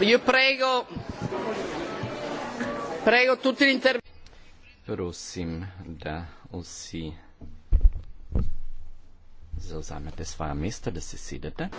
Io prego, prego tutti gli intervenuti. Prosim da vsi zauzamete svoje mesto, da se sedete.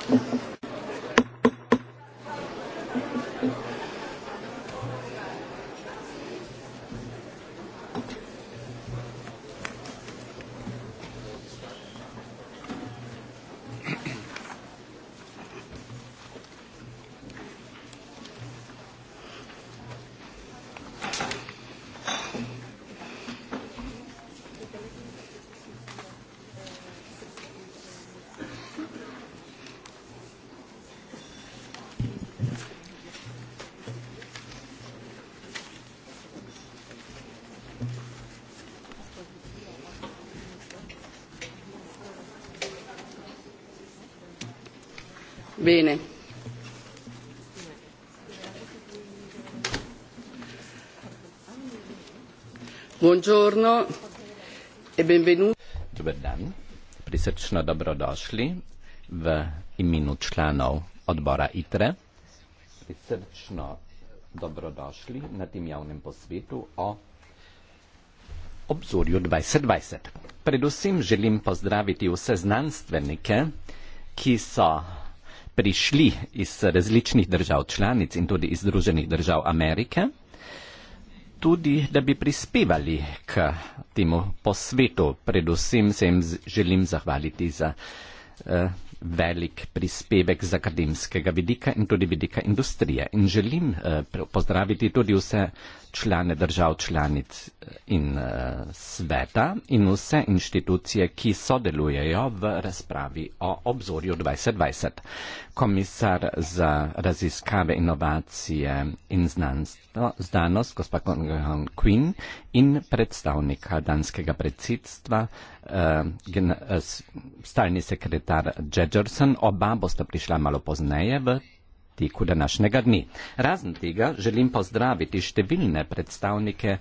bene. Buongiorno e benvenuti. Dobrodan. Prisrčno dobrodošli v imenu članov odbora ITRE. Prisrčno dobrodošli na tem javnem posvetu o obzorju 2020. Predvsem želim pozdraviti vse znanstvenike, ki so prišli iz različnih držav članic in tudi iz Združenih držav Amerike, tudi da bi prispevali k temu posvetu. Predvsem se jim želim zahvaliti za eh, velik prispevek z akademskega vidika in tudi vidika industrije. In želim eh, pozdraviti tudi vse člane držav članic eh, in eh, sveta in vse inštitucije, ki sodelujejo v razpravi o obzorju 2020. Komisar za raziskave, inovacije in znanstvo, znanost, gospod Kongan Queen in predstavnika danskega predsedstva, eh, gen, eh, stalni sekretar Jed Jerson, oba bosta prišla malo pozneje v teku današnjega dne. Razen tega želim pozdraviti številne predstavnike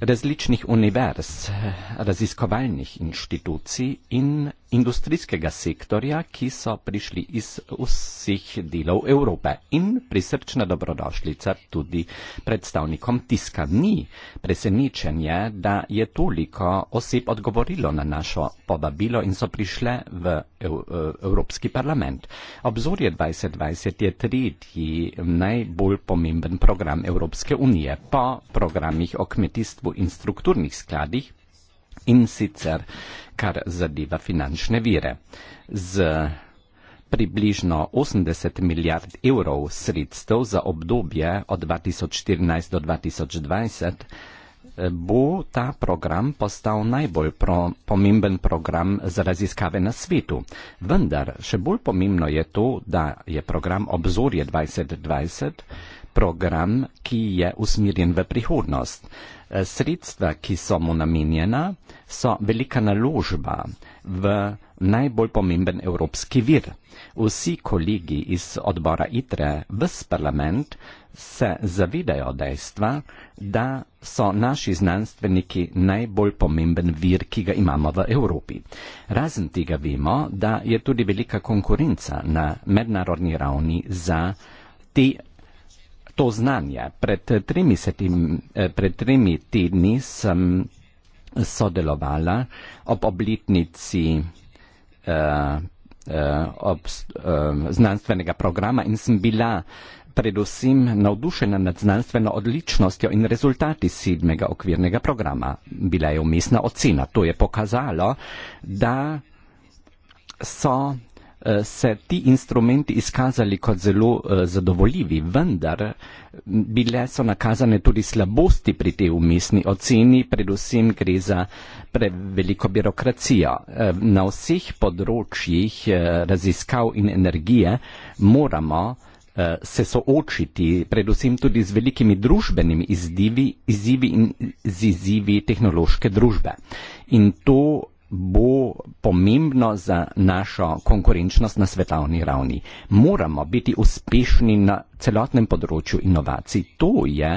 različnih univerz, raziskovalnih inštitucij in industrijskega sektorja, ki so prišli iz vseh delov Evrope. In prisrčna dobrodošlica tudi predstavnikom tiska. Ni presenečenje, da je toliko oseb odgovorilo na našo povabilo in so prišle v Ev Evropski parlament. Obzorje 2020 je tretji najbolj pomemben program Evropske unije po programih o kmetijstvu IPO in strukturnih skladih in sicer kar zadeva finančne vire. Z približno 80 milijard evrov sredstev za obdobje od 2014 do 2020 eh, bo ta program postal najbolj pro, pomemben program za raziskave na svetu. Vendar še bolj pomembno je to, da je program Obzorje 2020 program, ki je usmirjen v prihodnost. Eh, sredstva, ki so mu namenjena, so velika naložba v najbolj pomemben evropski vir. Vsi kolegi iz odbora ITRE, vs parlament, se zavedajo dejstva, da so naši znanstveniki najbolj pomemben vir, ki ga imamo v Evropi. Razen tega vemo, da je tudi velika konkurenca na mednarodni ravni za te to znanje. Pred tremi, setim, eh, pred tremi tedni sem sodelovala ob oblitnici uh, eh, uh, eh, ob, uh, znanstvenega programa in sem bila predvsem navdušena nad znanstveno odličnostjo in rezultati sedmega okvirnega programa. Bila je umestna ocena. To je pokazalo, da so Eh, se ti instrumenti izkazali kot zelo eh, zadovoljivi, vendar bile so nakazane tudi slabosti pri tej umestni oceni, predvsem gre za preveliko birokracijo. Eh, na vseh področjih raziskav in energije moramo se soočiti predvsem tudi z velikimi družbenimi izdivi, izzivi in z izzivi tehnološke družbe. In to bo pomembno za našo konkurenčnost na svetovni ravni. Moramo biti uspešni na celotnem področju inovacij. To je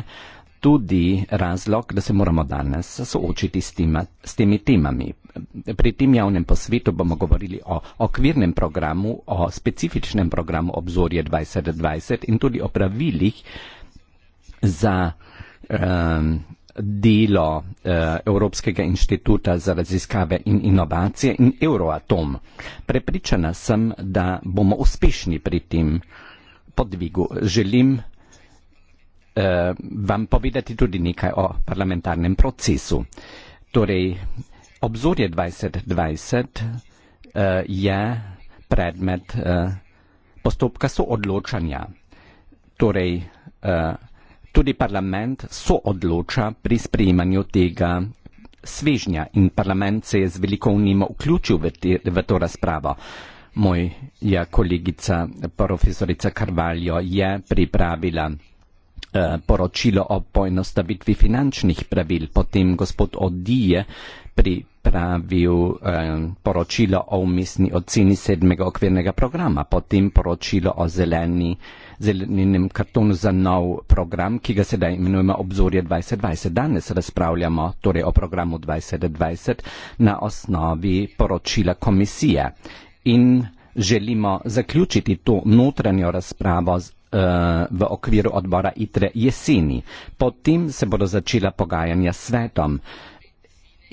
tudi razlog, da se moramo danes soočiti s, tima, s temi temami. Pri tem javnem posvetu bomo govorili o okvirnem programu, o specifičnem programu obzorje 2020 in tudi o pravilih za um, delo eh, Evropskega inštituta za raziskave in inovacije in Euroatom. Prepričana sem, da bomo uspešni pri tem podvigu. Želim eh, vam povedati tudi nekaj o parlamentarnem procesu. Torej, obzorje 2020 eh, je predmet postopka soodločanja. Torej, Tudi parlament so odloča pri sprejemanju tega svežnja in parlament se je z veliko vnimo vključil v, te, v to razpravo. Moja kolegica profesorica Karvaljo je pripravila eh, poročilo o poenostavitvi finančnih pravil, potem gospod Odije eh, pripravil eh, poročilo o umestni oceni sedmega okvirnega programa, potem poročilo o zeleni, zelenem kartonu za nov program, ki ga sedaj imenujemo obzorje 2020. Danes razpravljamo torej o programu 2020 na osnovi poročila komisije in želimo zaključiti to notranjo razpravo z eh, v okviru odbora ITRE jeseni. Potem se bodo začela pogajanja s svetom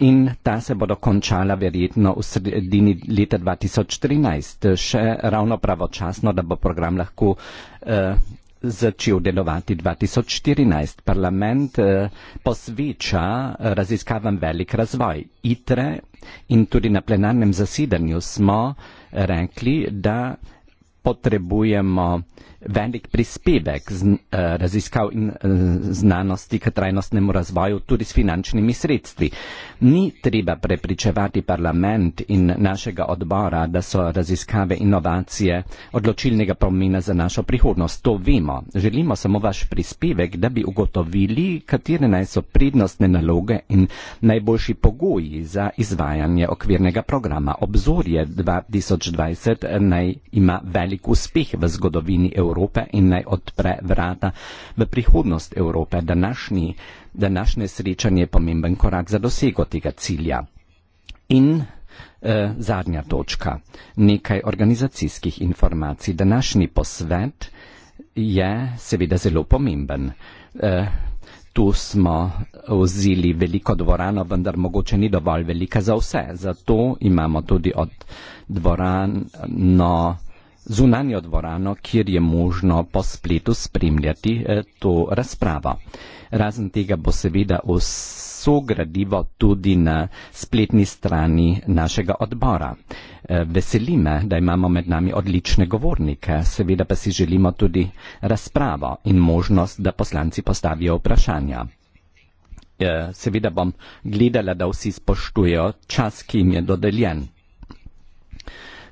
in ta se bodo končala verjetno v sredini leta 2013, še ravno pravočasno, da bo program lahko eh, začel delovati 2014. Parlament eh, posveča raziskavam velik razvoj ITRE in tudi na plenarnem zasedanju smo rekli, da potrebujemo eh, velik prispevek z, eh, raziskav in eh, znanosti k trajnostnemu razvoju tudi s finančnimi sredstvi. Ni treba prepričevati parlament in našega odbora, da so raziskave inovacije odločilnega pomena za našo prihodnost. To vemo. Želimo samo vaš prispevek, da bi ugotovili, katere naj so prednostne naloge in najboljši pogoji za izvajanje okvirnega programa. Obzorje 2020 eh, naj ima velik uspeh v zgodovini Evropske. Evrope in naj odpre vrata v prihodnost Evrope. Današnji, današnje srečanje je pomemben korak za dosego tega cilja. In eh, zadnja točka, nekaj organizacijskih informacij. Današnji posvet je seveda zelo pomemben. Eh, Tu smo vzeli veliko dvorano, vendar mogoče ni dovolj velika za vse. Zato imamo tudi od dvorano zunanjo dvorano, kjer je možno po spletu spremljati eh, to razpravo. Razen tega bo seveda vso gradivo tudi na spletni strani našega odbora. Eh, veseli me, da imamo med nami odlične govornike, seveda pa si želimo tudi razpravo in možnost, da poslanci postavijo vprašanja. Eh, seveda bom gledala, da vsi spoštujejo čas, ki jim je dodeljen.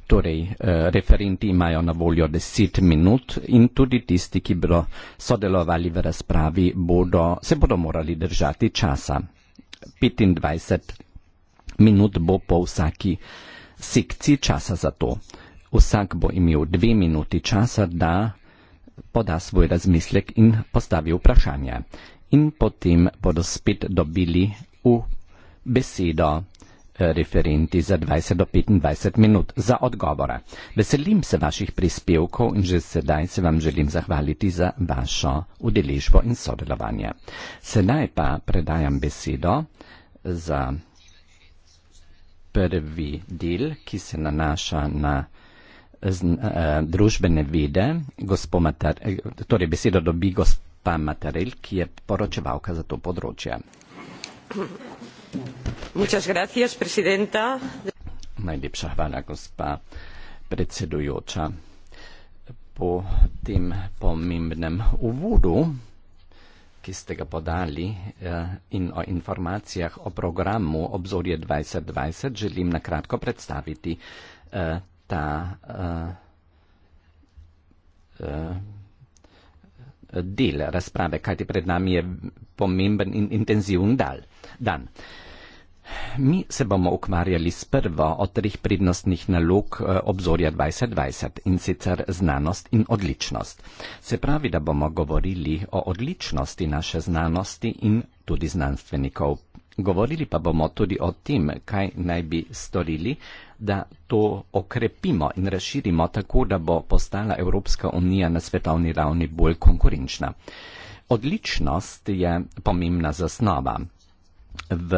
Torej, eh, referenti imajo na voljo 10 minut in tudi tisti, ki bodo sodelovali v razpravi, bodo, se bodo morali držati časa. 25 minut bo po vsaki sekciji časa za to. Vsak bo imel dve minuti časa, da poda svoj razmislek in postavi vprašanje. In potem bodo spet dobili v besedo referenti za 20 do 25 minut za odgovore. Veselim se vaših prispevkov in že sedaj se vam želim zahvaliti za vašo udeležbo in sodelovanje. Sedaj pa predajam besedo za prvi del, ki se nanaša na eh, družbene vede, eh, torej besedo dobi gospa Matarel, ki je poročevalka za to področje. Najlepša hvala, gospa predsedujoča. Po tem pomembnem uvodu, ki ste ga podali eh, in o informacijah o programu Obzorje 2020, želim na kratko predstaviti eh, ta eh, del razprave, kajti pred nami je pomemben in intenziven dal dan. Mi se bomo ukvarjali s prvo od treh prednostnih nalog eh, obzorja 2020 in sicer znanost in odličnost. Se pravi, da bomo govorili o odličnosti naše znanosti in tudi znanstvenikov. Govorili pa bomo tudi o tem, kaj naj bi storili, da to okrepimo in razširimo tako, da bo postala Evropska unija na svetovni ravni bolj konkurenčna. Odličnost je pomembna zasnova, v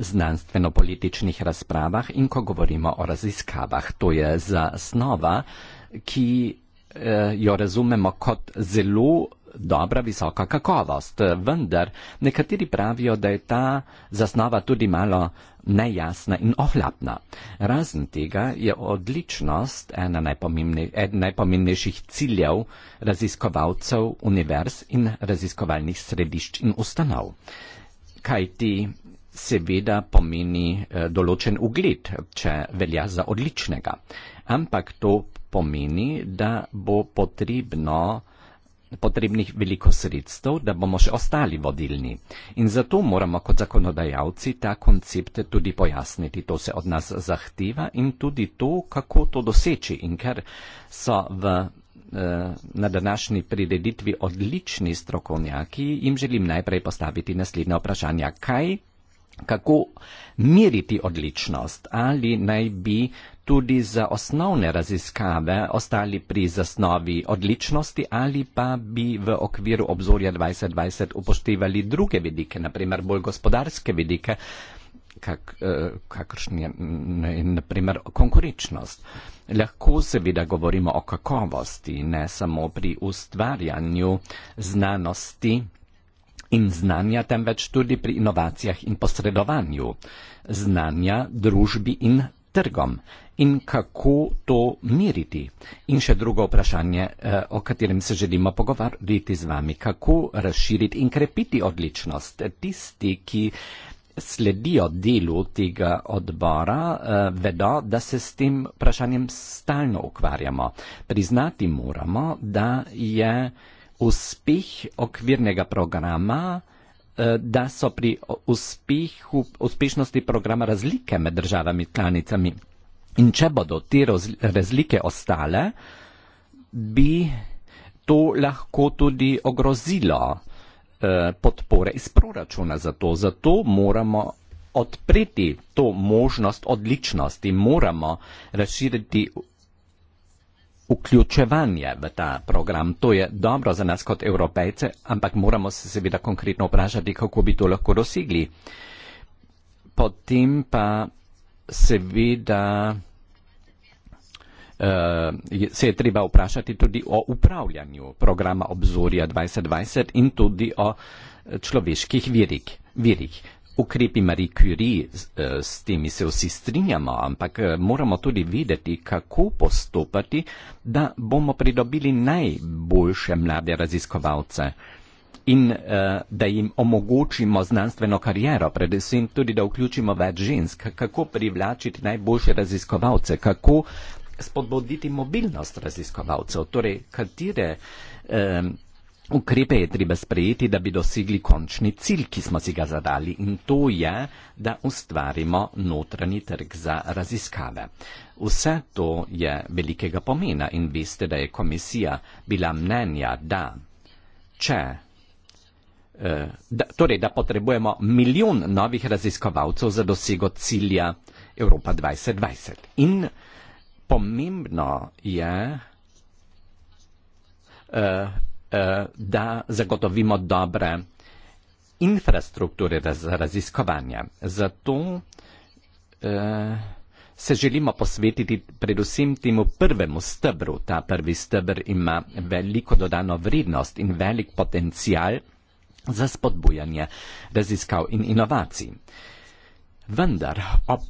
znanstveno-političnih razpravah in ko govorimo o raziskavah. To je zasnova, ki eh, jo razumemo kot zelo dobra, visoka kakovost. Vendar nekateri pravijo, da je ta zasnova tudi malo nejasna in ohlapna. Razen tega je odličnost ena najpomembne, najpomembnejših ciljev raziskovalcev univerz in raziskovalnih središč in ustanov kaj ti seveda pomeni eh, določen ugled, če velja za odličnega. Ampak to pomeni, da bo potrebno potrebnih veliko sredstev, da bomo še ostali vodilni. In zato moramo kot zakonodajalci ta koncept tudi pojasniti. To se od nas zahteva in tudi to, kako to doseči. In ker so v Eh, na današnji prireditvi odlični strokovnjaki, jim želim najprej postaviti naslednja vprašanja. Kaj, kako meriti odličnost? Ali naj bi tudi za osnovne raziskave ostali pri zasnovi odličnosti ali pa bi v okviru obzorja 2020 upoštevali druge vidike, naprimer bolj gospodarske vidike, kak, eh, kakršne je naprimer konkurenčnost? Lahko seveda govorimo o kakovosti, ne samo pri ustvarjanju znanosti in znanja, temveč tudi pri inovacijah in posredovanju znanja družbi in trgom in kako to meriti. In še drugo vprašanje, eh, o katerem se želimo pogovarjati z vami, kako razširiti in krepiti odličnost tisti, ki uh, sledijo delu tega odbora, eh, vedo, da se s tem vprašanjem stalno ukvarjamo. Priznati moramo, da je uspeh okvirnega programa eh, da so pri uspehu, uspešnosti programa razlike med državami članicami. In če bodo te razlike ostale, bi to lahko tudi ogrozilo Eh, podpore iz proračuna za to. Zato moramo odpreti to možnost odličnosti, moramo razširiti vključevanje v ta program. To je dobro za nas kot evropejce, ampak moramo se seveda konkretno vprašati, kako bi to lahko dosegli. Potem pa seveda. Eh, se je treba vprašati tudi o upravljanju programa obzorja 2020 in tudi o eh, človeških virih. virih. Ukrepi Marie Curie, eh, s temi se vsi strinjamo, ampak moramo tudi vedeti, kako postopati, da bomo pridobili najboljše mlade raziskovalce in da jim omogočimo znanstveno kariero, predvsem tudi, da vključimo več žensk, kako privlačiti najboljše raziskovalce, kako spodbuditi mobilnost raziskovalcev, torej katere um, ukrepe je treba sprejeti, da bi dosegli končni cilj, ki smo si ga zadali in to je, da ustvarimo notranji trg za raziskave. Vse to je velikega pomena in veste, da je komisija bila mnenja, da če eh, Da, torej, da potrebujemo milijon novih raziskovalcev za dosego cilja Evropa 2020. In pomembno je, eh, eh, da zagotovimo dobre infrastrukture za raziskovanje. Zato eh, se želimo posvetiti predvsem temu prvemu stebru. Ta prvi stebr ima veliko dodano vrednost in velik potencial za spodbujanje raziskav in inovacij vendar ob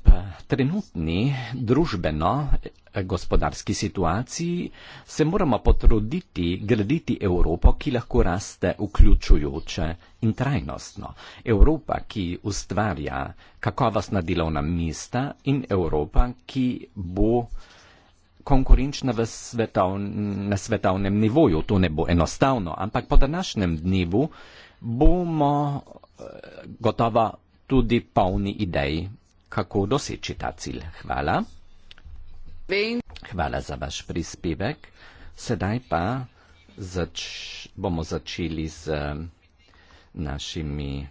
trenutni družbeno-gospodarski situaciji se moramo potruditi graditi Evropo, ki lahko raste vključujoče in trajnostno. Evropa, ki ustvarja kakovostna delovna mesta in Evropa, ki bo konkurenčna svetov, na svetovnem nivoju. To ne bo enostavno, ampak po današnjem dnevu bomo eh, gotovo tudi polni idej, kako doseči ta cilj. Hvala. Hvala za vaš prispevek. Sedaj pa zač bomo začeli z našimi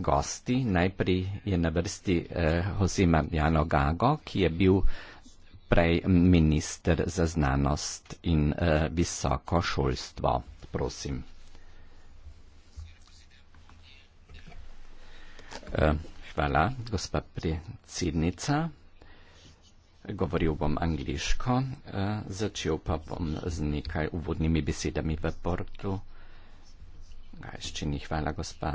gosti. Najprej je na vrsti eh, Hozima Jano Gago, ki je bil prej minister za znanost in eh, visoko šolstvo. Prosim. Eh, hvala, gospa predsednica. Govoril bom angliško, eh, začel pa bom z nekaj uvodnimi besedami v portu. Gajščini, hvala, gospa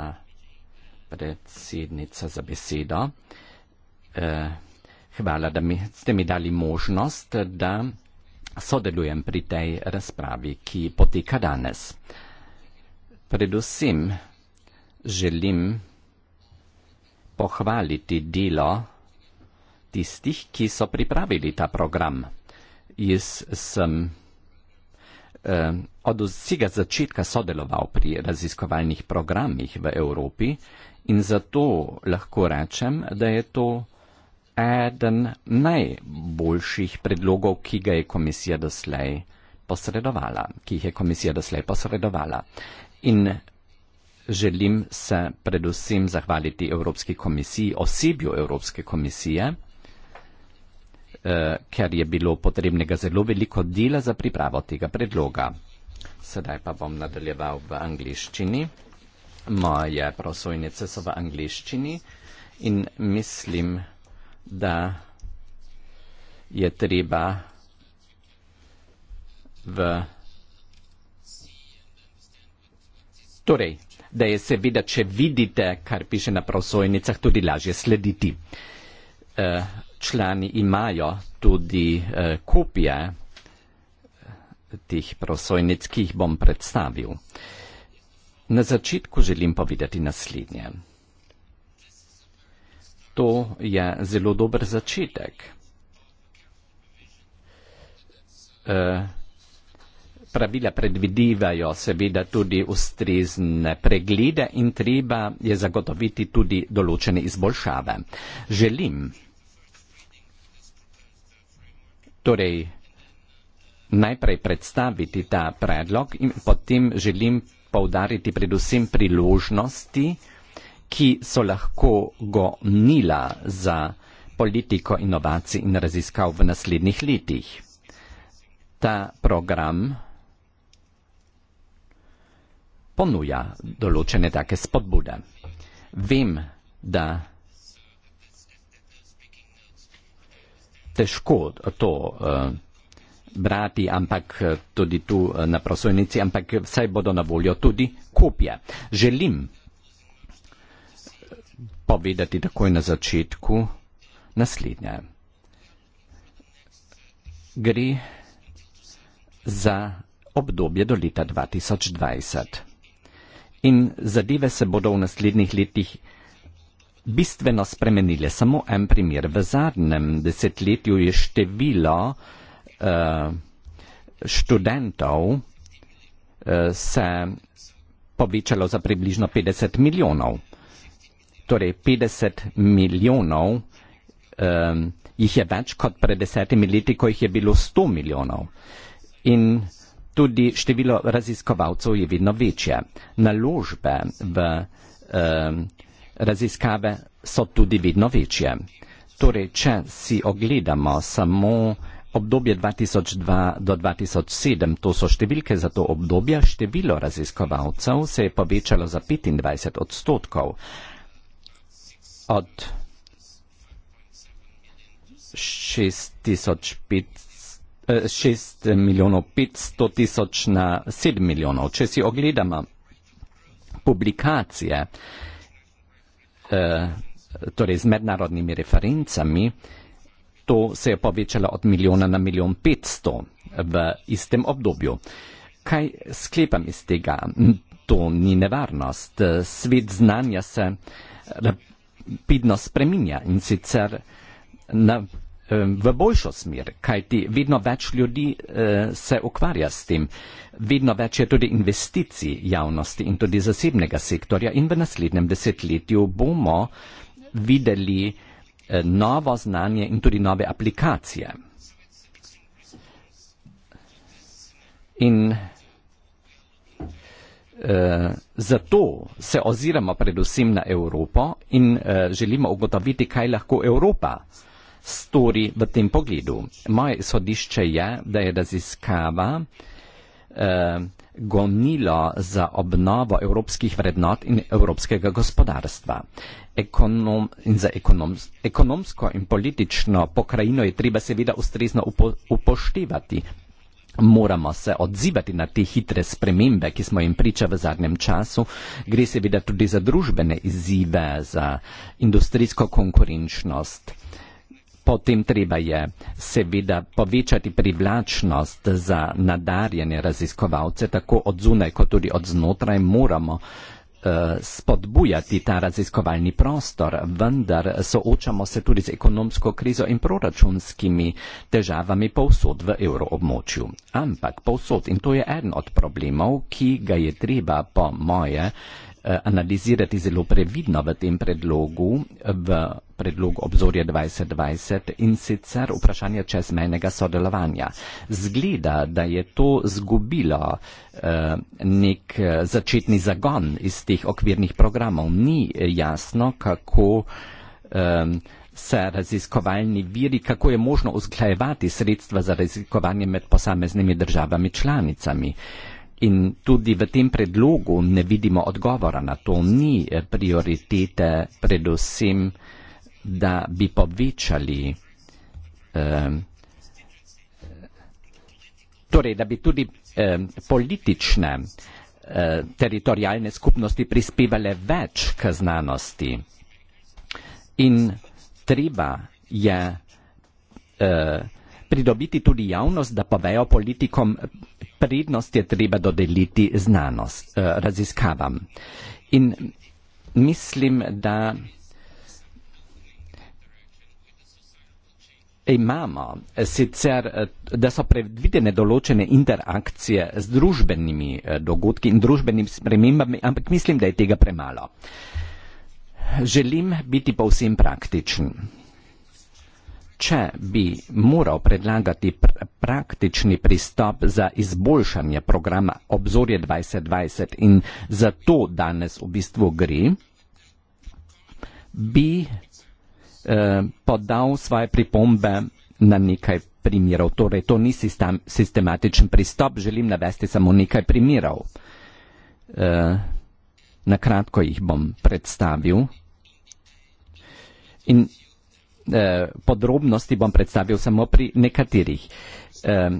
predsednica, za besedo. Eh, hvala, da mi, ste mi dali možnost, da sodelujem pri tej razpravi, ki poteka danes. Predvsem želim pohvaliti delo tistih, ki so pripravili ta program. Jaz sem eh, od vsega začetka sodeloval pri raziskovalnih programih v Evropi in zato lahko rečem, da je to eden najboljših predlogov, ki ga je komisija doslej posredovala, ki jih je komisija doslej posredovala. In želim se predvsem zahvaliti Evropski komisiji, osebju Evropske komisije, eh, ker je bilo potrebnega zelo veliko dela za pripravo tega predloga. Sedaj pa bom nadaljeval v angliščini. Moje prosojnice so v angliščini in mislim, da je treba v. Torej, da je seveda, če vidite, kar piše na prosojnicah, tudi lažje slediti. Eh, člani imajo tudi eh, kopije eh, tih prosojnic, ki jih bom predstavil. Na začetku želim povedati naslednje. To je zelo dober začetek pravila predvidivajo seveda tudi ustrezne preglede in treba je zagotoviti tudi določene izboljšave. Želim torej najprej predstaviti ta predlog in potem želim poudariti predvsem priložnosti, ki so lahko gonila za politiko inovacij in raziskav v naslednjih letih. Ta program ponuja določene take spodbude. Vem, da težko to uh, brati, ampak eh, tudi tu uh, na prosojnici, ampak vsaj bodo na voljo tudi kopije. Želim povedati takoj na začetku naslednje. Gre za obdobje do leta 2020 in zadeve se bodo v naslednjih letih bistveno spremenile. Samo en primer. V zadnjem desetletju je število uh, študentov uh, se povečalo za približno 50 milijonov. Torej 50 milijonov um, jih je več kot pred desetimi leti, ko jih je bilo 100 milijonov. In Tudi število raziskovalcev je vedno večje. Naložbe v eh, raziskave so tudi vedno večje. Torej, če si ogledamo samo obdobje 2002 do 2007, to so številke za to obdobje, število raziskovalcev se je povečalo za 25 odstotkov. Od 6500 6 milijonov 500 tisoč na 7 milijonov. Če si ogledamo publikacije eh, torej z mednarodnimi referencami, to se je povečalo od milijona na milijon 500 v istem obdobju. Kaj sklepam iz tega? To ni nevarnost. Svet znanja se rapidno spreminja in sicer na v boljšo smer, kajti vedno več ljudi eh, se ukvarja s tem, vedno več je tudi investicij javnosti in tudi zasebnega sektorja in v naslednjem desetletju bomo videli eh, novo znanje in tudi nove aplikacije. In eh, zato se oziramo predvsem na Evropo in eh, želimo ugotoviti, kaj lahko Evropa stori v tem pogledu. Moje sodišče je, da je raziskava eh, gonilo za obnovo evropskih vrednot in evropskega gospodarstva. Ekonom, in za ekonom, ekonomsko in politično pokrajino je treba seveda ustrezno upo, upoštevati. Moramo se odzivati na te hitre spremembe, ki smo jim priča v zadnjem času. Gre seveda tudi za družbene izzive, za industrijsko konkurenčnost. Potem treba je seveda povečati privlačnost za nadarjene raziskovalce, tako od zunaj kot tudi od znotraj moramo eh, spodbujati ta raziskovalni prostor, vendar soočamo se tudi z ekonomsko krizo in proračunskimi težavami povsod v evroobmočju. Ampak povsod, in to je en od problemov, ki ga je treba po moje uh, Eh, analizirati zelo previdno v tem predlogu, v predlogu obzorja 2020 in sicer vprašanje čezmejnega sodelovanja. Zgleda, da je to zgubilo eh, nek eh, začetni zagon iz teh okvirnih programov. Ni jasno, kako se raziskovalni viri, kako je možno usklajevati sredstva za raziskovanje med posameznimi državami članicami. In tudi v tem predlogu ne vidimo odgovora na to. Ni eh, prioritete predvsem, da bi povečali, eh, torej, da bi tudi eh, politične eh, teritorijalne skupnosti prispevale več k znanosti. In treba je eh, pridobiti tudi javnost, da povejo politikom, prednost je treba dodeliti znanost, eh, raziskavam. In mislim, da imamo eh, sicer, eh, da so predvidene določene interakcije z družbenimi eh, dogodki in družbenimi spremembami, ampak mislim, da je tega premalo. Želim biti povsem praktičen. Če bi moral predlagati pr praktični pristop za izboljšanje programa Obzorje 2020 in za to danes v bistvu gre, bi eh, podal svoje pripombe na nekaj primerov. Torej, to ni sistem, sistematičen pristop, želim navesti samo nekaj primerov. Eh, na kratko jih bom predstavil. In eh, podrobnosti bom predstavil samo pri nekaterih. Eh,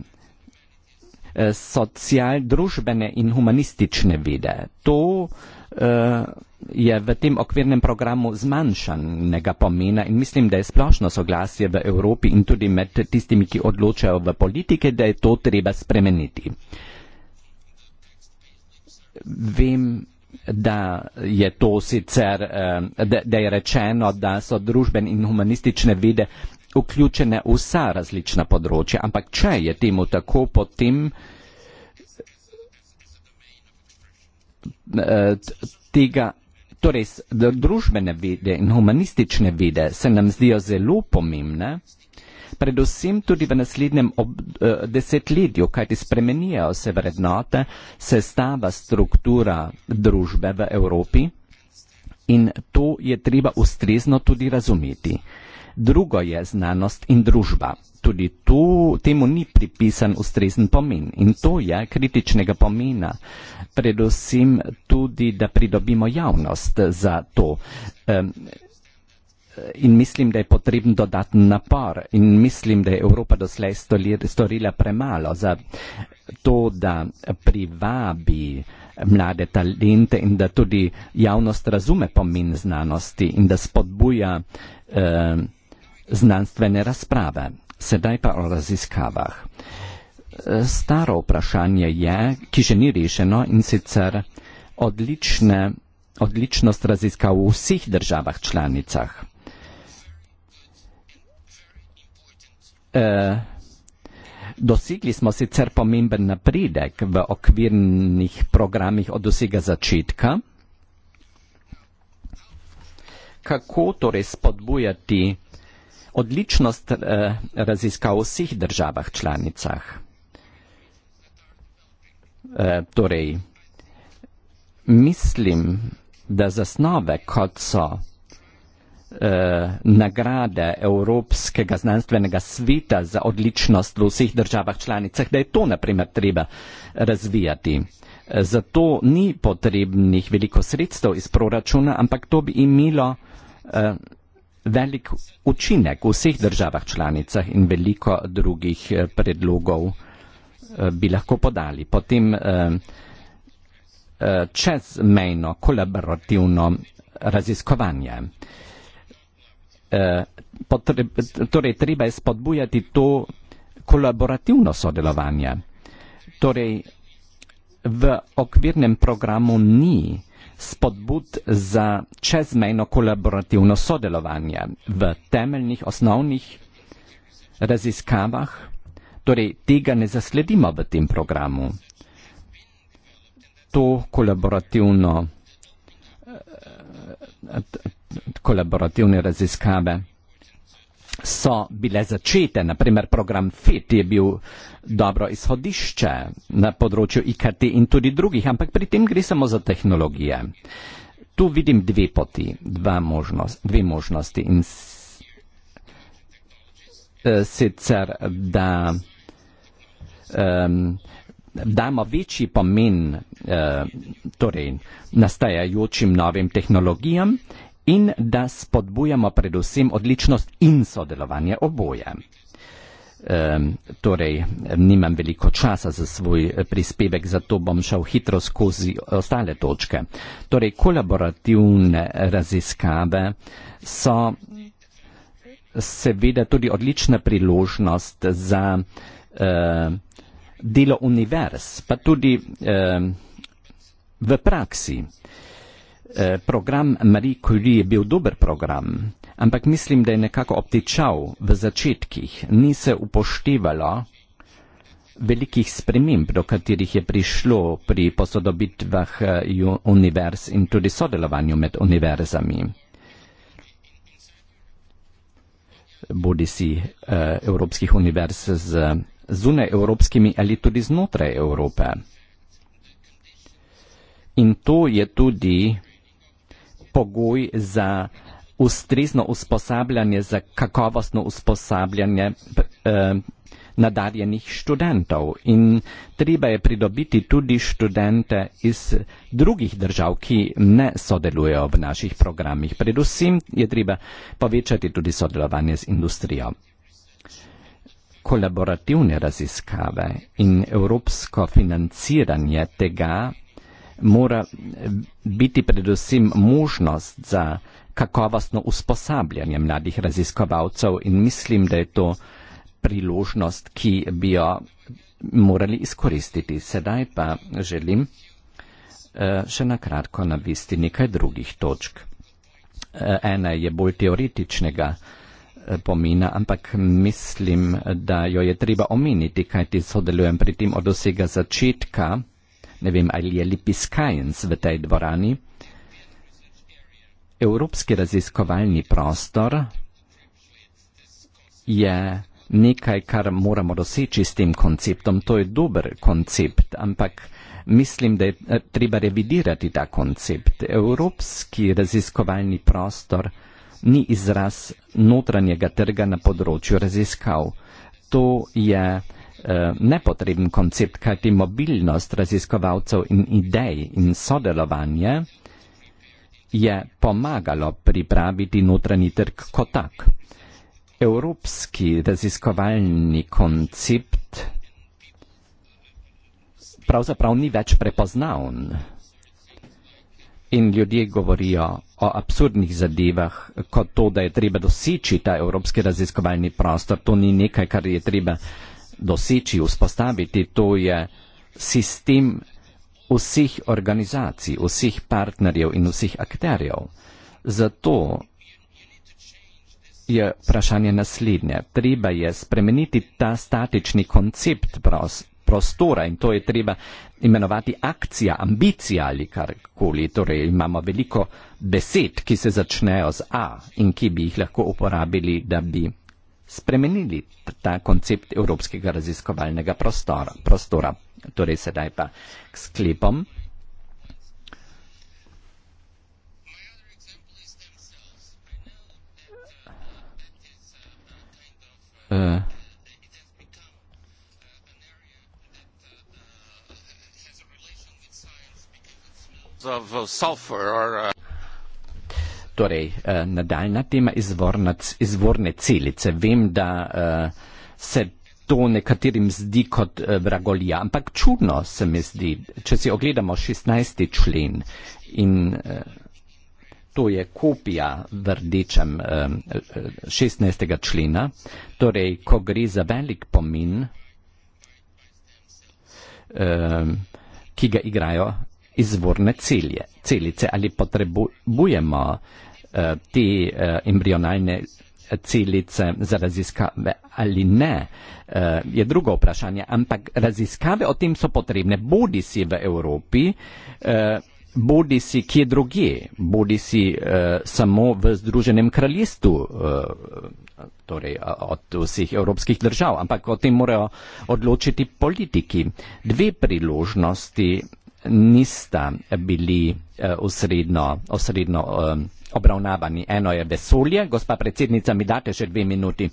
eh social, družbene in humanistične vide. To eh, je v tem okvirnem programu zmanjšanega pomena in mislim, da je splošno soglasje v Evropi in tudi med tistimi, ki odločajo v politike, da je to treba spremeniti. Vem, da je to sicer, eh, da je rečeno, da so družbene in humanistične vede vključene vsa različna področja. Ampak če je temu tako, potem eh, tega, torej družbene vede in humanistične vede se nam zdijo zelo pomembne, predvsem tudi v naslednjem ob, eh, desetletju, kajti spremenijo se vrednote, se stava struktura družbe v Evropi in to je treba ustrezno tudi razumeti. Drugo je znanost in družba. Tudi tu temu ni pripisan ustrezen pomen in to je kritičnega pomena. Predvsem tudi, da pridobimo javnost za to. Eh, in mislim, da je potreben dodaten napor in mislim, da je Evropa doslej storila premalo za to, da privabi mlade talente in da tudi javnost razume pomen znanosti in da spodbuja eh, znanstvene razprave. Sedaj pa o raziskavah. Eh, staro vprašanje je, ki še ni rešeno in sicer odlične, odličnost raziskav v vseh državah članicah. Eh, dosegli smo sicer pomemben napredek v okvirnih programih od vsega začetka. Kako torej spodbujati odličnost eh, raziskav v vseh državah članicah? Eh, torej, mislim, da zasnove, kot so Eh, nagrade Evropskega znanstvenega sveta za odličnost v vseh državah članicah, da je to naprimer treba razvijati. Eh, zato ni potrebnih veliko sredstev iz proračuna, ampak to bi imelo uh, velik učinek v vseh državah članicah in veliko drugih uh, predlogov uh, bi lahko podali. Potem uh, uh, čezmejno kolaborativno raziskovanje. Uh, Eh, potre, torej treba je spodbujati to kolaborativno sodelovanje. Torej, v okvirnem programu ni spodbud za čezmejno kolaborativno sodelovanje v temeljnih osnovnih raziskavah, torej tega ne zasledimo v tem programu. To kolaborativno, eh, kolaborativne raziskave so bile začete, naprimer program FIT je bil dobro izhodišče na področju IKT in tudi drugih, ampak pri tem gre samo za tehnologije. Tu vidim dve poti, dva možnost, dve možnosti in e, sicer, da um, damo večji pomen uh, torej, nastajajočim novim tehnologijam in da spodbujamo predvsem odličnost in sodelovanje oboje. Um, torej, nimam veliko časa za svoj eh, prispevek, zato bom šel hitro skozi ostale točke. Torej, kolaborativne raziskave so seveda tudi odlična priložnost za uh, delo univerz, pa tudi uh, v praksi. Uh, Eh, program Marie Curie je bil dober program, ampak mislim, da je nekako obtičal v začetkih, ni se upoštevalo velikih sprememb, do katerih je prišlo pri posodobitvah eh, univerz in tudi sodelovanju med univerzami. Bodi si uh, eh, evropskih univerz z zunaj evropskimi ali tudi znotraj Evrope. In to je tudi pogoj za ustrezno usposabljanje, za kakovostno usposabljanje eh, nadarjenih študentov. In treba je pridobiti tudi študente iz drugih držav, ki ne sodelujejo v naših programih. Predvsem je treba povečati tudi sodelovanje z industrijo. Kolaborativne raziskave in evropsko financiranje tega mora biti predvsem možnost za kakovostno usposabljanje mladih raziskovalcev in mislim, da je to priložnost, ki bi jo morali izkoristiti. Sedaj pa želim eh, še nakratko navesti nekaj drugih točk. Eh, ena je bolj teoretičnega eh, pomena, ampak mislim, da jo je treba omeniti, kajti sodelujem pri tem od vsega začetka ne vem, ali je lipiskajenc v tej dvorani. Evropski raziskovalni prostor je nekaj, kar moramo doseči s tem konceptom. To je dober koncept, ampak mislim, da je eh, treba revidirati ta koncept. Evropski raziskovalni prostor ni izraz notranjega trga na področju raziskav. To je Eh, nepotreben koncept, kajti mobilnost raziskovalcev in idej in sodelovanje je pomagalo pripraviti notranji trg kot tak. Evropski raziskovalni koncept pravzaprav ni več prepoznavn. In ljudje govorijo o absurdnih zadevah, kot to, da je treba doseči ta evropski raziskovalni prostor. To ni nekaj, kar je treba uh, doseči, vzpostaviti, to je sistem vseh organizacij, vseh partnerjev in vseh akterjev. Zato je vprašanje naslednje. Treba je spremeniti ta statični koncept prostora in to je treba imenovati akcija, ambicija ali karkoli. Torej imamo veliko besed, ki se začnejo z A in ki bi jih lahko uporabili, da bi spremenili ta koncept evropskega raziskovalnega prostora. prostora. Torej sedaj pa k sklepom. Uh. Of, of uh, sulfur or uh torej, uh, nadaljna tema izvorna, izvorne celice. Vem, da uh, se to nekaterim zdi kot uh, vragolija, ampak čudno se mi zdi, če si ogledamo 16. člen in uh, to je kopija v rdečem uh, 16. člena, torej, ko gre za velik pomin, uh, ki ga igrajo izvorne celje, celice ali potrebujemo uh, Eh, te eh, embrionalne celice za raziskave ali ne, eh, je drugo vprašanje. Ampak raziskave o tem so potrebne, bodi si v Evropi, bodi si kje druge, bodi si samo v Združenem kraljestvu, torej od vseh evropskih držav, ampak o tem morajo odločiti politiki. Dve priložnosti nista bili eh, osredno, osredno eh, obravnavani. Eno je vesolje, gospa predsednica, mi date še dve minuti.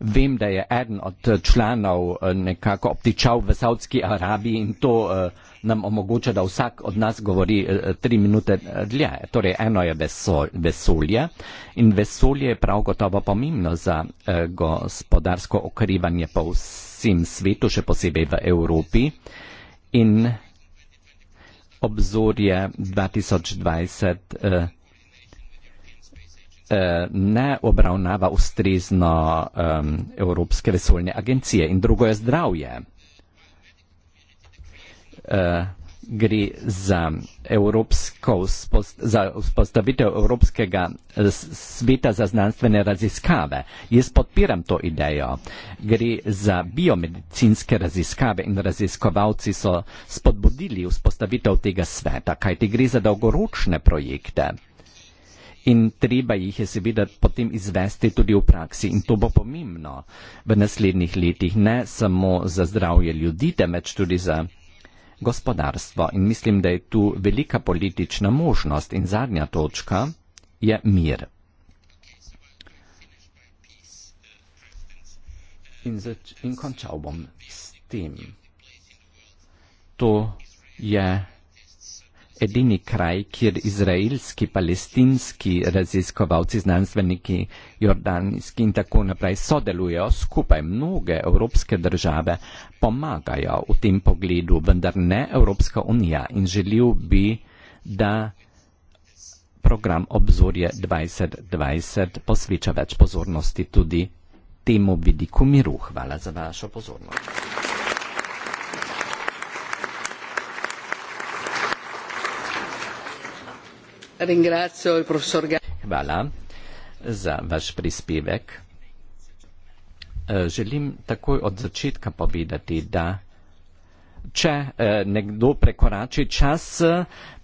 Vem, da je eden od članov eh, nekako obtičal v Saudski Arabiji in to nam omogoča, da vsak od nas govori tri minute dlje. Torej, eno je vesolje in vesolje je prav gotovo pomembno za gospodarsko okrivanje po vsem svetu, še posebej v Evropi in obzorje 2020 eh, eh, ne obravnava ustrezno um, Evropske vesoljne agencije. In drugo je zdravje. Uh, gre za, za vzpostavitev Evropskega sveta za znanstvene raziskave. Jaz podpiram to idejo. Gre za biomedicinske raziskave in raziskovalci so spodbudili vzpostavitev tega sveta, kajti gre za dolgoročne projekte. In treba jih je seveda potem izvesti tudi v praksi. In to bo pomembno v naslednjih letih, ne samo za zdravje ljudi, temveč tudi za gospodarstvo. In mislim, da je tu velika politična možnost in zadnja točka je mir. In, zač, in končal bom s tem. To je edini kraj, kjer izraelski, palestinski raziskovalci, znanstveniki, jordanski in tako naprej sodelujo skupaj. Mnoge evropske države pomagajo v tem pogledu, vendar ne Evropska unija in želil bi, da program obzorje 2020 posveča več pozornosti tudi temu vidiku miru. Hvala za vašo pozornost. Hvala za vaš prispevek. Eh, želim takoj od začetka povedati, da če eh, nekdo prekorači čas,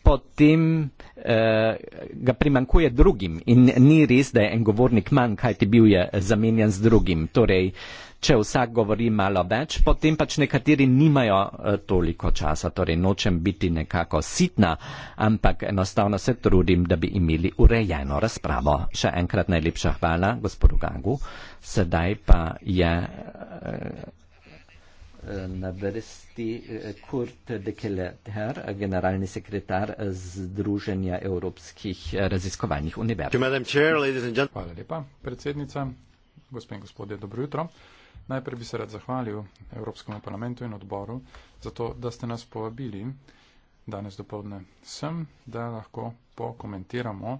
potem eh, ga primankuje drugim in ni res, da je en govornik manj, kajti bil je zamenjan z drugim. Torej, če vsak govori malo več, potem pač nekateri nimajo eh, toliko časa, torej nočem biti nekako sitna, ampak enostavno se trudim, da bi imeli urejeno razpravo. Še enkrat najlepša hvala gospodu Gagu. Sedaj pa je eh, eh, na vrsti Kurt Dekeleter, generalni sekretar Združenja evropskih raziskovalnih univerz. Hvala lepa, predsednica. Gospod in gospodje, dobro jutro. Najprej bi se rad zahvalil Evropskemu parlamentu in odboru za to, da ste nas povabili danes dopoledne sem, da lahko pokomentiramo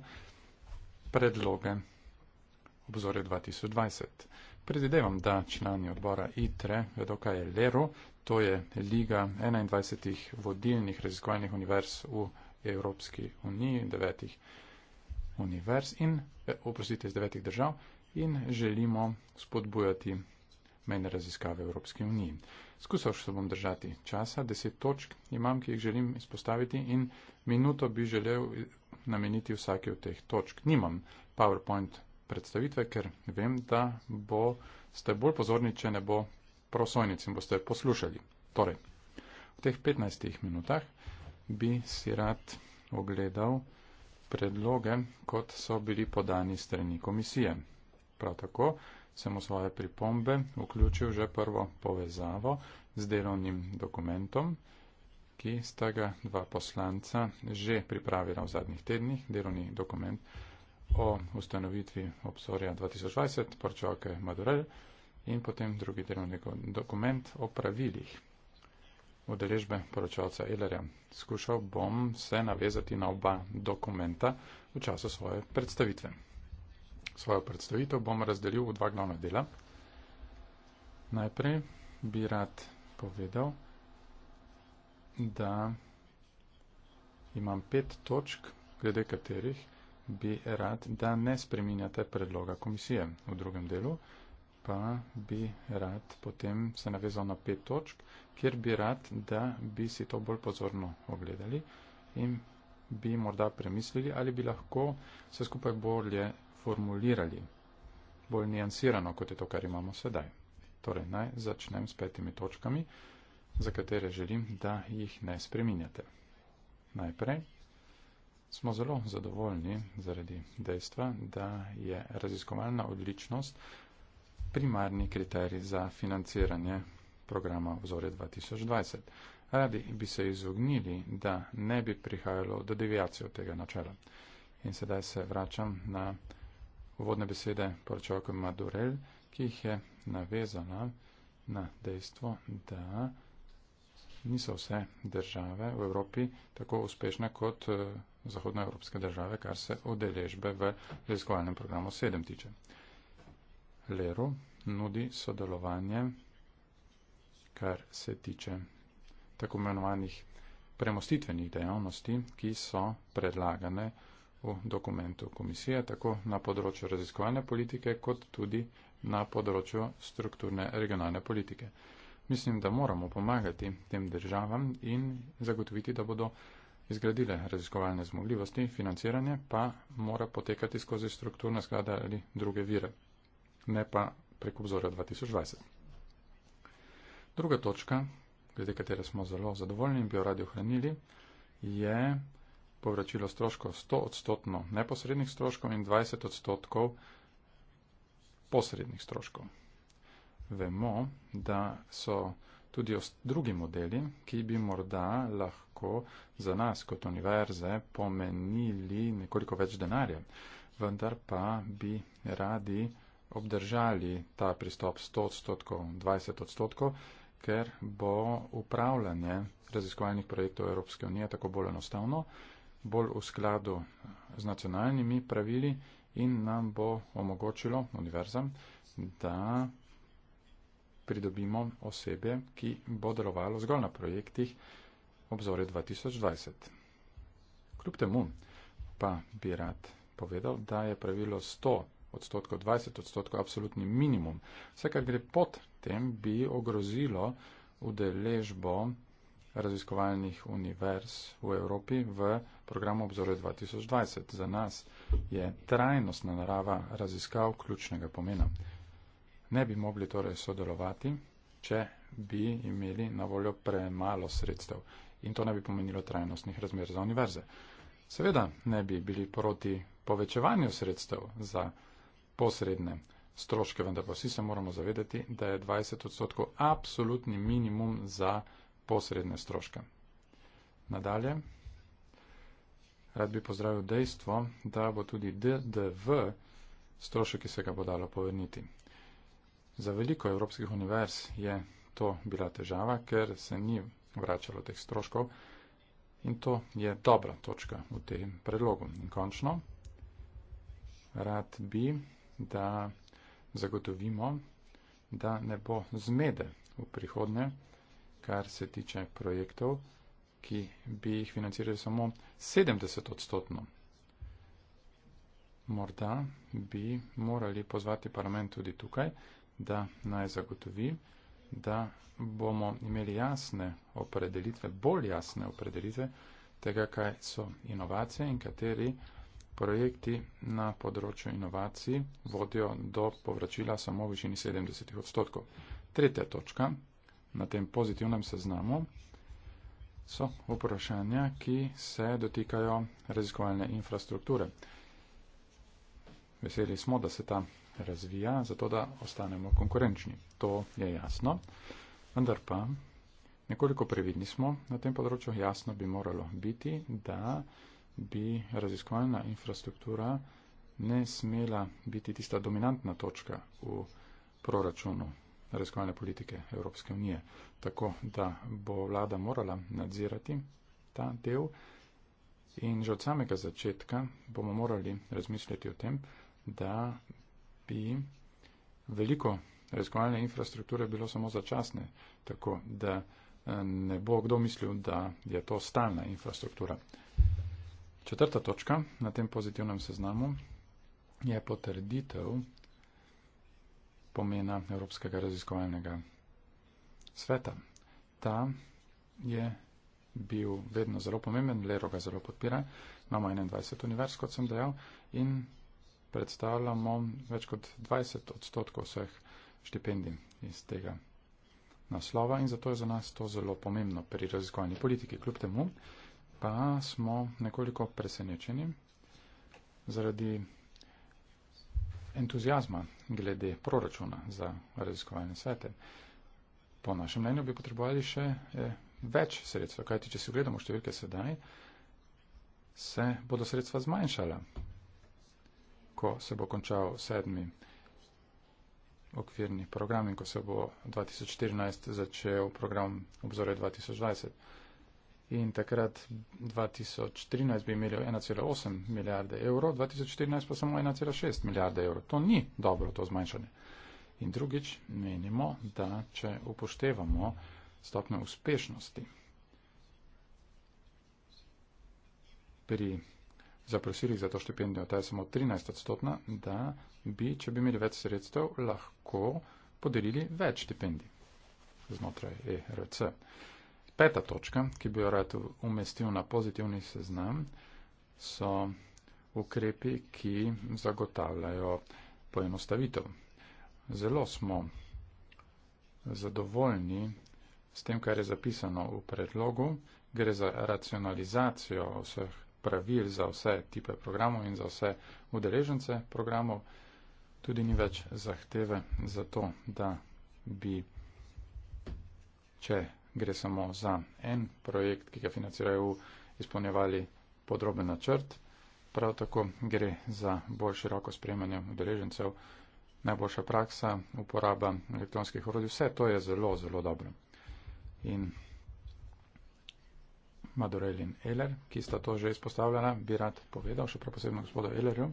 predloge obzorja 2020. Predvidevam, da člani odbora ITRE vedo, kaj je LERO, to je Liga 21 vodilnih raziskovalnih univerz v Evropski uniji, devetih univerz in, e, oprostite, iz devetih držav in želimo spodbujati mene raziskave Evropske unije. Skusal še bom držati časa, deset točk imam, ki jih želim izpostaviti in minuto bi želel nameniti vsake od teh točk. Nimam PowerPoint predstavitve, ker vem, da bo, ste bolj pozorni, če ne bo prosojnic in boste poslušali. Torej, v teh 15 minutah bi si rad ogledal predloge, kot so bili podani strani komisije. Prav tako sem v svoje pripombe vključil že prvo povezavo z delovnim dokumentom, ki sta ga dva poslanca že pripravila v zadnjih tednih, delovni dokument o ustanovitvi obsorja 2020, porčoke Madurel in potem drugi delovni dokument o pravilih udeležbe poročalca Elerja. Skušal bom se navezati na oba dokumenta v času svoje predstavitve svojo predstavitev bom razdelil v dva glavna dela. Najprej bi rad povedal, da imam pet točk, glede katerih bi rad, da ne spreminjate predloga komisije. V drugem delu pa bi rad potem se navezal na pet točk, kjer bi rad, da bi si to bolj pozorno ogledali in bi morda premislili, ali bi lahko se skupaj bolje formulirali bolj nijansirano, kot je to, kar imamo sedaj. Torej, naj začnem s petimi točkami, za katere želim, da jih ne spreminjate. Najprej smo zelo zadovoljni zaradi dejstva, da je raziskovalna odličnost primarni kriterij za financiranje programa vzore 2020. Radi bi se izognili, da ne bi prihajalo do devijacije od tega načela. In sedaj se vračam na uvodne besede poročavka Madurel, ki jih je navezala na dejstvo, da niso vse države v Evropi tako uspešne kot eh, zahodnoevropske države, kar se odeležbe v raziskovalnem programu 7 tiče. Leru nudi sodelovanje, kar se tiče tako imenovanih premostitvenih dejavnosti, ki so predlagane v dokumentu komisije, tako na področju raziskovalne politike, kot tudi na področju strukturne regionalne politike. Mislim, da moramo pomagati tem državam in zagotoviti, da bodo izgradile raziskovalne zmogljivosti, financiranje pa mora potekati skozi strukturne sklade ali druge vire, ne pa prek obzora 2020. Druga točka, glede katere smo zelo zadovoljni in bi jo radi ohranili, je povračilo stroškov 100 odstotno neposrednih stroškov in 20 odstotkov posrednih stroškov. Vemo, da so tudi drugi modeli, ki bi morda lahko za nas kot univerze pomenili nekoliko več denarja, vendar pa bi radi obdržali ta pristop 100 odstotkov, 20 odstotkov, ker bo upravljanje raziskovalnih projektov Evropske unije tako bolj enostavno, bolj v skladu z nacionalnimi pravili in nam bo omogočilo univerzam, da pridobimo osebe, ki bo delovalo zgolj na projektih obzore 2020. Kljub temu pa bi rad povedal, da je pravilo 100 odstotkov, 20 odstotkov absolutni minimum. Vse, kar gre pod tem, bi ogrozilo udeležbo raziskovalnih univerz v Evropi v program obzorja 2020. Za nas je trajnostna narava raziskav ključnega pomena. Ne bi mogli torej sodelovati, če bi imeli na voljo premalo sredstev in to ne bi pomenilo trajnostnih razmer za univerze. Seveda ne bi bili proti povečevanju sredstev za posredne stroške, vendar pa vsi se moramo zavedati, da je 20 odstotkov absolutni minimum za posredne stroške. Nadalje rad bi pozdravil dejstvo, da bo tudi DDV strošek, ki se ga bo dalo povrniti. Za veliko evropskih univerz je to bila težava, ker se ni vračalo teh stroškov in to je dobra točka v tem predlogu. In končno, rad bi, da zagotovimo, da ne bo zmede v prihodnje, kar se tiče projektov ki bi jih financirali samo 70 odstotno. Morda bi morali pozvati parlament tudi tukaj, da naj zagotovi, da bomo imeli jasne opredelitve, bolj jasne opredelitve tega, kaj so inovacije in kateri projekti na področju inovacij vodijo do povračila samo v višini 70 odstotkov. Tretja točka na tem pozitivnem seznamu so vprašanja, ki se dotikajo raziskovalne infrastrukture. Veseli smo, da se ta razvija, zato da ostanemo konkurenčni. To je jasno. Vendar pa nekoliko previdni smo na tem področju. Jasno bi moralo biti, da bi raziskovalna infrastruktura ne smela biti tista dominantna točka v proračunu raziskovalne politike Evropske unije. Tako da bo vlada morala nadzirati ta del in že od samega začetka bomo morali razmisliti o tem, da bi veliko raziskovalne infrastrukture bilo samo začasne, tako da eh, ne bo kdo mislil, da je to stalna infrastruktura. Četrta točka na tem pozitivnem seznamu je potrditev pomena Evropskega raziskovalnega sveta. Ta je bil vedno zelo pomemben, Lero ga zelo podpira. Imamo 21 univerz, kot sem dejal, in predstavljamo več kot 20 odstotkov vseh štipendij iz tega naslova in zato je za nas to zelo pomembno pri raziskovalni politiki. Kljub temu pa smo nekoliko presenečeni zaradi entuzijazma glede proračuna za raziskovalne svete. Po našem mnenju bi potrebovali še eh, več sredstev, kajti če se gledamo številke sedaj, se bodo sredstva zmanjšala, ko se bo končal sedmi okvirni program in ko se bo 2014 začel program obzore 2020 in takrat 2013 bi imeli 1,8 milijarde evrov, 2014 pa samo 1,6 milijarde evrov. To ni dobro, to zmanjšanje. In drugič, menimo, da če upoštevamo stopno uspešnosti pri zaprosilih za to štipendijo, ta je samo 13 odstotna, da bi, če bi imeli več sredstev, lahko podelili več štipendij znotraj ERC. Peta točka, ki bi jo rad umestil na pozitivni seznam, so ukrepi, ki zagotavljajo poenostavitev. Zelo smo zadovoljni s tem, kar je zapisano v predlogu. Gre za racionalizacijo vseh pravil za vse type programov in za vse udeležence programov. Tudi ni več zahteve za to, da bi, če gre samo za en projekt, ki ga financirajo izpolnjevali podroben načrt. Prav tako gre za bolj široko sprejemanje udeležencev, najboljša praksa, uporaba elektronskih orodij. Vse to je zelo, zelo dobro. In Madurel in Eler, ki sta to že izpostavljala, bi rad povedal, še prav posebno gospodu Elerju,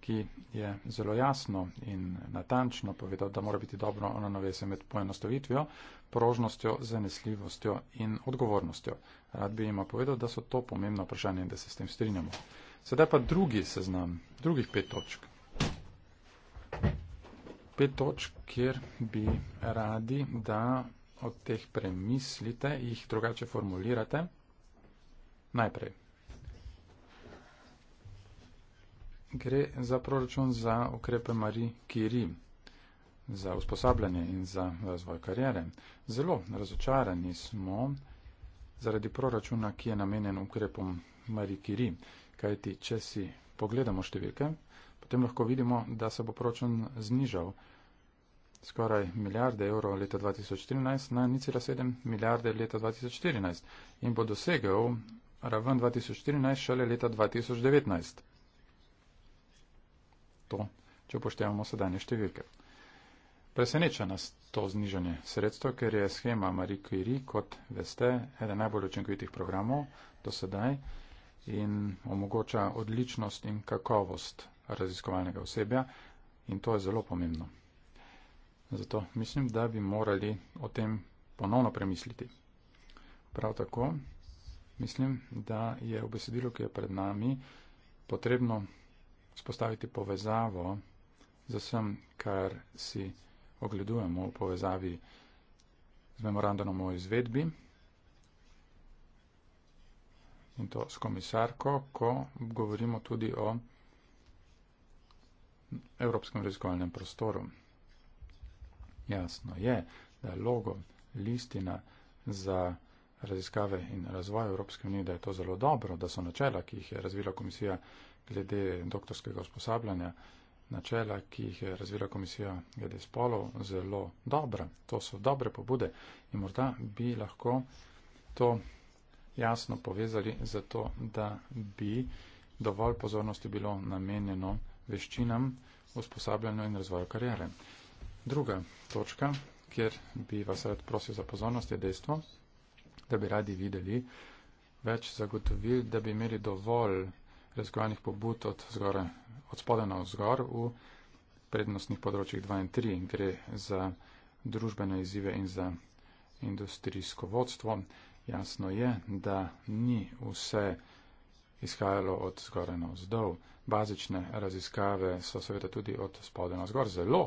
ki je zelo jasno in natančno povedal, da mora biti dobro ono navese med poenostavitvijo, prožnostjo, zanesljivostjo in odgovornostjo. Rad bi jima povedal, da so to pomembna vprašanja in da se s tem strinjamo. Sedaj pa drugi seznam, drugih pet točk. Pet točk, kjer bi radi, da od teh premislite, jih drugače formulirate. Najprej. Gre za proračun za ukrepe Marie Curie za usposabljanje in za razvoj karijere. Zelo razočarani smo zaradi proračuna, ki je namenjen ukrepom Marie Curie, kajti če si pogledamo številke, potem lahko vidimo, da se bo proračun znižal skoraj milijarde evrov leta 2013 na 0,7 milijarde leta 2014 in bo dosegel raven 2014 šele leta 2019. To, če upoštevamo sedanje številke. Preseneča nas to znižanje sredstev, ker je schema Marie Curie, kot veste, eden najbolj učinkovitih programov do sedaj in omogoča odličnost in kakovost raziskovalnega osebja in to je zelo pomembno. Zato mislim, da bi morali o tem ponovno premisliti. Prav tako mislim, da je v besedilu, ki je pred nami, potrebno spostaviti povezavo z vsem, kar si ogledujemo v povezavi z memorandom o izvedbi in to s komisarko, ko govorimo tudi o Evropskem raziskovalnem prostoru. Jasno je, da je logo listina za raziskave in razvoj Evropske unije, da je to zelo dobro, da so načela, ki jih je razvila komisija glede doktorskega usposabljanja, načela, ki jih je razvila komisija glede spolov, zelo dobra. To so dobre pobude in morda bi lahko to jasno povezali zato, da bi dovolj pozornosti bilo namenjeno veščinam, usposabljanju in razvoju karijere. Druga točka, kjer bi vas rad prosil za pozornost, je dejstvo, da bi radi videli več zagotovil, da bi imeli dovolj razgovanih pobud od zgore od spode na vzgor v prednostnih področjih 2 in 3 in gre za družbene izzive in za industrijsko vodstvo. Jasno je, da ni vse izhajalo od zgore na vzdolj. Bazične raziskave so seveda tudi od spode na vzgor. Zelo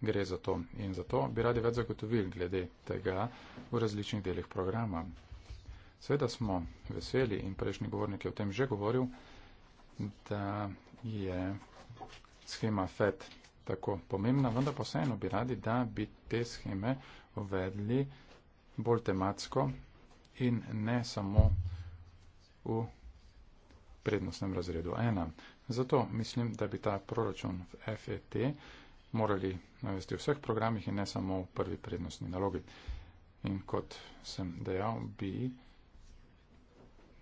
gre za to in zato bi radi več zagotovili glede tega v različnih delih programa. Seveda smo veseli in prejšnji govornik je o tem že govoril, da je schema FED tako pomembna, vendar pa vseeno bi radi, da bi te scheme uvedli bolj tematsko in ne samo v prednostnem razredu 1. Zato mislim, da bi ta proračun v FET morali navesti v vseh programih in ne samo v prvi prednostni nalogi. In kot sem dejal, bi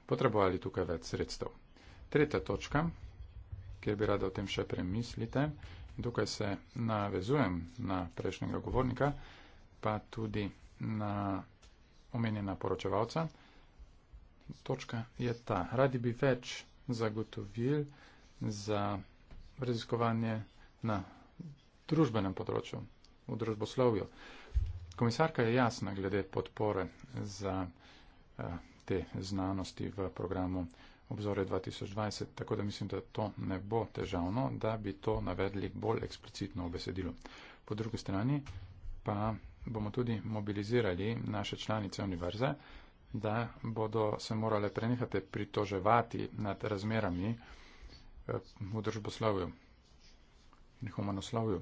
potrebovali tukaj več sredstev. Tretja točka kjer bi rada o tem še premislite. In tukaj se navezujem na prejšnjega govornika, pa tudi na omenjena poročevalca. Točka je ta. Radi bi več zagotovil za raziskovanje na družbenem področju, v družboslovju. Komisarka je jasna glede podpore za eh, te znanosti v programu obzore 2020, tako da mislim, da to ne bo težavno, da bi to navedli bolj eksplicitno v besedilu. Po drugi strani pa bomo tudi mobilizirali naše članice univerze, da bodo se morale prenehati pritoževati nad razmerami eh, v družboslovju in humanoslovju.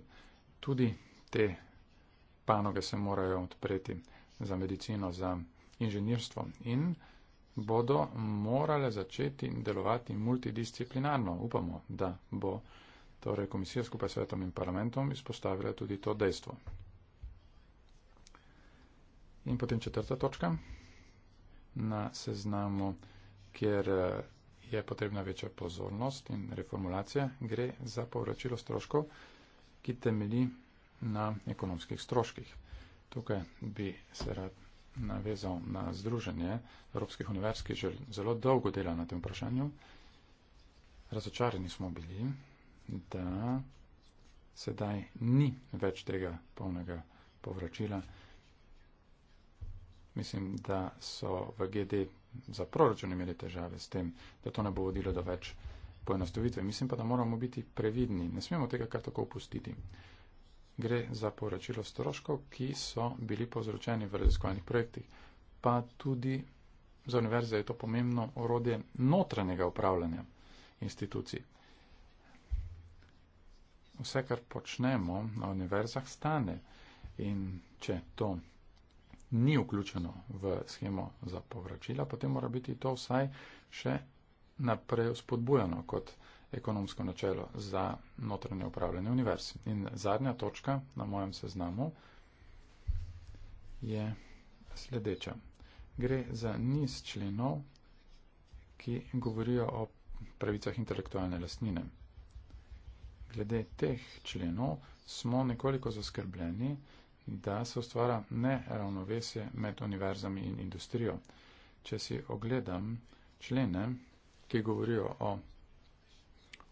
Tudi te panoge se morajo odpreti za medicino, za inženirstvo in inženirstvo bodo morale začeti delovati multidisciplinarno. Upamo, da bo torej komisija skupaj s svetom in parlamentom izpostavila tudi to dejstvo. In potem četrta točka na seznamu, kjer eh, je potrebna večja pozornost in reformulacija, gre za povračilo stroškov, ki temeli na ekonomskih stroških. Tukaj bi se rad navezal na Združenje Evropskih univerz, ki že zelo dolgo dela na tem vprašanju. Razočarani smo bili, da sedaj ni več tega polnega povračila. Mislim, da so v GD za proračun imeli težave s tem, da to ne bo vodilo do več poenostavitve. Mislim pa, da moramo biti previdni. Ne smemo tega kar tako upustiti gre za poročilo stroškov, ki so bili povzročeni v raziskovalnih projektih. Pa tudi za univerze je to pomembno orodje notranjega upravljanja institucij. Vse, kar počnemo na univerzah, stane in če to ni vključeno v schemo za povračila, potem mora biti to vsaj še naprej spodbujeno kot ekonomsko načelo za notranje upravljanje univerzi. In zadnja točka na mojem seznamu je sledeča. Gre za niz členov, ki govorijo o pravicah intelektualne lastnine. Glede teh členov smo nekoliko zaskrbljeni, da se ustvara neravnovesje med univerzami in industrijo. Če si ogledam člene, ki govorijo o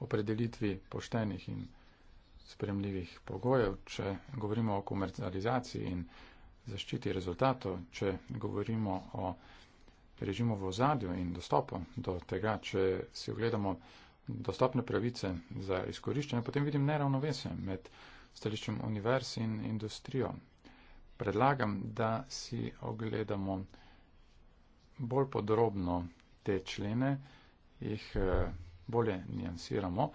opredelitvi poštenih in spremljivih pogojev, če govorimo o komercializaciji in zaščiti rezultatov, če govorimo o režimu v ozadju in dostopu do tega, če si ogledamo dostopne pravice za izkoriščanje, potem vidim neravnovesje med stališčem univerz in industrijo. Predlagam, da si ogledamo bolj podrobno te člene, jih eh, bolje nijansiramo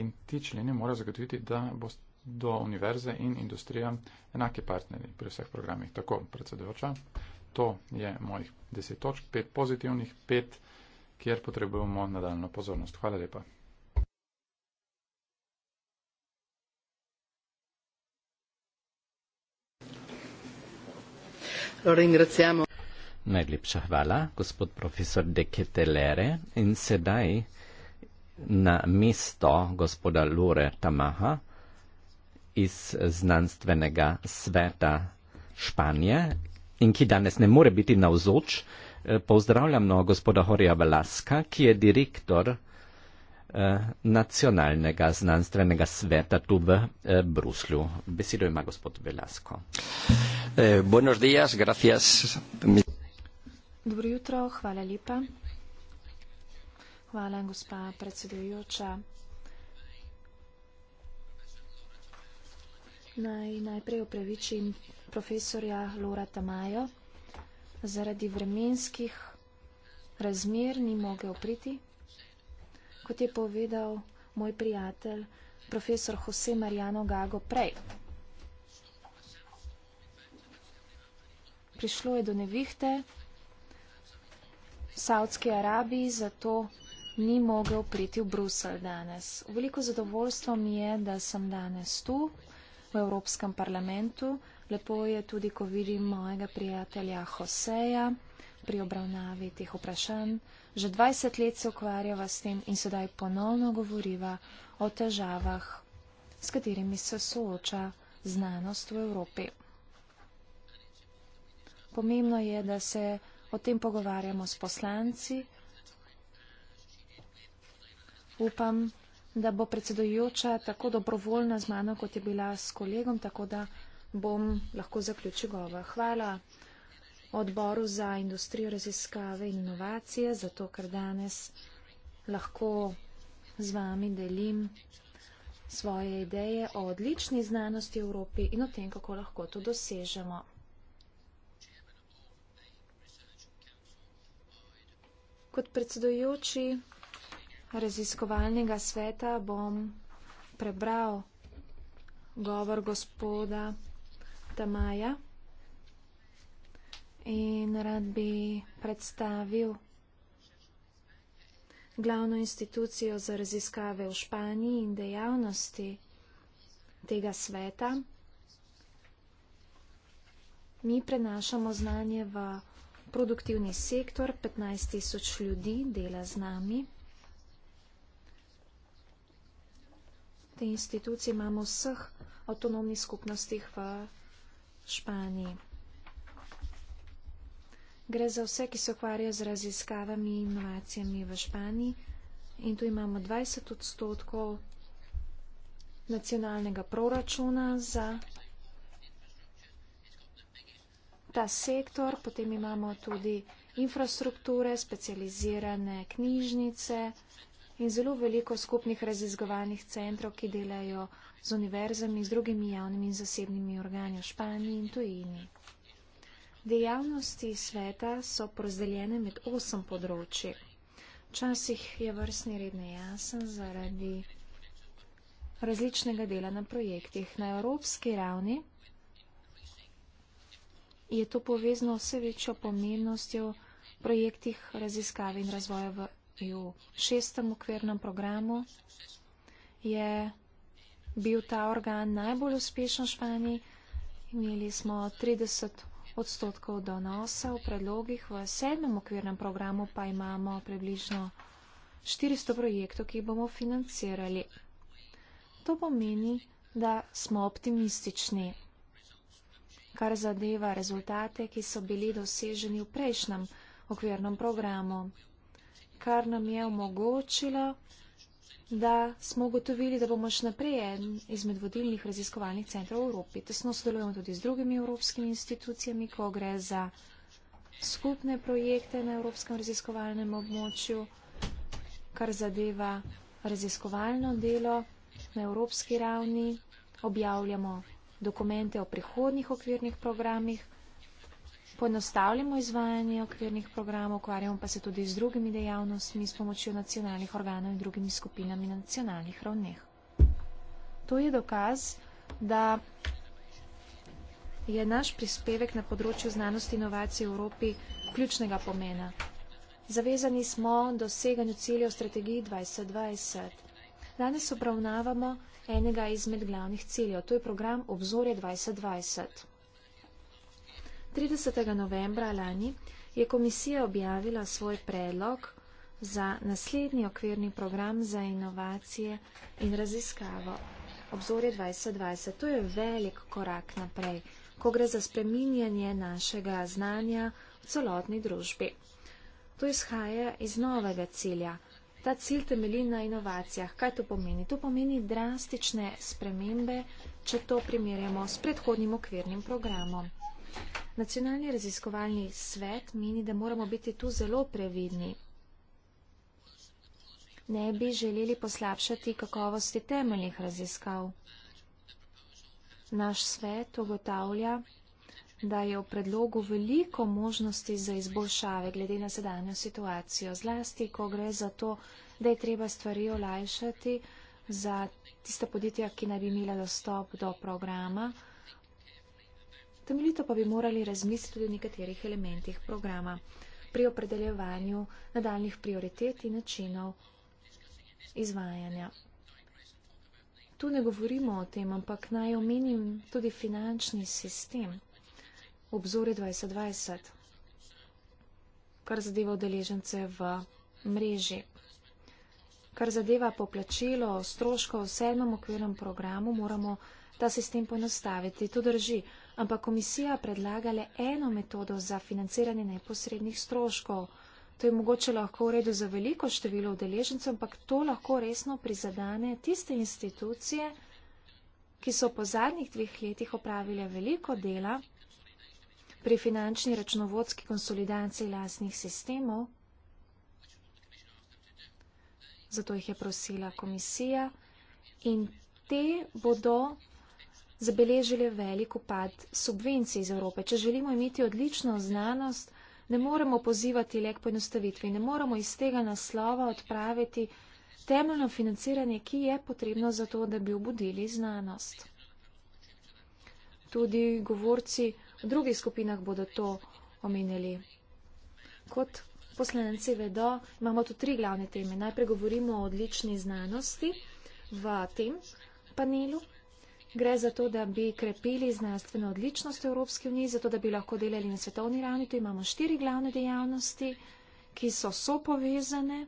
in ti členi morajo zagotoviti, da bo do univerze in industrija enake partnerji pri vseh programih. Tako, predsedujoča, to je mojih deset točk, pet pozitivnih, pet, kjer potrebujemo nadaljno pozornost. Hvala lepa. Najlepša hvala, gospod profesor Deketelere. In sedaj na mesto gospoda Lore Tamaha iz znanstvenega sveta Španije in ki danes ne more biti navzoč. Eh, pozdravljam no gospoda Horja Velaska, ki je direktor eh, nacionalnega znanstvenega sveta tu v eh, Bruslju. Besedo ima gospod Velasko. Eh, buenos días, gracias. Dobro jutro, hvala lepa. Hvala, gospa predsedujoča. Naj najprej upravičim profesorja Lora Tamajo. Zaradi vremenskih razmer ni mogel priti. Kot je povedal moj prijatelj, profesor Jose Mariano Gago prej. Prišlo je do nevihte v Saudski Arabiji, zato ni mogel priti v Bruselj danes. Veliko zadovoljstvo mi je, da sem danes tu v Evropskem parlamentu. Lepo je tudi, ko vidim mojega prijatelja Hoseja pri obravnavi teh vprašanj. Že 20 let se ukvarjava s tem in sedaj ponovno govoriva o težavah, s katerimi se sooča znanost v Evropi. Pomembno je, da se o tem pogovarjamo s poslanci, upam, da bo predsedujoča tako dobrovoljna z mano, kot je bila s kolegom, tako da bom lahko zaključil govor. Hvala odboru za industrijo raziskave in inovacije, zato ker danes lahko z vami delim svoje ideje o odlični znanosti v Evropi in o tem, kako lahko to dosežemo. Kot predsedujoči raziskovalnega sveta bom prebral govor gospoda Tamaja in rad bi predstavil glavno institucijo za raziskave v Španiji in dejavnosti tega sveta. Mi prenašamo znanje v produktivni sektor, 15 tisoč ljudi dela z nami. te institucije imamo v vseh avtonomnih skupnostih v Španiji. Gre za vse, ki se ukvarjajo z raziskavami in inovacijami v Španiji in tu imamo 20 odstotkov nacionalnega proračuna za ta sektor, potem imamo tudi infrastrukture, specializirane knjižnice, in zelo veliko skupnih raziskovalnih centrov, ki delajo z univerzami, z drugimi javnimi in zasebnimi organi v Španiji in tujini. Dejavnosti sveta so porazdeljene med osem področji. Včasih je vrstni red nejasen zaradi različnega dela na projektih. Na evropski ravni je to povezano vse večjo pomembnostjo projektih raziskave in razvoja v v šestem okvirnem programu je bil ta organ najbolj uspešen v Španiji. Imeli smo 30 odstotkov donosa v predlogih, v sedmem okvirnem programu pa imamo približno 400 projektov, ki jih bomo financirali. To pomeni, da smo optimistični, kar zadeva rezultate, ki so bili doseženi v prejšnjem okvirnem programu kar nam je omogočilo, da smo ugotovili, da bomo še naprej en izmed vodilnih raziskovalnih centrov v Evropi. Tesno sodelujemo tudi z drugimi evropskimi institucijami, ko gre za skupne projekte na evropskem raziskovalnem območju, kar zadeva raziskovalno delo na evropski ravni. Objavljamo dokumente o prihodnih okvirnih programih poenostavljamo izvajanje okvirnih programov, ukvarjamo pa se tudi z drugimi dejavnostmi s pomočjo nacionalnih organov in drugimi skupinami na nacionalnih ravneh. To je dokaz, da je naš prispevek na področju znanosti in inovacij v Evropi ključnega pomena. Zavezani smo doseganju ciljev strategiji 2020. Danes obravnavamo enega izmed glavnih ciljev, to je program Obzorje 2020. 30. novembra lani je komisija objavila svoj predlog za naslednji okvirni program za inovacije in raziskavo obzorje 2020. To je velik korak naprej, ko gre za spreminjanje našega znanja v celotni družbi. To izhaja iz novega cilja. Ta cilj temelji na inovacijah. Kaj to pomeni? To pomeni drastične spremembe, če to primerjamo s predhodnim okvirnim programom. Nacionalni raziskovalni svet meni, da moramo biti tu zelo previdni. Ne bi želeli poslabšati kakovosti temeljnih raziskav. Naš svet ugotavlja, da je v predlogu veliko možnosti za izboljšave glede na sedanjo situacijo, zlasti, ko gre za to, da je treba stvari olajšati za tiste podjetja, ki naj bi imela dostop do programa temeljito pa bi morali razmisliti o nekaterih elementih programa pri opredeljevanju nadaljnih prioritet in načinov izvajanja. Tu ne govorimo o tem, ampak naj omenim tudi finančni sistem obzore 2020, kar zadeva udeležence v mreži. Kar zadeva poplačilo stroškov v sedmem okvirnem programu, moramo ta sistem ponastaviti. To drži ampak komisija predlaga le eno metodo za financiranje neposrednih stroškov. To je mogoče lahko v redu za veliko število udeležencev, ampak to lahko resno prizadane tiste institucije, ki so po zadnjih dveh letih opravile veliko dela pri finančni računovodski konsolidaciji lasnih sistemov. Zato jih je prosila komisija in te bodo zabeležile velik upad subvencij iz Evrope. Če želimo imeti odlično znanost, ne moremo pozivati le k poenostavitvi, ne moremo iz tega naslova odpraviti temeljno financiranje, ki je potrebno za to, da bi obudili znanost. Tudi govorci v drugih skupinah bodo to omenili. Kot poslanci vedo, imamo tu tri glavne teme. Najprej govorimo o odlični znanosti v tem panelu, Gre za to, da bi krepili znanstveno odličnost Evropske unije, zato da bi lahko delali na svetovni ravni. Tu imamo štiri glavne dejavnosti, ki so sopovezane.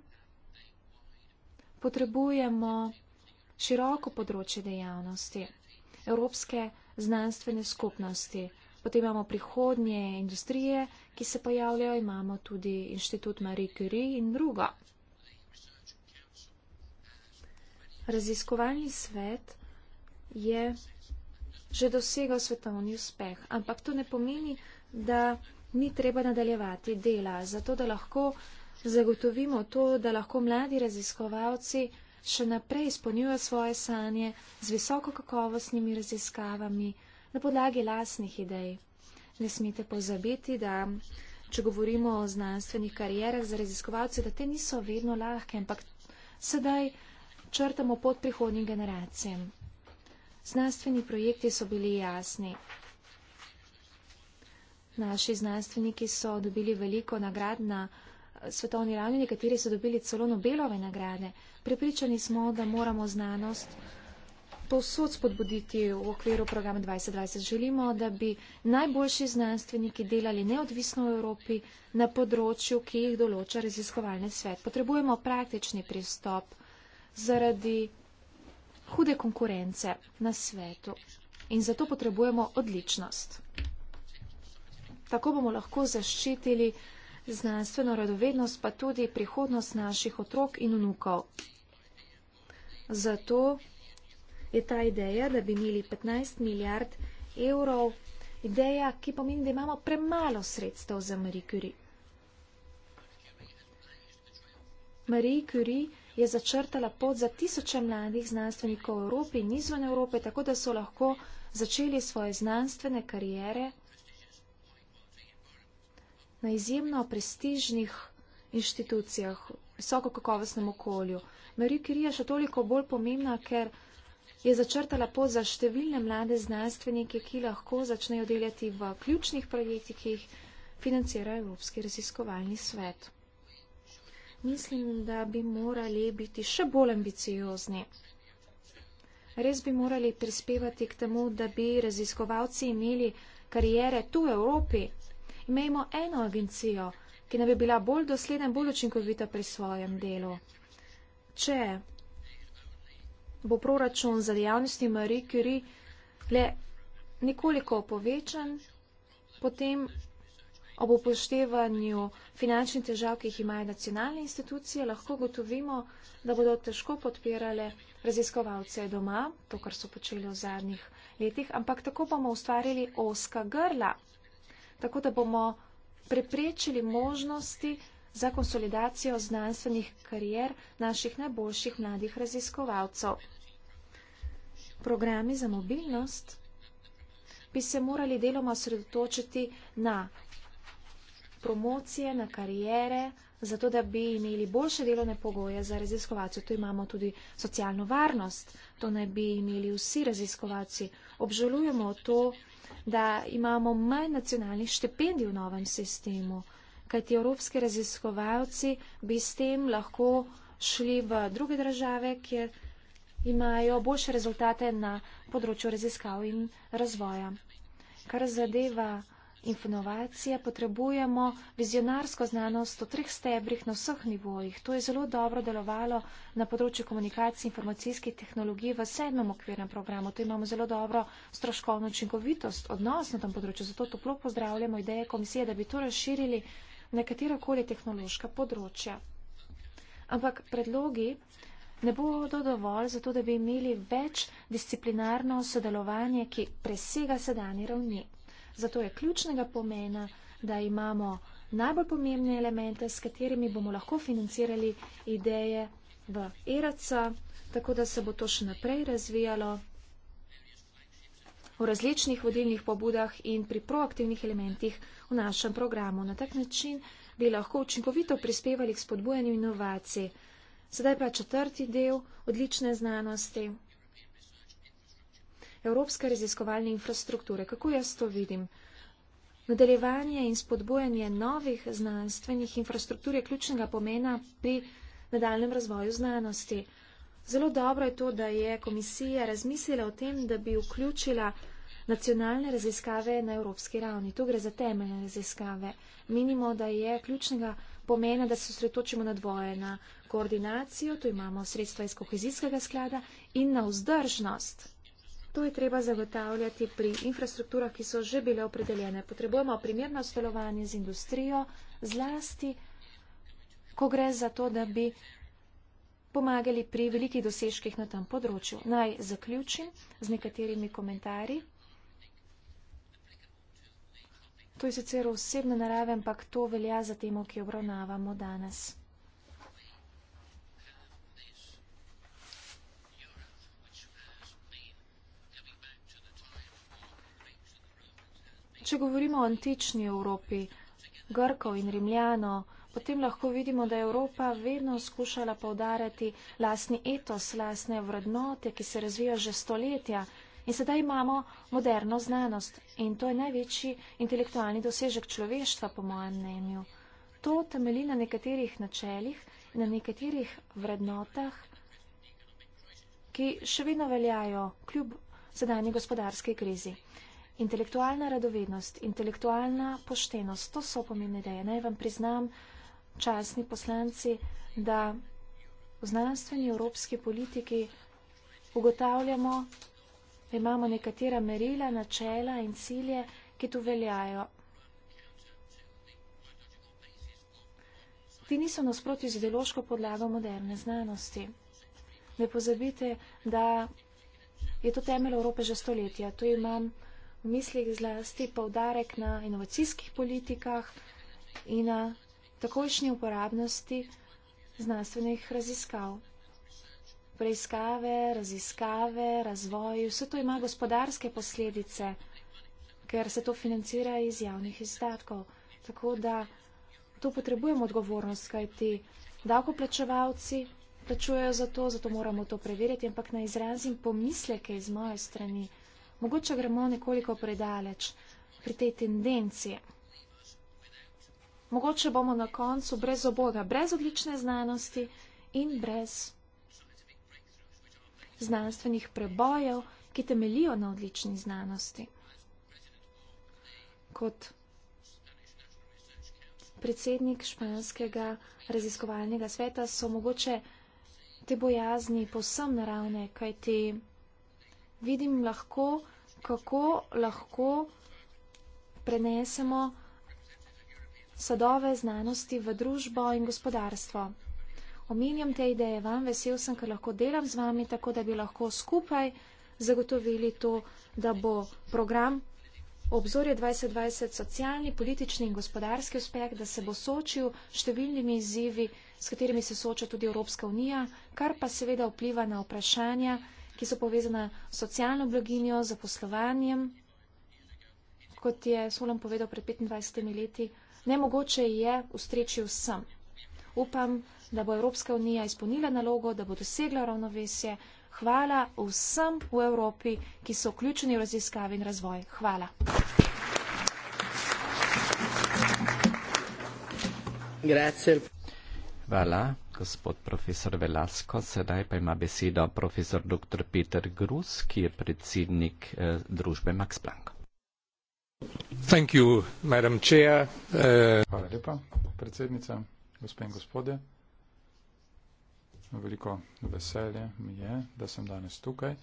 Potrebujemo široko področje dejavnosti Evropske znanstvene skupnosti. Potem imamo prihodnje industrije, ki se pojavljajo, imamo tudi inštitut Marie Curie in drugo. Raziskovalni svet je že dosegel svetovni uspeh. Ampak to ne pomeni, da ni treba nadaljevati dela, zato da lahko zagotovimo to, da lahko mladi raziskovalci še naprej izpolnjujejo svoje sanje z visoko kakovostnimi raziskavami na podlagi lasnih idej. Ne smete pozabiti, da če govorimo o znanstvenih karijerah za raziskovalce, da te niso vedno lahke, ampak sedaj črtamo pod prihodnjim generacijam. Znanstveni projekti so bili jasni. Naši znanstveniki so dobili veliko nagrad na eh, svetovni ravni, nekateri so dobili celo Nobelove nagrade. Pripričani smo, da moramo znanost povsod spodbuditi v okviru programa 2020. Želimo, da bi najboljši znanstveniki delali neodvisno v Evropi na področju, ki jih določa raziskovalni svet. Potrebujemo praktični pristop zaradi hude konkurence na svetu in zato potrebujemo odličnost. Tako bomo lahko zaščitili znanstveno radovednost, pa tudi prihodnost naših otrok in vnukov. Zato je ta ideja, da bi imeli 15 milijard evrov, ideja, ki pomeni, da imamo premalo sredstev za Marie Curie. Marie Curie je začrtala pot za tisoče mladih znanstvenikov v Evropi in izven Evrope, tako da so lahko začeli svoje znanstvene karijere na izjemno prestižnih inštitucijah, visoko kakovostnem okolju. Marie Curie je še toliko bolj pomembna, ker je začrtala pot za številne mlade znanstvenike, ki lahko začnejo delati v ključnih projektih, ki jih financira Evropski raziskovalni svet mislim, da bi morali biti še bolj ambiciozni. Res bi morali prispevati k temu, da bi raziskovalci imeli karijere tu v Evropi. Imejmo eno agencijo, ki ne bi bila bolj dosledna, bolj učinkovita pri svojem delu. Če bo proračun za dejavnosti Marie Curie le nekoliko povečan, potem Ob upoštevanju finančnih težav, ki jih imajo nacionalne institucije, lahko gotovimo, da bodo težko podpirale raziskovalce doma, to, kar so počeli v zadnjih letih, ampak tako bomo ustvarili oska grla, tako da bomo preprečili možnosti za konsolidacijo znanstvenih karier naših najboljših mladih raziskovalcev. Programi za mobilnost bi se morali deloma osredotočiti na promocije, na karijere, zato da bi imeli boljše delovne pogoje za raziskovalce. Tu imamo tudi socialno varnost, to naj bi imeli vsi raziskovalci. Obžalujemo to, da imamo manj nacionalnih štipendij v novem sistemu, kajti evropski raziskovalci bi s tem lahko šli v druge države, kjer imajo boljše rezultate na področju raziskav in razvoja. Kar zadeva inovacije potrebujemo vizionarsko znanost v treh stebrih na vseh nivojih. To je zelo dobro delovalo na področju komunikacij informacijskih tehnologij v sedmem okvirnem programu. Tu imamo zelo dobro stroškovno učinkovitost odnos na tem področju, zato toplo pozdravljamo ideje komisije, da bi to razširili na katerokoli tehnološka področja. Ampak predlogi ne bodo dovolj za to, da bi imeli več disciplinarno sodelovanje, ki presega sedanje ravni. Zato je ključnega pomena, da imamo najbolj pomembne elemente, s katerimi bomo lahko financirali ideje v ERAC, tako da se bo to še naprej razvijalo v različnih vodilnih pobudah in pri proaktivnih elementih v našem programu. Na tak način bi lahko učinkovito prispevali k spodbujanju inovacij. Sedaj pa četrti del odlične znanosti evropske raziskovalne infrastrukture. Kako jaz to vidim? Nadaljevanje in spodbojanje novih znanstvenih infrastruktur je ključnega pomena pri nadaljem razvoju znanosti. Zelo dobro je to, da je komisija razmislila o tem, da bi vključila nacionalne raziskave na evropski ravni. Tu gre za temeljne raziskave. Menimo, da je ključnega pomena, da se osredotočimo na dvoje, na koordinacijo, tu imamo sredstva iz kohezijskega sklada in na vzdržnost To je treba zagotavljati pri infrastrukturah, ki so že bile opredeljene. Potrebujemo primerno sodelovanje z industrijo, zlasti, ko gre za to, da bi pomagali pri velikih dosežkih na tem področju. Naj zaključim z nekaterimi komentarji. To je sicer osebne narave, ampak to velja za temo, ki obravnavamo danes. Če govorimo o antični Evropi, Grkov in Rimljano, potem lahko vidimo, da je Evropa vedno skušala povdarjati lastni etos, lastne vrednote, ki se razvija že stoletja. In sedaj imamo moderno znanost in to je največji intelektualni dosežek človeštva, po mojem mnenju. To temeli na nekaterih načeljih, na nekaterih vrednotah, ki še vedno veljajo kljub sedajni gospodarski krizi. Intelektualna radovednost, intelektualna poštenost, to so pomembne ideje. Naj vam priznam, časni poslanci, da v znanstveni evropski politiki ugotavljamo, da imamo nekatera merila, načela in cilje, ki tu veljajo. Ti niso nasproti z ideološko podlago moderne znanosti. Ne pozabite, da je to temelj Evrope že stoletja. Tu imam mislih zlasti povdarek na inovacijskih politikah in na takojšnji uporabnosti znanstvenih raziskav. Preiskave, raziskave, razvoj, vse to ima gospodarske posledice, ker se to financira iz javnih izdatkov. Tako da to potrebujemo odgovornost, kajti davkoplačevalci plačujejo za to, zato moramo to preverjati, ampak na izrazim pomisleke iz moje strani. Mogoče gremo nekoliko predaleč pri tej tendenci. Mogoče bomo na koncu brez oboga, brez odlične znanosti in brez znanstvenih prebojev, ki temelijo na odlični znanosti. Kot predsednik španskega raziskovalnega sveta so mogoče te bojazni posebno naravne, kajti vidim lahko, kako lahko prenesemo sadove znanosti v družbo in gospodarstvo. Omenjam te ideje vam, vesel sem, ker lahko delam z vami, tako da bi lahko skupaj zagotovili to, da bo program obzorje 2020 socialni, politični in gospodarski uspeh, da se bo sočil številnimi izzivi, s katerimi se soča tudi Evropska unija, kar pa seveda vpliva na vprašanja, ki so povezane s socialno bloginjo, z poslovanjem. Kot je Solom povedal pred 25 leti, nemogoče je ustreči vsem. Upam, da bo Evropska unija izpolnila nalogo, da bo dosegla ravnovesje. Hvala vsem v Evropi, ki so vključeni v raziskave in razvoj. Hvala. Hvala gospod profesor Velasko, sedaj pa ima besedo profesor dr. Peter Grus, ki je predsednik eh, družbe Max Planck. Thank you, madam chair. Uh... Hvala lepa, predsednica, gospe in gospode. Veliko veselje mi je, da sem danes tukaj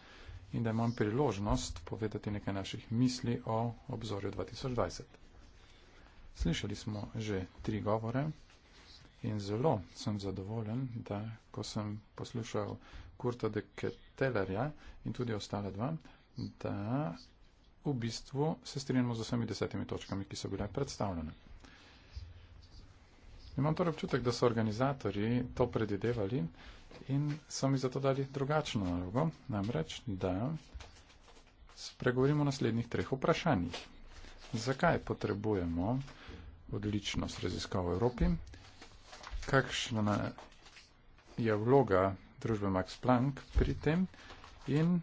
in da imam priložnost povedati nekaj naših misli o obzorju 2020. Slišali smo že tri govore, In zelo sem zadovoljen, da ko sem poslušal Kurta de Ketelerja in tudi ostale dva, da v bistvu se strinjamo z vsemi desetimi točkami, ki so bile predstavljene. Imam torej občutek, da so organizatorji to predvidevali in so mi zato dali drugačno nalogo, namreč, da spregovorimo o naslednjih treh vprašanjih. Zakaj potrebujemo odličnost raziskav v Evropi? kakšna je vloga družbe Max Planck pri tem in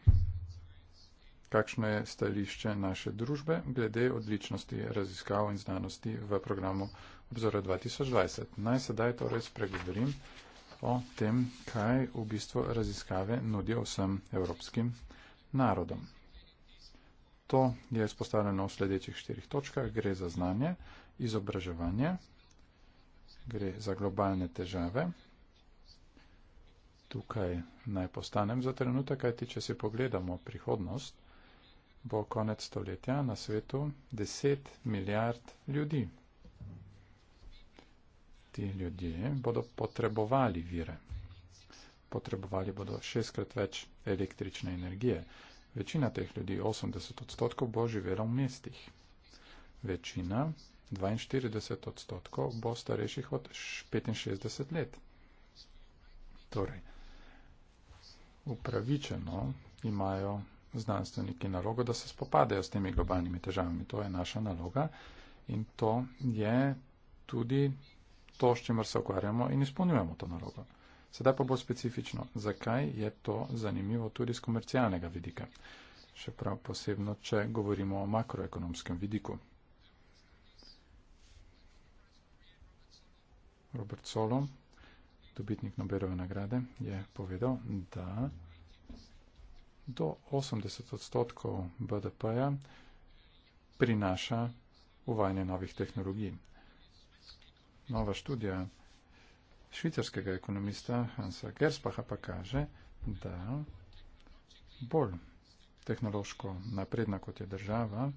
kakšno je stališče naše družbe glede odličnosti raziskav in znanosti v programu Obzore 2020. Naj sedaj torej spregovorim o tem, kaj v bistvu raziskave nudijo vsem evropskim narodom. To je izpostavljeno v sledečih štirih točkah. Gre za znanje, izobraževanje, gre za globalne težave. Tukaj naj postanem za trenutek, kajti če si pogledamo prihodnost, bo konec stoletja na svetu 10 milijard ljudi. Ti ljudje bodo potrebovali vire. Potrebovali bodo šestkrat več električne energije. Večina teh ljudi, 80 odstotkov, bo živela v mestih. Večina 42 odstotkov bo starejših od 65 let. Torej, upravičeno imajo znanstveniki nalogo, da se spopadajo s temi globalnimi težavami. To je naša naloga in to je tudi to, s čimer se ukvarjamo in izpolnjujemo to nalogo. Sedaj pa bo specifično, zakaj je to zanimivo tudi z komercialnega vidika. Še prav posebno, če govorimo o makroekonomskem vidiku. Robert Solo, dobitnik Nobelove nagrade, je povedal, da do 80 odstotkov BDP-ja prinaša uvajanje novih tehnologij. Nova študija švicarskega ekonomista Hansa Gerspaha pa kaže, da bolj tehnološko napredna kot je država,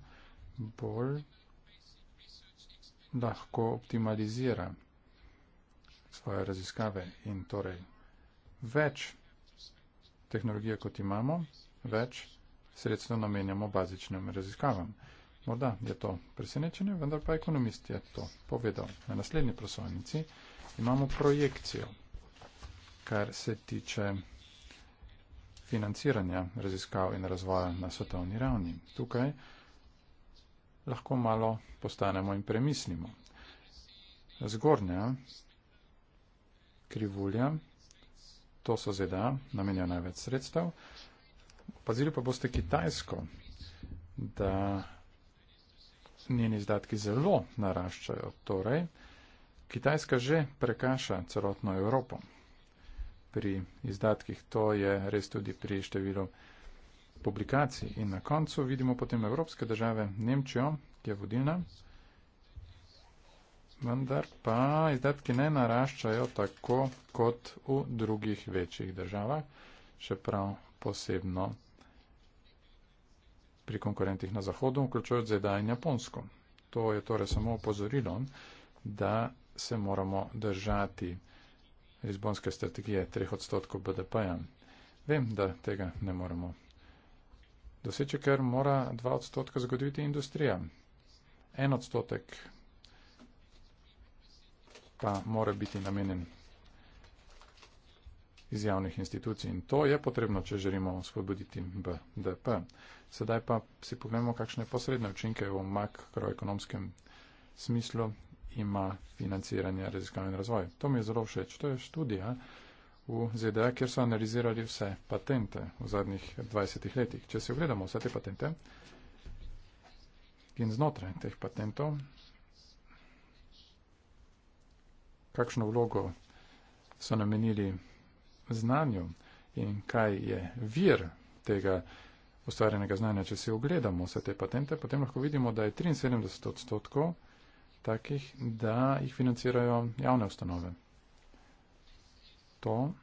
bolj lahko optimalizira svoje raziskave in torej več tehnologije, kot imamo, več sredstev namenjamo bazičnim raziskavam. Morda je to presenečenje, vendar pa ekonomist je to povedal. Na naslednji prosojnici imamo projekcijo, kar se tiče financiranja raziskav in razvoja na svetovni ravni. Tukaj lahko malo postanemo in premislimo. Zgornja krivulja. To so ZDA, namenjajo največ sredstev. Pazili pa boste Kitajsko, da njeni izdatki zelo naraščajo. Torej, Kitajska že prekaša celotno Evropo pri izdatkih. To je res tudi pri številu publikacij. In na koncu vidimo potem evropske države, Nemčijo, ki je vodilna vendar pa izdatki ne naraščajo tako kot v drugih večjih državah, čeprav posebno pri konkurentih na Zahodu, vključujoč ZDA in Japonsko. To je torej samo opozorilo, da se moramo držati Lizbonske strategije 3 odstotkov BDP-ja. Vem, da tega ne moremo doseči, ker mora 2 odstotka zagotoviti industrija. En odstotek ta more biti namenjen iz javnih institucij in to je potrebno, če želimo spodbuditi BDP. Sedaj pa si povemo, kakšne posredne učinke v makroekonomskem smislu ima financiranje raziskav in razvoj. To mi je zelo všeč. To je študija v ZDA, kjer so analizirali vse patente v zadnjih 20 letih. Če si ogledamo vse te patente in znotraj teh patentov, kakšno vlogo so namenili znanju in kaj je vir tega ustvarjenega znanja. Če si ogledamo vse te patente, potem lahko vidimo, da je 73 odstotkov takih, da jih financirajo javne ustanove. To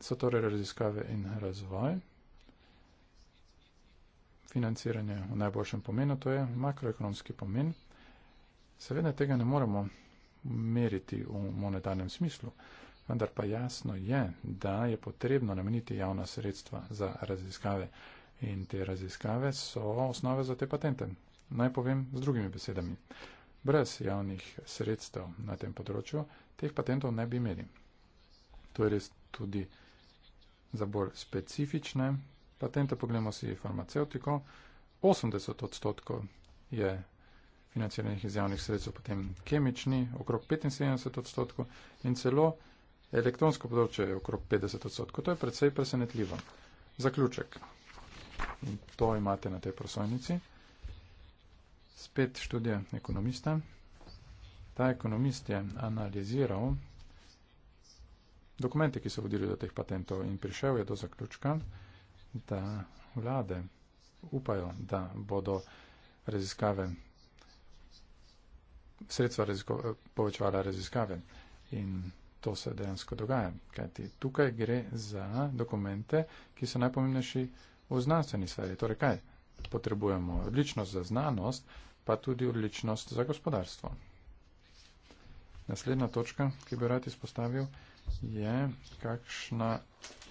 so torej raziskave in razvoj. Financiranje v najboljšem pomenu, to je makroekonomski pomen. Seveda tega ne moremo meriti v monetarnem smislu, vendar pa jasno je, da je potrebno nameniti javna sredstva za raziskave in te raziskave so osnove za te patente. Naj povem z drugimi besedami. Brez javnih sredstev na tem področju teh patentov ne bi imeli. To je res tudi za bolj specifične patente. Poglejmo si farmaceutiko. 80 odstotkov je financiranih iz javnih sredstev, potem kemični okrog 75 odstotkov in celo elektronsko področje je okrog 50 odstotkov. To je predvsej presenetljivo. Zaključek. In to imate na tej prosojnici. Spet študija ekonomista. Ta ekonomist je analiziral dokumente, ki so vodili do teh patentov in prišel je do zaključka, da vlade upajo, da bodo raziskave sredstva raziko, povečevala raziskave. In to se dejansko dogaja, kajti tukaj gre za dokumente, ki so najpomembnejši v znanstveni sferi. Torej, kaj potrebujemo? Odličnost za znanost, pa tudi odličnost za gospodarstvo. Naslednja točka, ki bi rad izpostavil, je, kakšna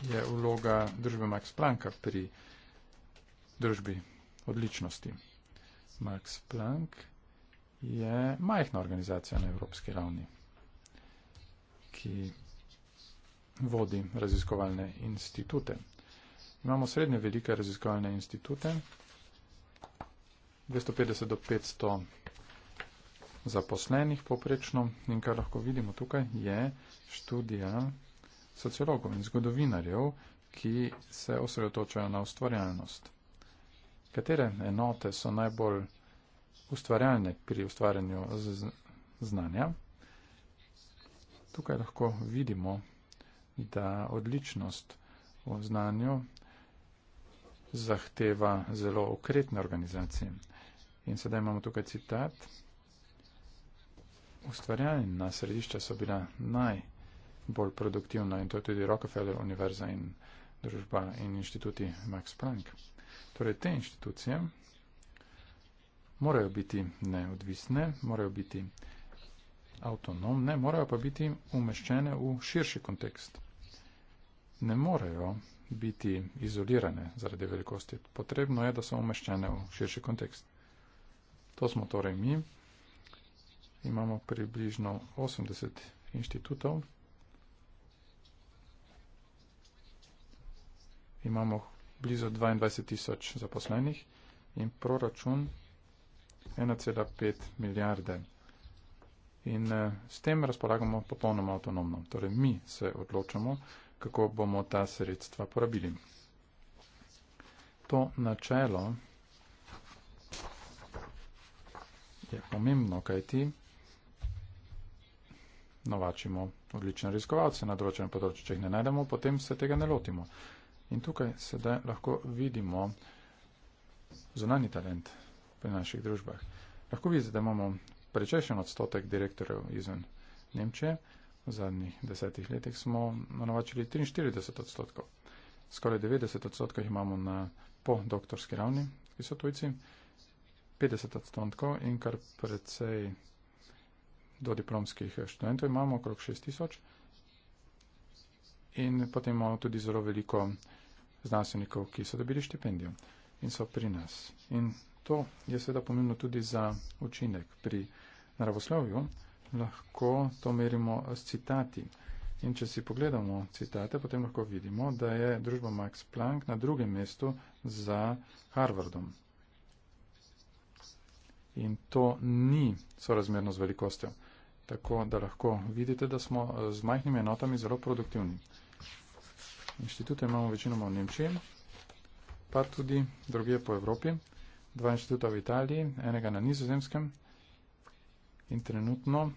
je vloga družbe Max Plancka pri družbi odličnosti. Max Planck je majhna organizacija na evropski ravni, ki vodi raziskovalne institute. Imamo srednje velike raziskovalne institute, 250 do 500 zaposlenih poprečno in kar lahko vidimo tukaj je študija sociologov in zgodovinarjev, ki se osredotočajo na ustvarjalnost. Katere enote so najbolj ustvarjalne pri ustvarjanju znanja. Tukaj lahko vidimo, da odličnost v znanju zahteva zelo okretne organizacije. In sedaj imamo tukaj citat. Ustvarjalna središča so bila najbolj produktivna in to je tudi Rockefeller univerza in družba in inštituti Max Planck. Torej te inštitucije morajo biti neodvisne, morajo biti avtonomne, morajo pa biti umeščene v širši kontekst. Ne morejo biti izolirane zaradi velikosti. Potrebno je, da so umeščene v širši kontekst. To smo torej mi. Imamo približno 80 inštitutov. Imamo blizu 22 tisoč zaposlenih in proračun 1,5 milijarde. In eh, s tem razpolagamo popolnoma avtonomno. Torej mi se odločamo, kako bomo ta sredstva porabili. To načelo je pomembno, kaj ti novačimo odlične raziskovalce na določenem področju. Če jih ne najdemo, potem se tega ne lotimo. In tukaj sedaj lahko vidimo zunani talent, pri naših družbah. Lahko vidite, da imamo prečešen odstotek direktorjev izven Nemčije. V zadnjih desetih letih smo navačili 43 odstotkov. Skoraj 90 odstotkov jih imamo na podoktorski ravni, ki so tujci, 50 odstotkov in kar precej do diplomskih študentov imamo, okrog 6 tisoč. In potem imamo tudi zelo veliko znanstvenikov, ki so dobili štipendijo in so pri nas. In to je seveda pomembno tudi za učinek pri naravoslovju, lahko to merimo s citati. In če si pogledamo citate, potem lahko vidimo, da je družba Max Planck na drugem mestu za Harvardom. In to ni sorazmerno z velikostjo. Tako da lahko vidite, da smo z majhnimi enotami zelo produktivni. Inštitute imamo večinoma v Nemčiji, pa tudi druge po Evropi dva inštituta v Italiji, enega na nizozemskem in trenutno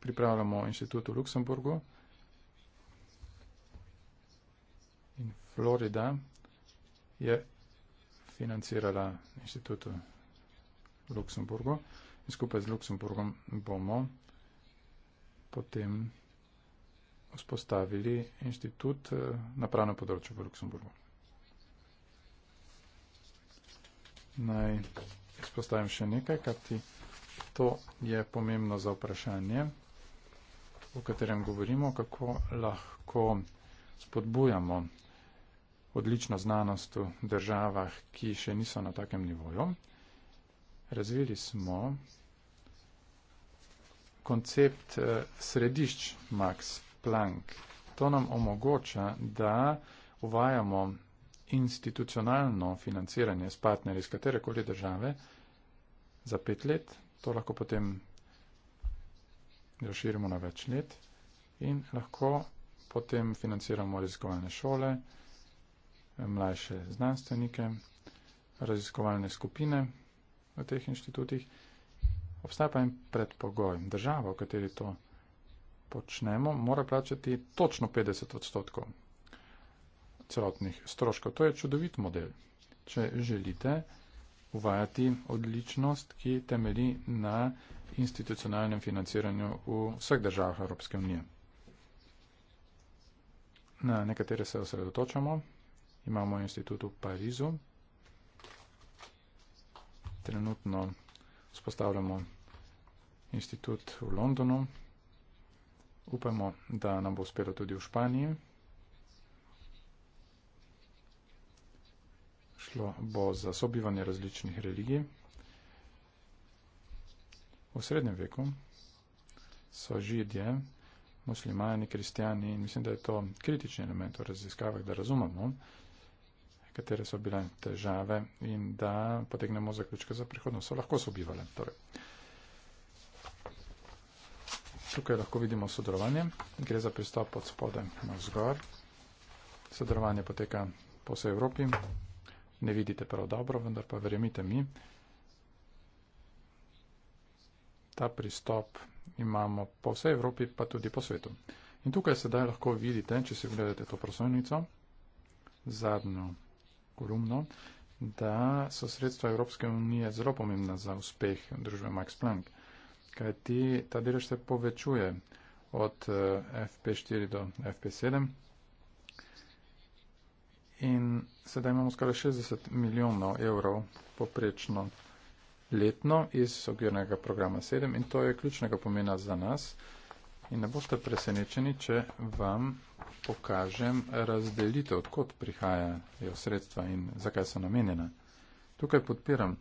pripravljamo inštitut v Luksemburgu in Florida je financirala inštitut v Luksemburgu in skupaj z Luksemburgom bomo potem vzpostavili inštitut eh, na pravno področju v Luksemburgu. naj izpostavim še nekaj, kajti to je pomembno za vprašanje, o katerem govorimo, kako lahko spodbujamo odlično znanost v državah, ki še niso na takem nivoju. Razvili smo koncept eh, središč Max Planck. To nam omogoča, da uvajamo institucionalno financiranje s partnerji iz katerekoli države za pet let, to lahko potem razširimo na več let in lahko potem financiramo raziskovalne šole, mlajše znanstvenike, raziskovalne skupine v teh inštitutih. Obstaja pa en predpogoj. Država, v kateri to počnemo, mora plačati točno 50 odstotkov celotnih stroškov. To je čudovit model, če želite uvajati odličnost, ki temeli na institucionalnem financiranju v vseh državah Evropske unije. Na nekatere se osredotočamo. Imamo institut v Parizu. Trenutno spostavljamo institut v Londonu. Upamo, da nam bo uspelo tudi v Španiji. šlo bo za sobivanje različnih religij. V srednjem veku so židje, muslimani, kristijani in mislim, da je to kritični element v raziskavah, da razumemo, katere so bile težave in da potegnemo zaključke za prihodnost. So lahko sobivale. Torej. Tukaj lahko vidimo sodelovanje. Gre za pristop od spode na vzgor. Sodelovanje poteka po vsej Evropi ne vidite prav dobro, vendar pa verjemite mi, ta pristop imamo po vsej Evropi, pa tudi po svetu. In tukaj sedaj lahko vidite, če si gledate to prosojnico, zadnjo kolumno, da so sredstva Evropske unije zelo pomembna za uspeh družbe Max Planck, kajti ta delež se povečuje od eh, FP4 do FP7, in sedaj imamo skoraj 60 milijonov evrov poprečno letno iz okvirnega programa 7 in to je ključnega pomena za nas. In ne boste presenečeni, če vam pokažem razdelitev, odkot prihajajo sredstva in zakaj so namenjena. Tukaj podpiram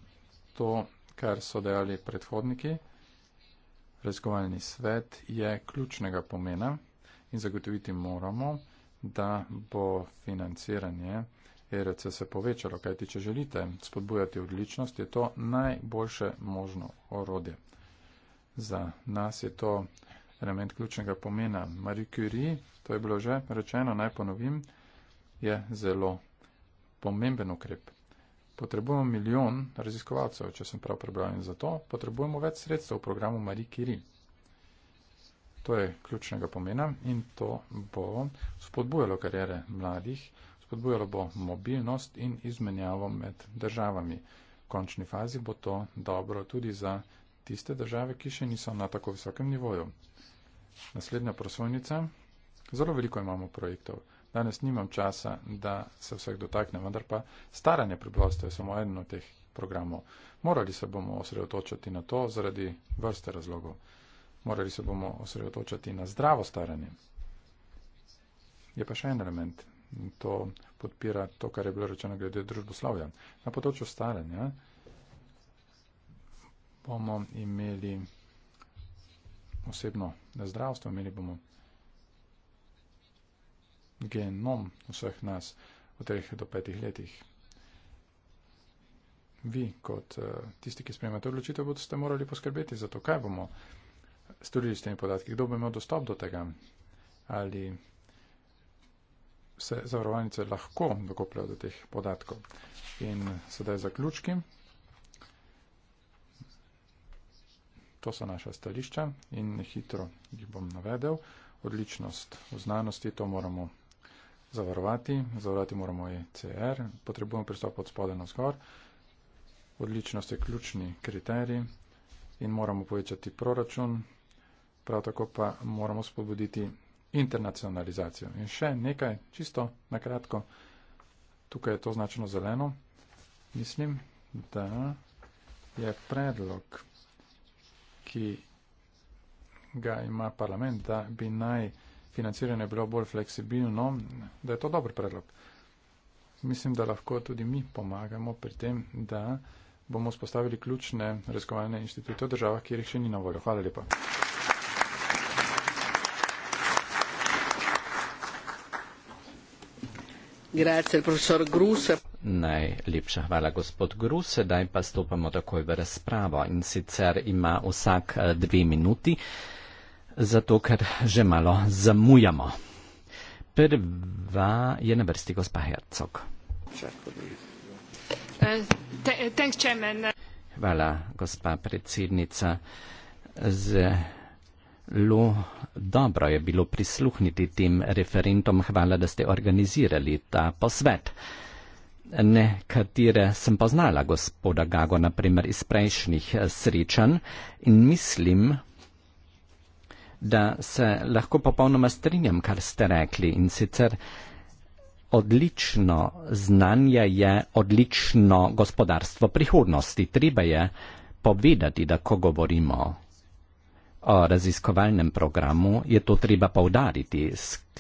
to, kar so dejali predhodniki. Raziskovalni svet je ključnega pomena in zagotoviti moramo, da bo financiranje ERC se povečalo, kajti če želite spodbujati odličnost, je to najboljše možno orodje. Za nas je to element ključnega pomena. Marie Curie, to je bilo že rečeno, naj ponovim, je zelo pomemben ukrep. Potrebujemo milijon raziskovalcev, če sem prav prebral in zato potrebujemo več sredstev v programu Marie Curie. To je ključnega pomena in to bo spodbujalo karijere mladih, spodbujalo bo mobilnost in izmenjavo med državami. V končni fazi bo to dobro tudi za tiste države, ki še niso na tako visokem nivoju. Naslednja prosojnica. Zelo veliko imamo projektov. Danes nimam časa, da se vseh dotaknem, vendar pa staranje prebivalstva je samo eden od teh programov. Morali se bomo osredotočati na to zaradi vrste razlogov. Morali se bomo osredotočati na zdravo staranje. Je pa še en element. To podpira to, kar je bilo rečeno glede družboslovja. Na področju staranja bomo imeli osebno zdravstvo, imeli bomo genom vseh nas v treh do petih letih. Vi, kot eh, tisti, ki spremljate odločitev, boste morali poskrbeti za to, kaj bomo storili s temi podatki, kdo bo imel dostop do tega, ali se zavarovalnice lahko dokopljajo do teh podatkov. In sedaj zaključki. To so naša stališča in hitro jih bom navedel. Odličnost v znanosti, to moramo zavarovati, zavarovati moramo ECR, potrebujemo pristop od spode na zgor. Odličnost je ključni kriterij in moramo povečati proračun prav tako pa moramo spodbuditi internacionalizacijo. In še nekaj, čisto na kratko, tukaj je to značeno zeleno. Mislim, da je predlog, ki ga ima parlament, da bi naj financiranje bilo bolj fleksibilno, da je to dober predlog. Mislim, da lahko tudi mi pomagamo pri tem, da bomo spostavili ključne raziskovalne inštitute v državah, kjer jih še ni na voljo. Hvala lepa. Najlepša hvala, gospod Grus. Daj pa stopamo takoj v razpravo in sicer ima vsak eh, dve minuti, zato ker že malo zamujamo. Prva je na vrsti gospa Hercog. Eh, hvala, gospa predsednica. Z Zelo dobro je bilo prisluhniti tem referentom. Hvala, da ste organizirali ta posvet. Nekatere sem poznala gospoda Gago, naprimer iz prejšnjih eh, srečanj in mislim, da se lahko popolnoma strinjam, kar ste rekli in sicer odlično znanje je odlično gospodarstvo prihodnosti. Treba je povedati, da ko govorimo o raziskovalnem programu, je to treba povdariti.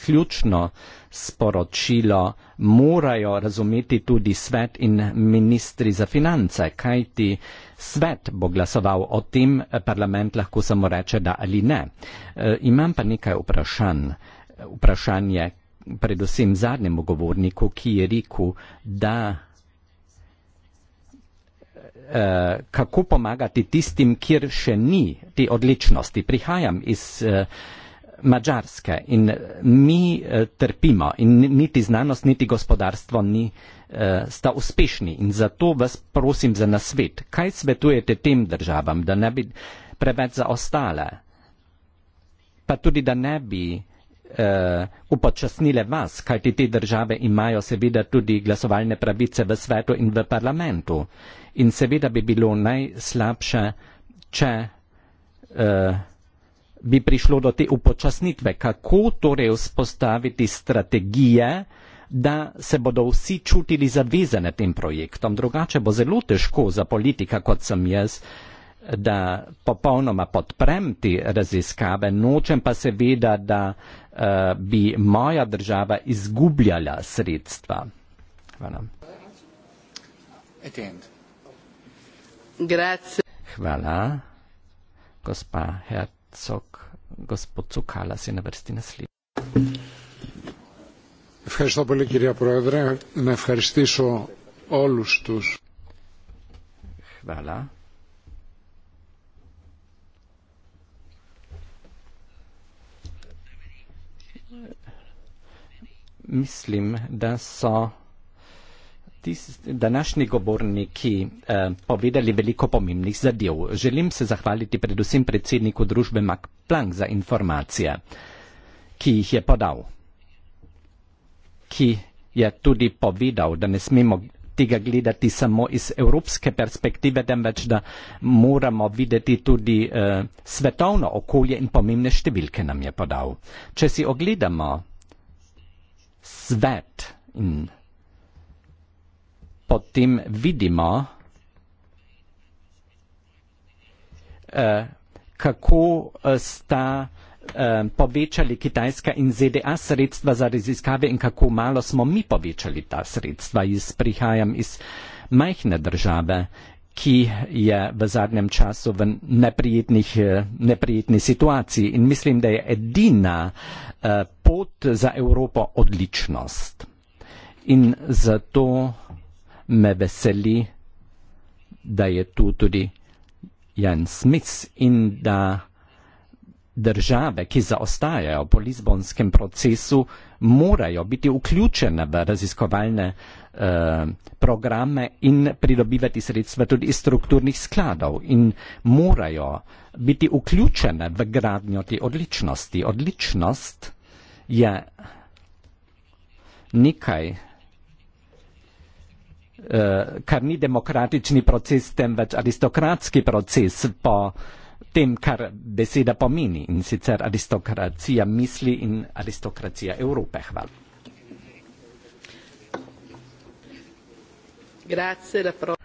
Ključno sporočilo morajo razumeti tudi svet in ministri za finance, kajti svet bo glasoval o tem, parlament lahko samo reče da ali ne. E, imam pa nekaj vprašanj. Vprašanje predvsem zadnjemu govorniku, ki je rekel, da uh, kako pomagati tistim, kjer še ni te odličnosti. Prihajam iz uh, eh, Mačarske in eh, mi uh, trpimo in niti znanost, niti gospodarstvo ni, uh, sta uspešni in zato vas prosim za nasvet. Kaj svetujete tem državam, da ne bi preveč zaostale, pa tudi da ne bi uh, upočasnile vas, kajti te države imajo seveda tudi glasovalne pravice v svetu in v parlamentu. In seveda bi bilo najslabše, če uh, bi prišlo do te upočasnitve, kako torej vzpostaviti strategije, da se bodo vsi čutili zavezane tem projektom. Drugače bo zelo težko za politika, kot sem jaz, uh, da popolnoma podprem te raziskave, nočem pa seveda, da uh, bi moja država izgubljala sredstva. Hvala. Hvala. Gospa Hercog, gospod Cukala se na vrsti naslednji. Ευχαριστώ πολύ κυρία Πρόεδρε. Να ευχαριστήσω όλους τους. Ευχαριστώ. mislim, da so današnji govorniki eh, povedali veliko pomembnih zadev. Želim se zahvaliti predvsem predsedniku družbe Mac Planck za informacije, ki jih je podal, ki je tudi povedal, da ne smemo tega gledati samo iz evropske perspektive, temveč da moramo videti tudi eh, svetovno okolje in pomembne številke nam je podal. Če si ogledamo svet in potem vidimo, eh, kako eh, sta eh, povečali Kitajska in ZDA sredstva za raziskave in kako malo smo mi povečali ta sredstva. Prihajam iz majhne države ki je v zadnjem času v neprijetnih, eh, neprijetni situaciji in mislim, da je edina eh, pot za Evropo odličnost. In zato me veseli, da je tu tudi Jan Smith in da države, ki zaostajajo po lizbonskem procesu, morajo biti vključene v raziskovalne Eh, programe in pridobivati sredstva tudi iz strukturnih skladov in morajo biti vključene v gradnjo te odličnosti. Odličnost je nekaj, eh, kar ni demokratični proces, temveč aristokratski proces po tem, kar beseda pomeni in sicer aristokracija misli in aristokracija Evrope. Hvala. Grazie, la pro-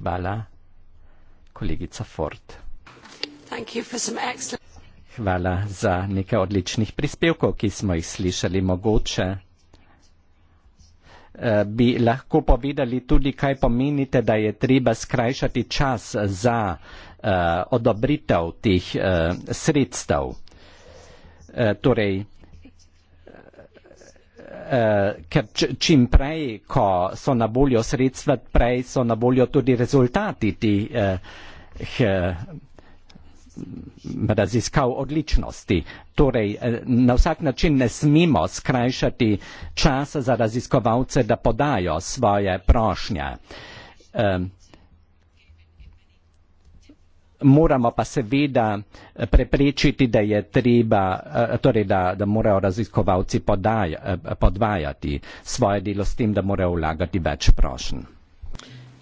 Hvala, kolegica Ford. Thank you for some excellent- Hvala za nekaj odličnih prispevkov, ki smo jih slišali mogoče. Eh, bi lahko povedali tudi, kaj pomenite, da je treba skrajšati čas za uh, odobritev teh uh, sredstev. Uh, torej, uh, ker čim prej, ko so na voljo sredstva, prej so na voljo tudi rezultati tih eh, uh, raziskav odličnosti. Torej, eh, na vsak način ne smemo skrajšati časa za raziskovalce, da podajo svoje prošnje. Uh, moramo pa seveda eh, preprečiti, da je treba, eh, torej da, da morajo raziskovalci podaj, eh, podvajati svoje delo s tem, da morajo vlagati več prošen.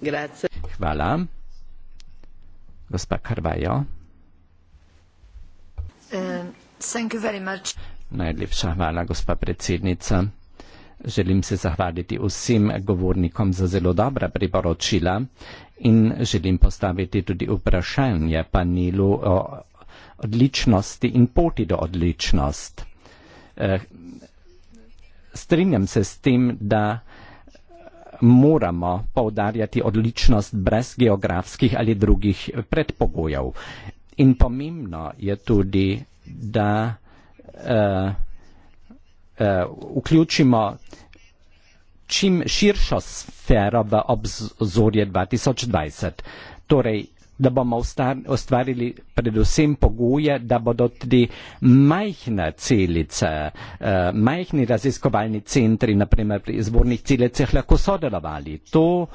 Grazie. Hvala. Gospa Karvajo. Uh, um, Najlepša hvala, gospa predsednica. Želim se zahvaliti vsem govornikom za zelo dobra priporočila. In želim postaviti tudi vprašanje panelu o odličnosti in poti do odličnost. Eh, strinjam se s tem, da moramo poudarjati odličnost brez geografskih ali drugih predpogojev. In pomembno je tudi, da eh, eh, vključimo čim širšo sfero v obzorje 2020. Torej, da bomo ustvarili predvsem pogoje, da bodo tudi majhne celice, eh, majhni raziskovalni centri, naprimer pri izbornih celicah, lahko sodelovali. To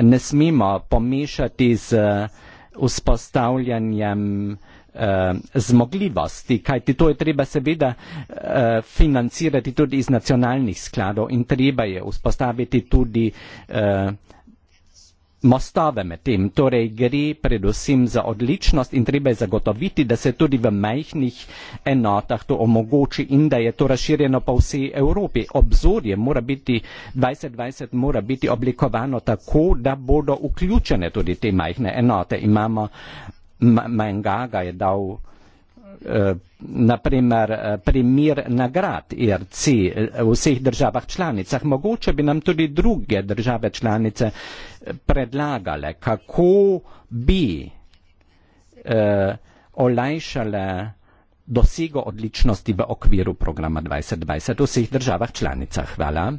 ne smemo pomešati z uh, vzpostavljanjem uh, Eh, zmogljivosti, kajti to je treba seveda eh, financirati tudi iz nacionalnih skladov in treba je vzpostaviti tudi eh, mostove med tem. Torej gre predvsem za odličnost in treba je zagotoviti, da se tudi v majhnih enotah to omogoči in da je to razširjeno po vsej Evropi. Obzorje mora biti 2020 mora biti oblikovano tako, da bodo vključene tudi te majhne enote. Imamo Mengaga je dal eh, naprimer eh, primir nagrad IRC eh, v vseh državah članicah. Mogoče bi nam tudi druge države članice predlagale, kako bi olajšale dosego odličnosti v okviru programa 2020 v vseh državah članicah. Hvala.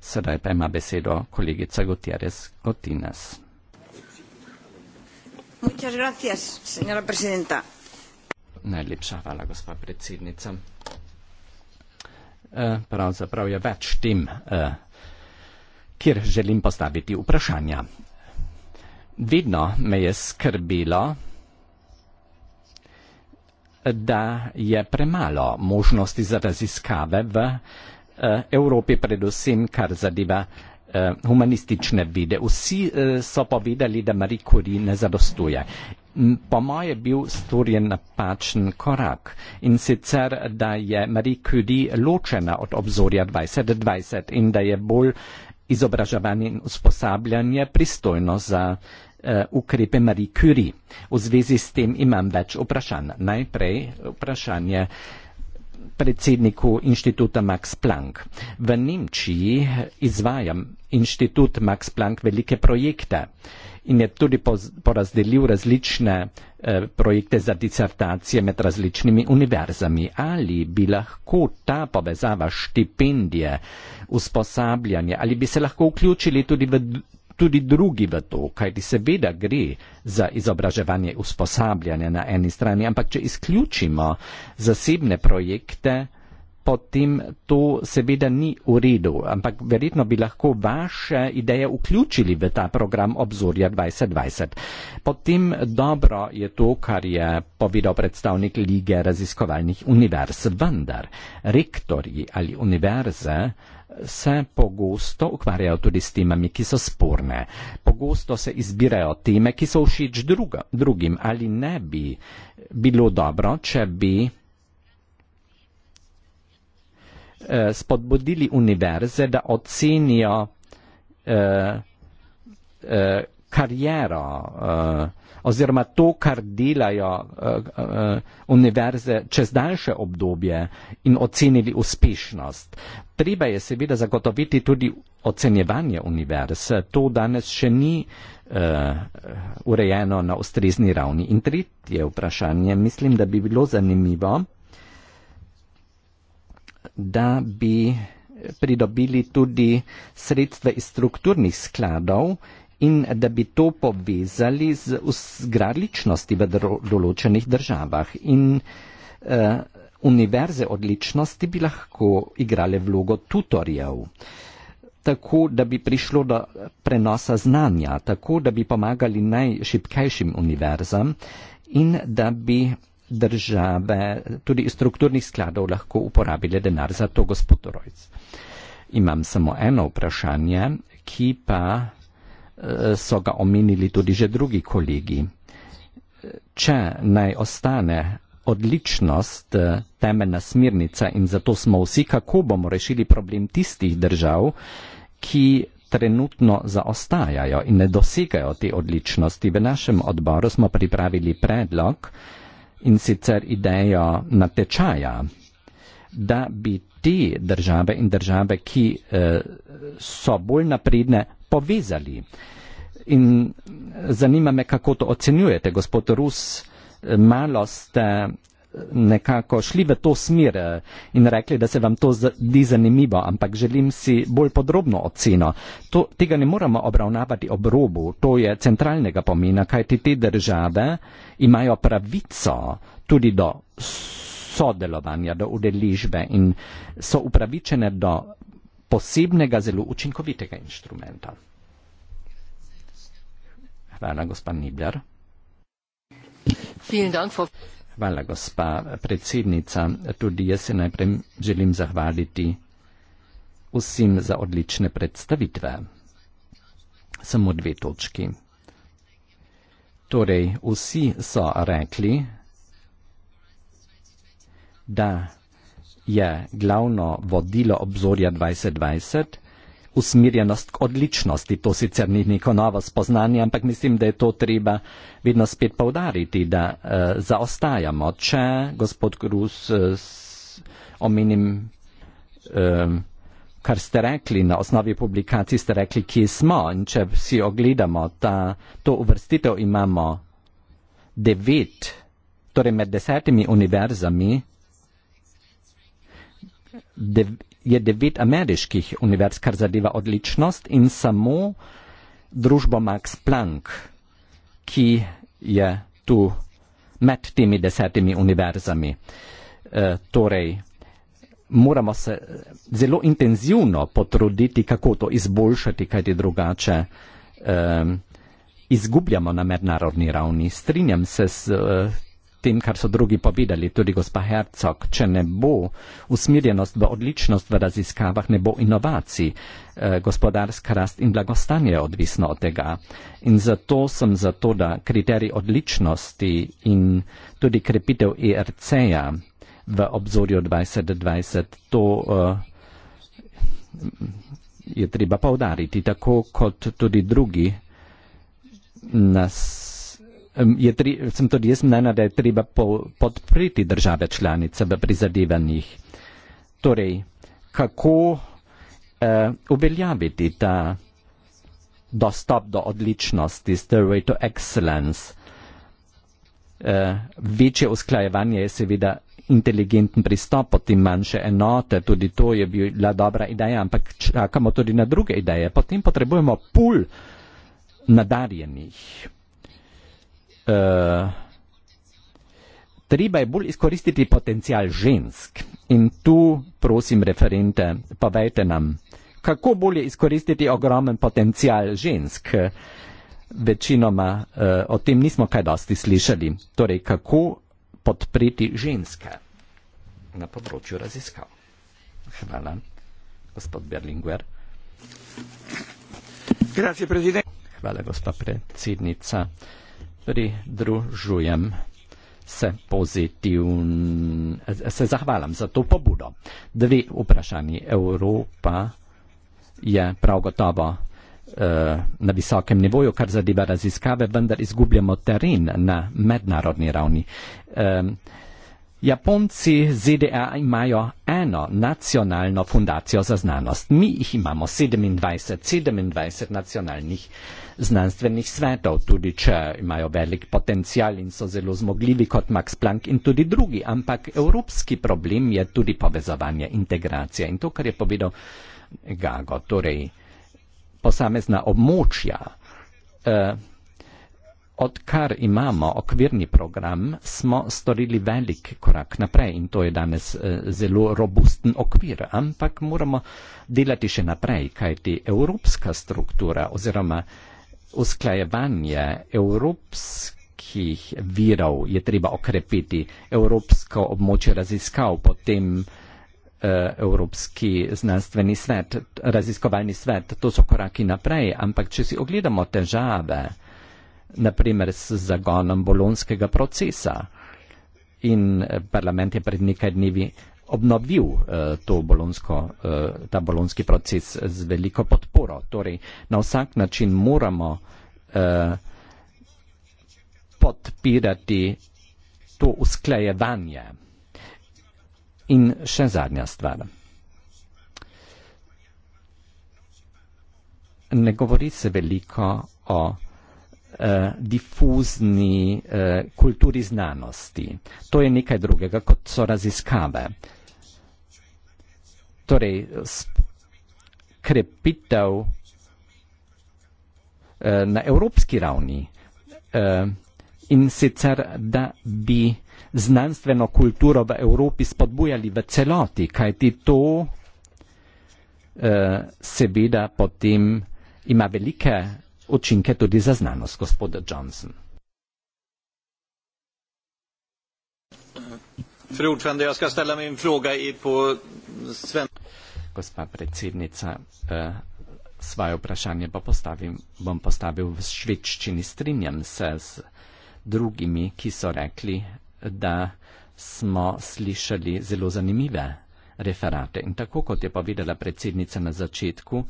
Sedaj pa ima besedo kolegica Gutierrez Gotines. Muchas gracias, señora presidenta. Najlepša hvala, gospa predsednica. Eh, pravzaprav je več tem, eh, kjer želim postaviti vprašanja. Vedno me je skrbelo, da je premalo možnosti za raziskave v eh, Evropi, predvsem kar zadeva raziskave Eh, humanistične vide. Vsi eh, so pa vedeli, da Marie Curie ne zadostuje. Po mojem je bil storjen napačen korak in sicer, da je Marie Curie ločena od obzorja 2020 in da je bolj izobraževanje in usposabljanje pristojno za uh, ukrepe Marie Curie. V zvezi s tem imam več vprašanj. Najprej vprašanje uh, predsedniku inštituta Max Planck. V Nemčiji izvajam inštitut Max Planck velike projekte in je tudi porazdelil različne eh, projekte za disertacije med različnimi univerzami. Ali bi lahko ta povezava štipendije, usposabljanje, ali bi se lahko vključili tudi v tudi drugi v to, kajti seveda gre za izobraževanje usposabljanja na eni strani, ampak če izključimo zasebne projekte, potem to seveda ni v redu, ampak verjetno bi lahko vaše ideje vključili v ta program obzorja 2020. Potem dobro je to, kar je povedal predstavnik Lige raziskovalnih univerz, vendar rektorji ali univerze se pogosto ukvarjajo tudi s temami, ki so sporne. Pogosto se izbirajo teme, ki so všeč druga, drugim ali ne bi bilo dobro, če bi eh, spodbudili univerze, da ocenijo, eh, eh, kariero eh, oziroma to, kar delajo eh, eh, univerze čez daljše obdobje in ocenili uspešnost. Treba je seveda zagotoviti tudi ocenjevanje univerz. To danes še ni urejeno na ustrezni ravni. In tretje vprašanje, mislim, da bi bilo zanimivo, da bi pridobili tudi sredstva iz strukturnih skladov, in da bi to povezali z zgradličnosti v določenih državah. In uh, univerze odličnosti bi lahko igrale vlogo tutorjev, tako da bi prišlo do prenosa znanja, tako da bi pomagali najšipkejšim univerzam in da bi države, tudi iz strukturnih skladov lahko uporabile denar za to, gospod Rojc. Imam samo eno vprašanje, ki pa so ga omenili tudi že drugi kolegi. Če naj ostane odličnost eh, temeljna smirnica in zato smo vsi, kako bomo rešili problem tistih držav, ki trenutno zaostajajo in ne dosegajo te odličnosti. V našem odboru smo pripravili predlog in sicer idejo natečaja, da bi te države in države, ki eh, so bolj napredne, povezali. In zanima me, kako to ocenjujete, gospod Rus, malo ste nekako šli v to smer eh, in rekli, da se vam to zdi zanimivo, ampak želim si bolj podrobno oceno. To, tega ne moramo obravnavati ob robu, to je centralnega pomena, kajti te države imajo pravico tudi do sodelovanja, do udeležbe in so upravičene do posebnega, zelo učinkovitega inštrumenta. Hvala, gospa Nibljar. Hvala, gospa predsednica. Tudi jaz se najprej želim zahvaliti vsem za odlične predstavitve. Samo dve točki. Torej, vsi so rekli, da je glavno vodilo obzorja 2020, usmirjenost k odličnosti. To sicer ni neko novo spoznanje, ampak mislim, da je to treba vedno spet povdariti, da uh, zaostajamo. Če gospod Grus, uh, eh, omenim. Uh, kar ste rekli na osnovi publikacij, ste rekli, kje smo in če si ogledamo ta, to uvrstitev, imamo devet, torej med desetimi univerzami, je devet ameriških univerz, kar zadeva odličnost in samo družbo Max Planck, ki je tu med temi desetimi univerzami. E, torej, moramo se zelo intenzivno potruditi, kako to izboljšati, kajti drugače e, izgubljamo na mednarodni ravni. Strinjam se s. E, tem, kar so drugi povedali, tudi gospa Hercog, če ne bo usmirjenost v odličnost v raziskavah, ne bo inovacij, eh, gospodarska rast in blagostanje je odvisno od tega. In zato sem za to, da kriterij odličnosti in tudi krepitev ERC-ja v obzorju 2020, to uh, je treba povdariti, tako kot tudi drugi nas tri, sem tudi jaz mnena, da je treba po, podpriti države članice v prizadevanjih. Torej, kako eh, uveljaviti ta dostop do odličnosti, stairway to excellence. Eh, večje usklajevanje je seveda inteligenten pristop, potem manjše enote, tudi to je bila dobra ideja, ampak čakamo tudi na druge ideje. Potem potrebujemo pul nadarjenih. Eh, treba je bolj izkoristiti potencial žensk. In tu, prosim, referente, povejte nam, kako bolje izkoristiti ogromen potencial žensk. Večinoma uh, o tem nismo kaj dosti slišali. Torej, kako podpreti ženske na področju raziskav. Hvala, gospod Berlinguer. Grazie, Hvala, gospa predsednica. Uh, pridružujem se pozitivno, se zahvalim za to pobudo. Dve vprašanje. Evropa je prav gotovo eh, na visokem nivoju, kar zadeva raziskave, vendar izgubljamo teren na mednarodni ravni. Eh, Japonci ZDA imajo eno nacionalno fundacijo za znanost. Mi jih imamo 27, 27 nacionalnih znanstvenih svetov, tudi če imajo velik potencial in so zelo zmogljivi kot Max Planck in tudi drugi. Ampak evropski problem je tudi povezovanje, integracija in to, kar je povedal Gago, torej posamezna območja. Uh, odkar imamo okvirni program, smo storili velik korak naprej in to je danes eh, zelo robusten okvir, ampak moramo delati še naprej, kajti evropska struktura oziroma usklajevanje evropske Kih virov je treba okrepiti, evropsko območje raziskav, potem eh, Evropski znanstveni svet, raziskovalni svet, to so koraki naprej, ampak če si ogledamo težave, eh, naprimer s zagonom bolonskega procesa. In eh, parlament je pred nekaj dnevi obnovil uh, eh, bolonsko, uh, eh, ta bolonski proces z veliko podporo. Torej, na vsak način moramo uh, podpirati to usklajevanje. In še zadnja stvar. Ne govori se veliko o eh, difuzni eh, kulturi znanosti. To je nekaj drugega, kot so raziskave. Torej, krepitev eh, na evropski ravni eh, in sicer, da bi znanstveno kulturo v Evropi spodbujali v celoti, kajti to eh, seveda potem ima velike učinke tudi za znanost, gospod Johnson. Gospa predsednica, eh, svoje vprašanje pa postavim, bom postavil v švedščini. Strinjam se z drugimi, ki so rekli, da smo slišali zelo zanimive referate. In tako kot je povedala predsednica na začetku,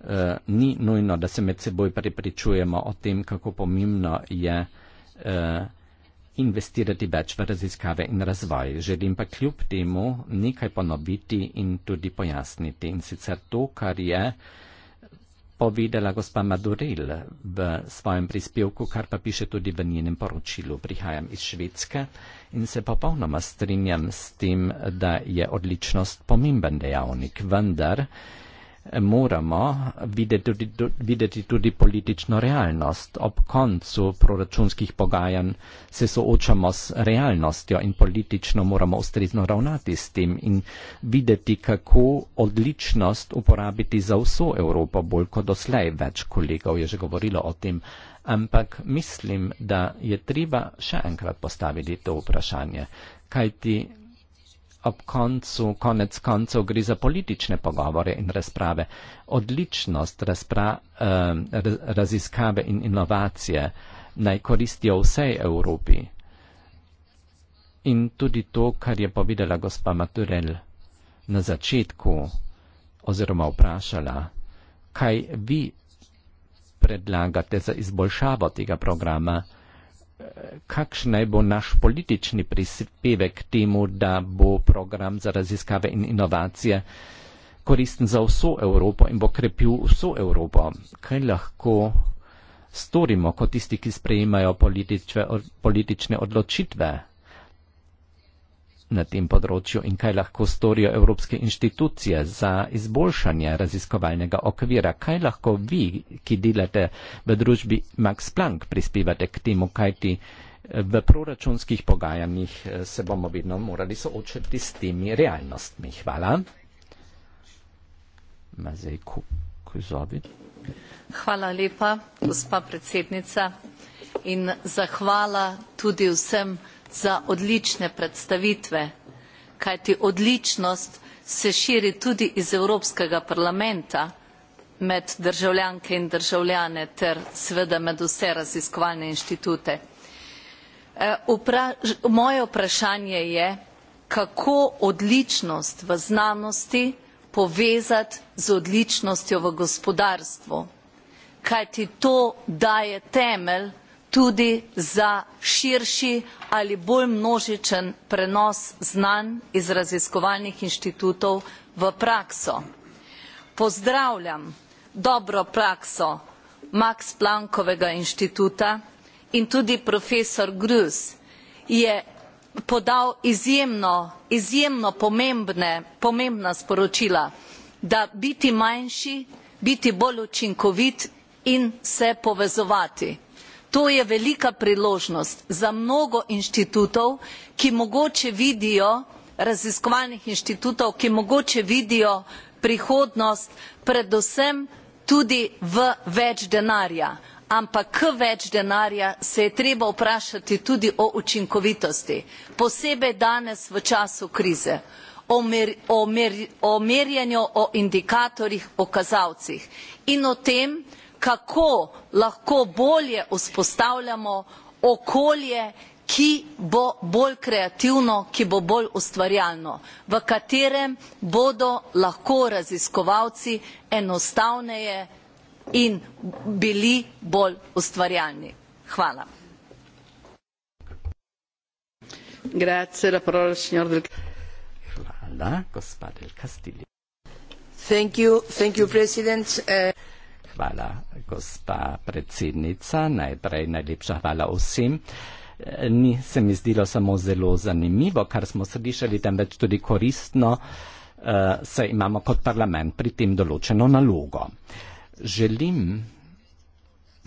Eh, ni nujno, da se med seboj prepričujemo o tem, kako pomembno je eh, investirati več v raziskave in razvoj. Želim pa kljub temu nekaj ponoviti in tudi pojasniti. In sicer to, kar je povedala gospa Maduril v svojem prispevku, kar pa piše tudi v njenem poročilu. Prihajam iz Švedske in se popolnoma strinjam s tem, da je odličnost pomemben dejavnik. Vendar, eh, moramo videti, videti tudi politično realnost. Ob koncu proračunskih pogajanj se soočamo s realnostjo in politično moramo ustrezno ravnati s tem in videti, kako odličnost uporabiti za vso Evropo, bolj kot doslej. Več kolegov je že govorilo o tem. Ampak mislim, da je treba še enkrat postaviti to vprašanje. Kaj ti ob koncu, konec koncev gre za politične pogovore in razprave. Odličnost razpra, eh, raziskave in inovacije naj koristijo vsej Evropi. In tudi to, kar je povedala gospa Maturel na začetku oziroma vprašala, kaj vi predlagate za izboljšavo tega programa. Kakšen naj bo naš politični prispevek k temu, da bo program za raziskave in inovacije koristen za vso Evropo in bo krepil vso Evropo? Kaj lahko storimo kot tisti, ki sprejemajo politične odločitve? na tem področju in kaj lahko storijo evropske inštitucije za izboljšanje raziskovalnega okvira, kaj lahko vi, ki delate v družbi Max Planck, prispevate k temu, kaj ti eh, v proračunskih pogajanjih eh, se bomo vedno morali soočiti s temi realnostmi. Hvala. Hvala lepa, gospa predsednica, in zahvala tudi vsem, za odlične predstavitve, kajti odličnost se širi tudi iz Evropskega parlamenta med državljanke in državljane ter seveda med vse raziskovalne inštitute. Vpraž, eh, moje vprašanje je, kako odličnost v znanosti povezati z odličnostjo v gospodarstvu, kajti to daje temelj tudi za širši ali bolj množičen prenos znanj iz raziskovalnih inštitutov v prakso. Pozdravljam dobro prakso Max Planckovega inštituta in tudi profesor Grus je podal izjemno, izjemno pomembne, pomembna sporočila, da biti manjši, biti bolj učinkovit in se povezovati to je velika priložnost za mnogo inštitutov ki mogoče vidijo raziskovalnih inštitutov ki mogoče vidijo prihodnost predvsem tudi v več denarja ampak k več denarja se je treba vprašati tudi o učinkovitosti posebej danes v času krize o, mer, o, mer, o merjenju o indikatorjih o kazalcih in o tem kako lahko bolje vzpostavljamo okolje, ki bo bolj kreativno, ki bo bolj ustvarjalno, v katerem bodo lahko raziskovalci enostavneje in bili bolj ustvarjalni. Hvala. Grazie, la parola al signor del Hvala, gospa del Castillo. Thank you, thank you, President. Uh... Hvala, gospa predsednica, najprej najlepša hvala vsem. Ni se mi zdelo samo zelo zanimivo, kar smo slišali, temveč tudi koristno, uh, saj imamo kot parlament pri tem določeno nalogo. Želim um,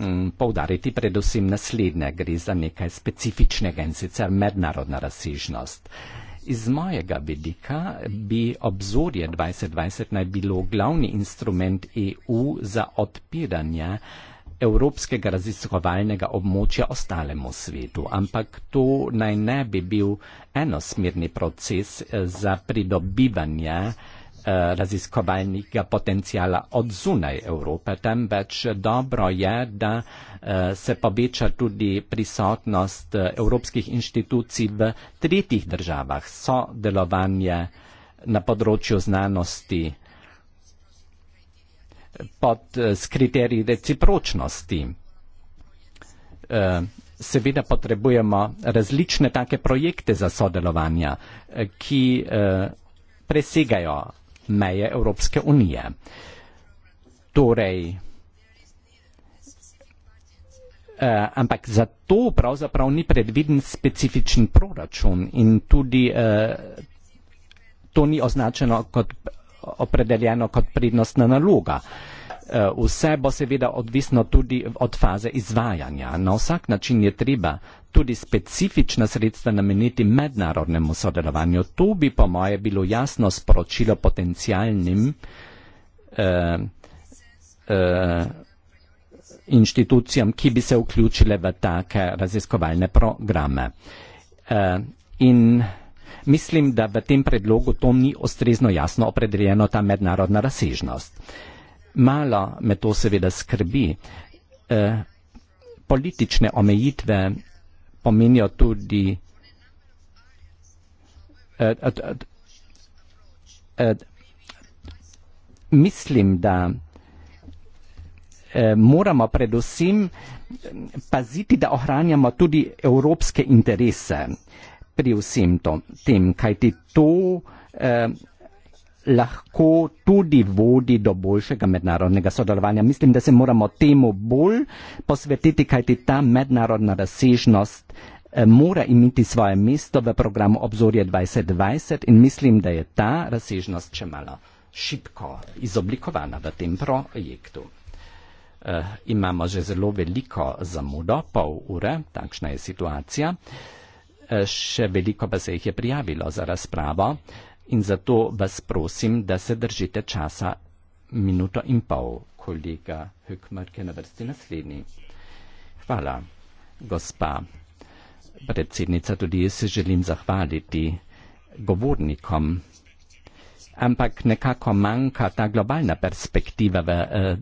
mm, povdariti predvsem naslednje, gre za nekaj specifičnega in sicer mednarodna razsežnost. Uh, Iz mojega vidika bi obzorje 2020 naj bilo glavni instrument EU za odpiranje evropskega raziskovalnega območja ostalemu svetu, ampak to naj ne bi bil enosmerni proces eh, za pridobivanje raziskovalnega potencijala od zunaj Evrope, temveč dobro je, da eh, se poveča tudi prisotnost eh, evropskih inštitucij v tretjih državah, sodelovanje na področju znanosti pod eh, s kriteriji recipročnosti. Seveda potrebujemo različne take projekte za sodelovanja, ki presegajo meje Evropske unije. Torej, eh, ampak za to pravzaprav ni predviden specifičen proračun in tudi eh, to ni označeno kot opredeljeno kot prednostna naloga. Eh, Eh, vse bo seveda odvisno tudi od faze izvajanja. Na vsak način je treba tudi specifična sredstva nameniti mednarodnemu sodelovanju. Tu bi po moje bilo jasno sporočilo potencijalnim eh, eh, inštitucijam, ki bi se vključile v take raziskovalne programe. Eh, in mislim, da v tem predlogu to ni ustrezno jasno opredeljeno ta mednarodna razsežnost. Eh, Malo me to seveda skrbi. E, politične omejitve pomenijo tudi et, et, et, mislim, da et, eh, moramo predvsem paziti, da ohranjamo tudi evropske interese pri vsem to, tem, kajti to et, eh, lahko tudi vodi do boljšega mednarodnega sodelovanja. Mislim, da se moramo temu bolj posvetiti, kajti ta mednarodna razsežnost eh, mora imeti svoje mesto v programu obzorje 2020 in mislim, da je ta razsežnost če malo šipko izoblikovana v tem projektu. Uh, imamo že zelo veliko zamudo, pol ure, takšna je situacija. Uh, še veliko pa se jih je prijavilo za razpravo. Uh, In zato vas prosim, da se držite časa minuto in pol. Kolega Hökmark je na vrsti naslednji. Hvala, gospa predsednica. Tudi jaz se želim zahvaliti govornikom. Ampak nekako manjka ta globalna perspektiva v, eh,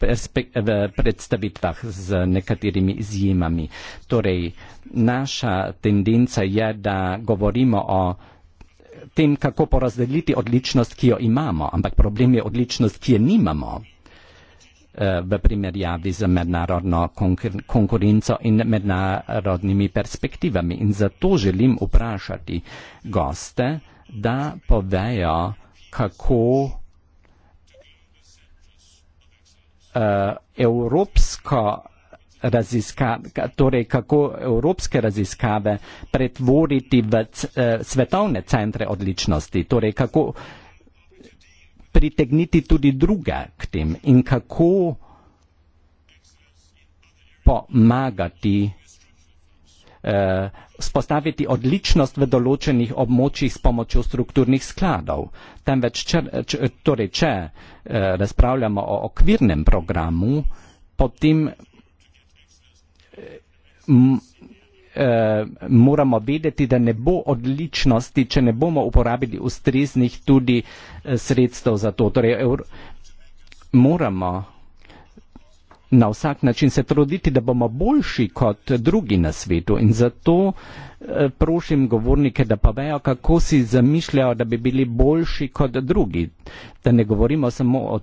perspek v predstavitvah z nekaterimi izjemami. Torej, naša tendenca je, da govorimo o tem, kako porazdeliti odličnost, ki jo imamo, ampak problem je odličnost, ki je nimamo eh, v primerjavi z mednarodno konkurenco in mednarodnimi perspektivami. In zato želim vprašati goste, da povejo, kako uh, evropsko raziskave, torej kako evropske raziskave pretvoriti v eh, svetovne centre odličnosti, torej kako pritegniti tudi druge k tem in kako pomagati spostaviti eh, odličnost v določenih območjih s pomočjo strukturnih skladov. Temveč, če, torej, če eh, razpravljamo o okvirnem programu, potem eh, moramo vedeti, da ne bo odličnosti, če ne bomo uporabili ustreznih tudi eh, sredstev za to. Torej, evro, moramo na vsak način se truditi, da bomo boljši kot drugi na svetu in zato eh, prosim govornike, da povejo, kako si zamišljajo, da bi bili boljši kot drugi, da ne govorimo samo o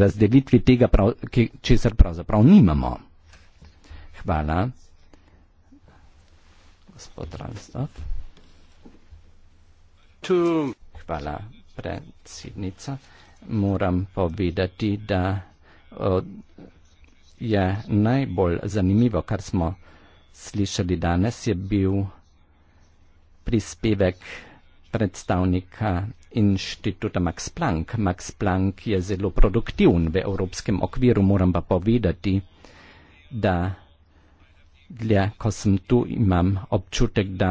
razdelitvi tega, prav, ki, česar pravzaprav nimamo. Hvala gospod Ramstov. Hvala, predsednica. Moram povedati, da je najbolj zanimivo, kar smo slišali danes, je bil prispevek predstavnika inštituta Max Planck. Max Planck je zelo produktivn v evropskem okviru, moram pa povedati, da dlje, ko sem tu, imam občutek, da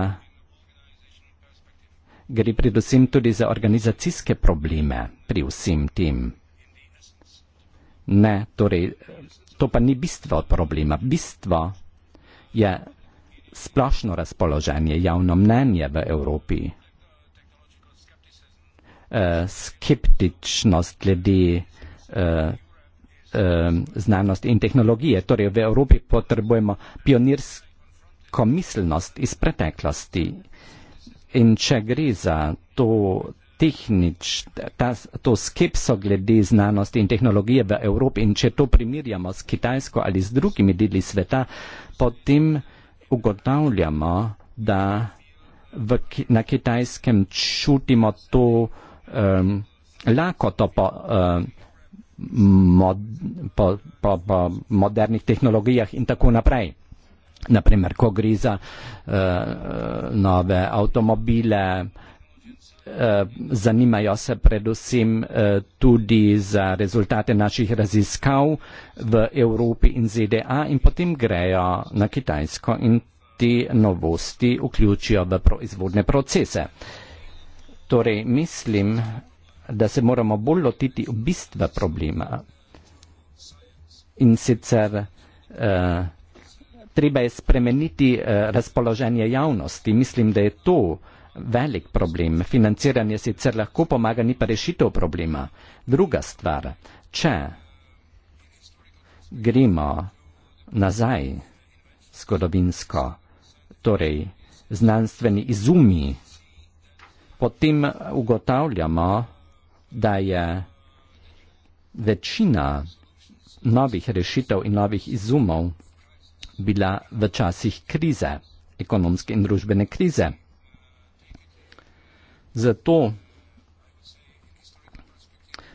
gre predvsem tudi za organizacijske probleme pri vsem tem. Ne, torej, to pa ni bistvo problema. Bistvo je splošno razpoloženje, javno mnenje v Evropi. Eh, skeptičnost glede eh, Eh, znanost in tehnologije. Torej v Evropi potrebujemo pionirsko miselnost iz preteklosti. In če gre za to tehnič, ta, to skepso glede znanosti in tehnologije v Evropi in če to primirjamo s Kitajsko ali z drugimi deli sveta, potem ugotavljamo, da v, na kitajskem čutimo to um, lakoto po um, mod, po, po, po modernih tehnologijah in tako naprej. Naprimer, ko gre za uh, nove avtomobile, uh, zanimajo se predvsem uh, tudi za rezultate naših raziskav v Evropi in ZDA in potem grejo na Kitajsko in te novosti vključijo v proizvodne procese. Torej, mislim, da se moramo bolj lotiti bistva problema. In sicer uh, treba je spremeniti uh, razpoloženje javnosti. Mislim, da je to velik problem. Financiranje sicer lahko pomaga, ni pa rešitev problema. Druga stvar, če gremo nazaj skodovinsko, torej znanstveni izumi, potem ugotavljamo, da je večina novih rešitev in novih izumov bila v časih krize, ekonomske in družbene krize. Zato,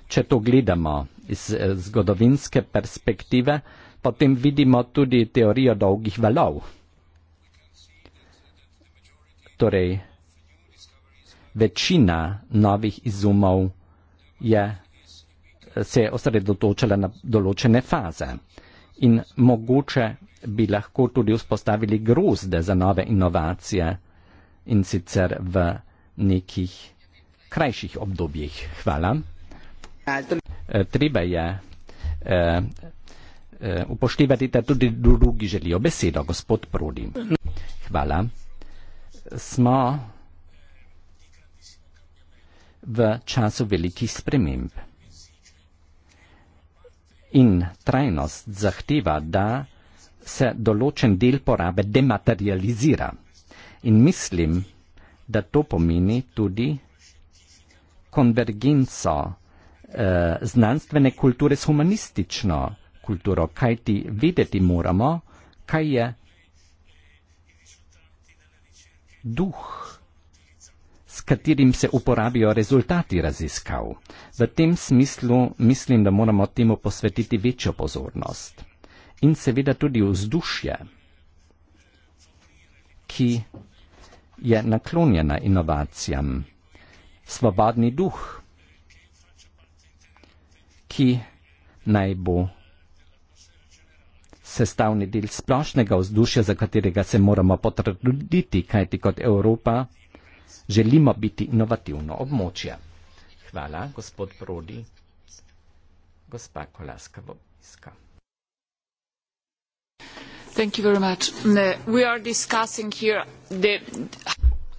če to gledamo iz eh, zgodovinske perspektive, potem vidimo tudi teorijo dolgih valov. Torej, večina novih izumov je, se je osredotočila na določene faze in mogoče bi lahko tudi vzpostavili grozde za nove inovacije in sicer v nekih krajših obdobjih. Hvala. E, treba je e, e, upoštevati, da tudi drugi želijo besedo, gospod Prodi. Hvala. Smo v času velikih sprememb. In trajnost zahteva, da se določen del porabe dematerializira. In mislim, da to pomeni tudi konvergenco eh, znanstvene kulture s humanistično kulturo, kajti vedeti moramo, kaj je duh s katerim se uporabijo rezultati raziskav. V tem smislu mislim, da moramo temu posvetiti večjo pozornost. In seveda tudi vzdušje, ki je naklonjena inovacijam. Svobodni duh, ki naj bo sestavni del splošnega vzdušja, za katerega se moramo potruditi, kajti kot Evropa želimo biti inovativno območje. Hvala, gospod Prodi. Gospa Kolaska bo iska. Thank you very much. We are discussing here the...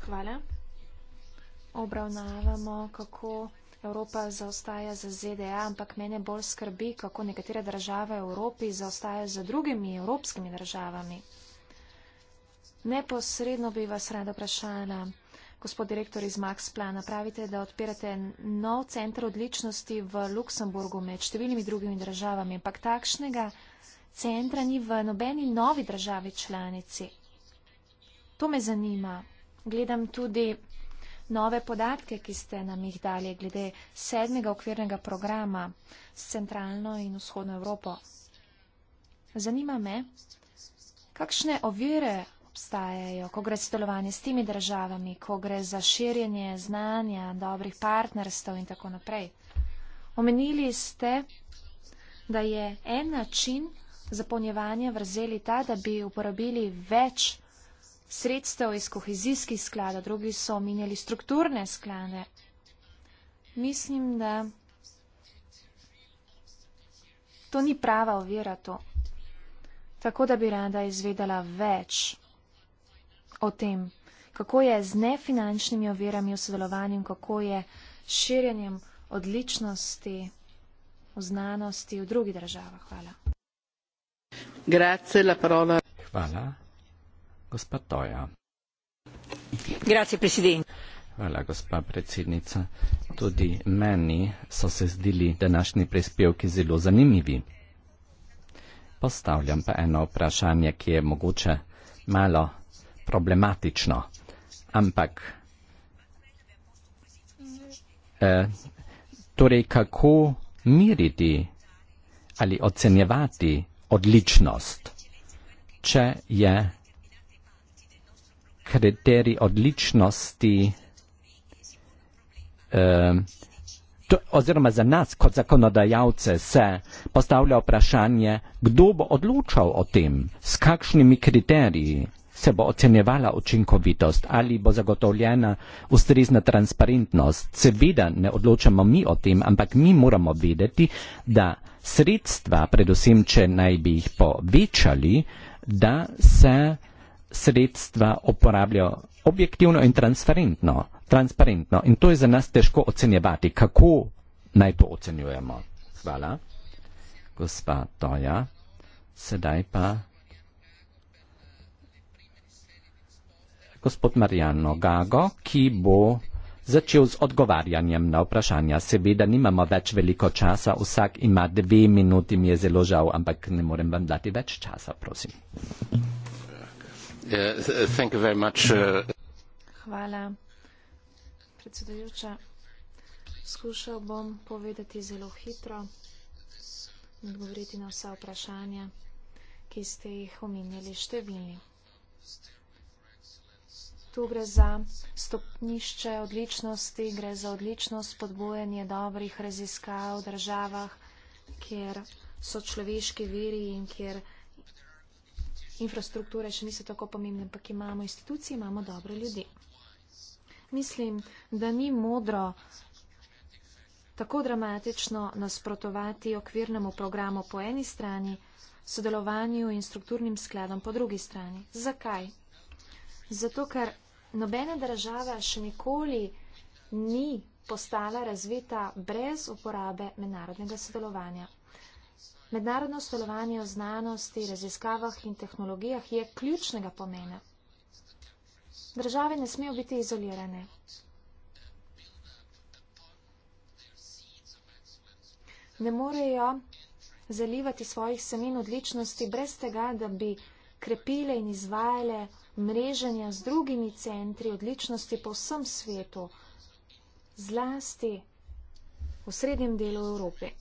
Hvala. Obravnavamo, kako Evropa zaostaja za ZDA, ampak mene bolj skrbi, kako nekatere države v Evropi zaostajajo za drugimi evropskimi državami. Neposredno bi vas rada vprašala gospod direktor iz Max Plana, pravite, da odpirate nov center odličnosti v Luksemburgu med številnimi drugimi državami, ampak takšnega centra ni v nobeni novi državi članici. To me zanima. Gledam tudi nove podatke, ki ste nam jih dali glede sedmega okvirnega programa s centralno in vzhodno Evropo. Zanima me, kakšne ovire obstajajo, ko gre za sodelovanje s temi državami, ko gre za širjenje znanja, dobrih partnerstv in tako naprej. Omenili ste, da je en način zapolnjevanja vrzeli ta, da bi uporabili več sredstev iz kohezijskih sklada, drugi so omenjali strukturne sklade. Mislim, da to ni prava ovira to. Tako da bi rada izvedela več o tem, kako je z nefinančnimi ovirami v sodelovanju, kako je s širjenjem odličnosti v znanosti v drugih državah. Hvala. Grazie, Hvala. Gospa Toja. Grazie, predsednik. Hvala, gospa predsednica. Tudi meni so se zdeli današnji prispevki zelo zanimivi. Postavljam pa eno vprašanje, ki je mogoče malo problematično. Ampak, eh, torej, kako miriti ali ocenjevati odličnost, če je kriterij odličnosti eh, to, oziroma za nas kot zakonodajalce se postavlja vprašanje, kdo bo odločal o tem, s kakšnimi kriteriji se bo ocenjevala učinkovitost ali bo zagotovljena ustrezna transparentnost. Seveda ne odločamo mi o tem, ampak mi moramo vedeti, da sredstva, predvsem če naj bi jih povečali, da se sredstva uporabljajo objektivno in transparentno. transparentno. In to je za nas težko ocenjevati, kako naj to ocenjujemo. Hvala. Gospa Toja, sedaj pa. gospod Marjano Gago, ki bo začel z odgovarjanjem na vprašanja. Seveda nimamo več veliko časa, vsak ima dve minuti, mi je zelo žal, ampak ne morem vam dati več časa, prosim. Uh, Hvala, predsedujoča. Skušal bom povedati zelo hitro in odgovoriti na vsa vprašanja, ki ste jih omenjali številni. Tu gre za stopnišče odličnosti, gre za odličnost podbojanje dobrih raziskav v državah, kjer so človeški veri in kjer infrastrukture še niso tako pomembne, ampak imamo institucije, imamo dobre ljudi. Mislim, da ni modro tako dramatično nasprotovati okvirnemu programu po eni strani, sodelovanju in strukturnim skladom po drugi strani. Zakaj? Zato, ker Nobena država še nikoli ni postala razvita brez uporabe mednarodnega sodelovanja. Mednarodno sodelovanje v znanosti, raziskavah in tehnologijah je ključnega pomena. Države ne smejo biti izolirane. Ne morejo zalivati svojih semen odličnosti brez tega, da bi krepile in izvajale mreženja z drugimi centri odličnosti po vsem svetu, zlasti v srednjem delu Evrope.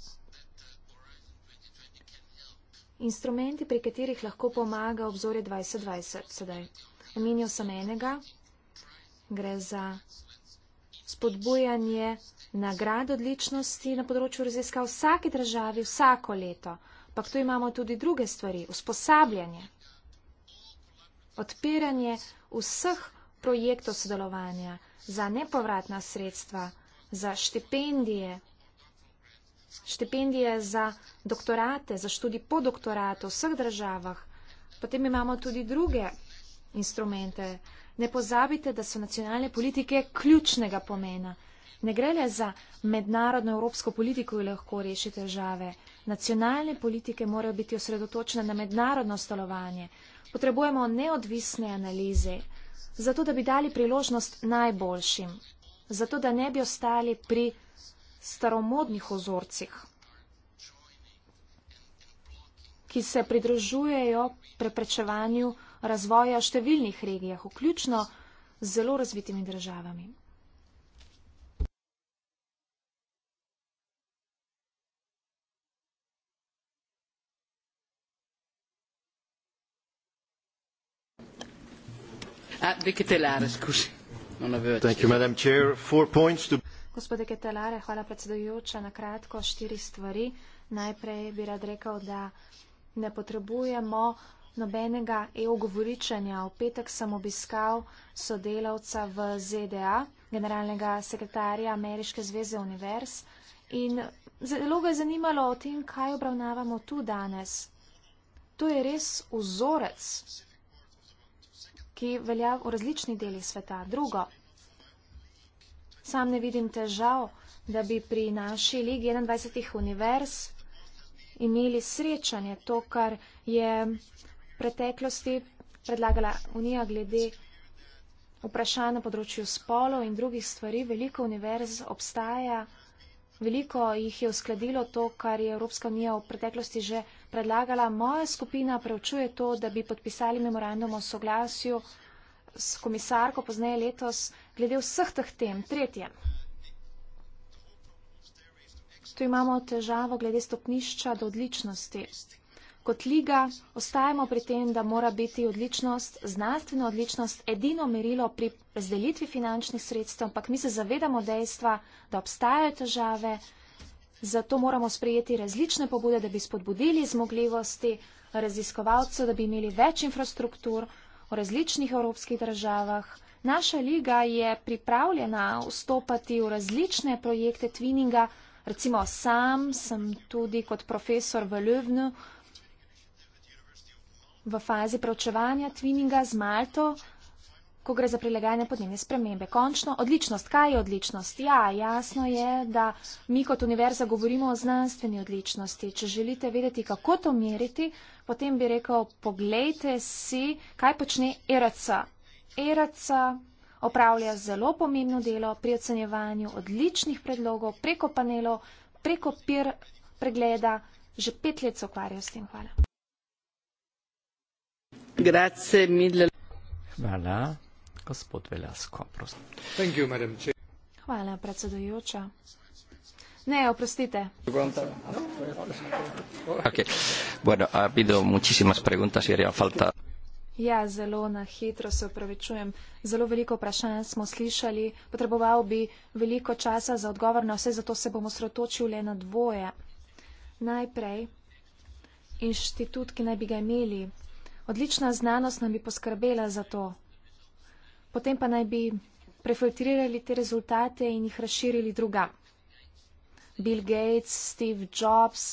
Instrumenti, pri katerih lahko pomaga obzorje 2020 sedaj. Omenil sem enega, gre za spodbujanje nagrad odličnosti na področju raziskav v vsaki državi vsako leto. Pa tu imamo tudi druge stvari, usposabljanje odpiranje vseh projektov sodelovanja za nepovratna sredstva, za štipendije, štipendije za doktorate, za študij po doktoratu v vseh državah. Potem imamo tudi druge instrumente. Ne pozabite, da so nacionalne politike ključnega pomena. Ne gre le za mednarodno evropsko politiko, ki lahko reši težave. Nacionalne politike morajo biti osredotočene na mednarodno stolovanje. Potrebujemo neodvisne analize, zato da bi dali priložnost najboljšim, zato da ne bi ostali pri staromodnih ozorcih, ki se pridružujejo preprečevanju razvoja v številnih regijah, vključno z zelo razvitimi državami. Ah, gospode Ketelare, hvala predsedujoča. Na kratko štiri stvari. Najprej bi rad rekel, da ne potrebujemo nobenega e-ogovoričanja. V petek sem obiskal sodelavca v ZDA, generalnega sekretarja Ameriške zveze univerz in zelo ga je zanimalo o tem, kaj obravnavamo tu danes. To je res vzorec ki velja v različnih delih sveta. Drugo, sam ne vidim težav, da bi pri naši Ligi 21. univerz imeli srečanje, to, kar je v preteklosti predlagala Unija glede vprašanja na področju spolov in drugih stvari. Veliko univerz obstaja, veliko jih je uskladilo to, kar je Evropska unija v preteklosti že predlagala, moja skupina preučuje to, da bi podpisali memorandum o soglasju s komisarko pozneje letos glede vseh teh tem. Tretje. Tu imamo težavo glede stopnišča do odličnosti. Kot liga ostajamo pri tem, da mora biti odličnost, znanstvena odličnost, edino merilo pri razdelitvi finančnih sredstev, ampak mi se zavedamo dejstva, da obstajajo težave Zato moramo sprejeti različne pobude, da bi spodbudili zmogljivosti raziskovalcev, da bi imeli več infrastruktur v različnih evropskih državah. Naša liga je pripravljena vstopati v različne projekte twininga, recimo sam sem tudi kot profesor v Ljubnu v fazi preučevanja twininga z Malto ko gre za prilagajanje podnebne spremembe. Končno, odličnost, kaj je odličnost? Ja, jasno je, da mi kot univerza govorimo o znanstveni odličnosti. Če želite vedeti, kako to meriti, potem bi rekel, poglejte si, kaj počne ERC. ERC opravlja zelo pomembno delo pri ocenjevanju odličnih predlogov preko panelov, preko pir pregleda. Že pet let se ukvarjajo s tem. Hvala. Grazie mille. Voilà gospod Veljasko. Hvala, predsedujoča. Ne, oprostite. Okay. Bueno, ha habido muchísimas preguntas y haría falta. Ja, zelo na hitro se upravičujem. Zelo veliko vprašanj smo slišali. Potreboval bi veliko časa za odgovor na vse, zato se bomo sretočil le na dvoje. Najprej inštitut, ki naj bi ga imeli. Odlična znanost nam bi poskrbela za to potem pa naj bi prefiltrirali te rezultate in jih razširili drugam. Bill Gates, Steve Jobs,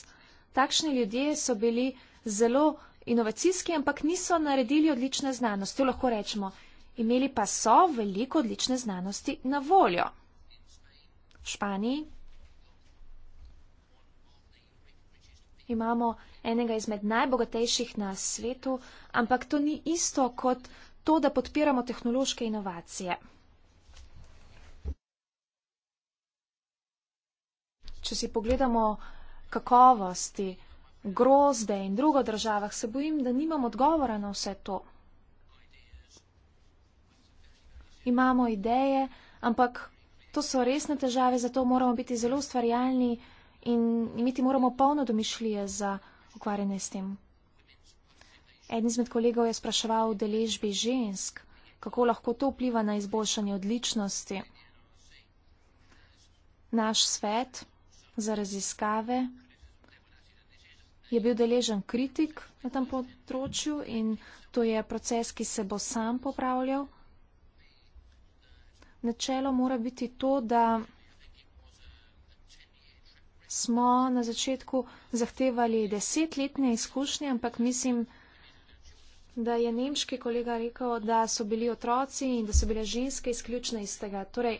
takšni ljudje so bili zelo inovacijski, ampak niso naredili odlične znanosti, lahko rečemo. Imeli pa so veliko odlične znanosti na voljo. V Španiji imamo enega izmed najbogatejših na svetu, ampak to ni isto kot to, da podpiramo tehnološke inovacije. Če si pogledamo kakovosti, grozde in drugo državah, se bojim, da nimam odgovora na vse to. Imamo ideje, ampak to so resne težave, zato moramo biti zelo ustvarjalni in imeti moramo polno domišljije za ukvarjanje s tem. Eden izmed kolegov je spraševal o deležbi žensk, kako lahko to vpliva na izboljšanje odličnosti. Naš svet za raziskave je bil deležen kritik na tem področju in to je proces, ki se bo sam popravljal. Načelo mora biti to, da smo na začetku zahtevali desetletne izkušnje, ampak mislim, da da je nemški kolega rekel, da so bili otroci in da so bile ženske izključne iz tega. Torej,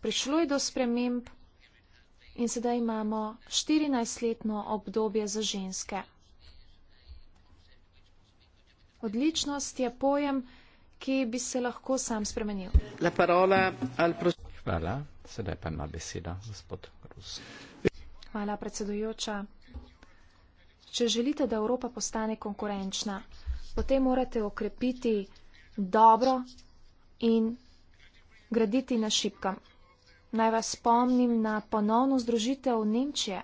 prišlo je do sprememb in sedaj imamo 14-letno obdobje za ženske. Odličnost je pojem, ki bi se lahko sam spremenil. Hvala, sedaj pa ima beseda gospod Rus. Hvala, predsedujoča. Če želite, da Evropa postane konkurenčna, potem morate okrepiti dobro in graditi na šipkam. Naj vas spomnim na ponovno združitev Nemčije.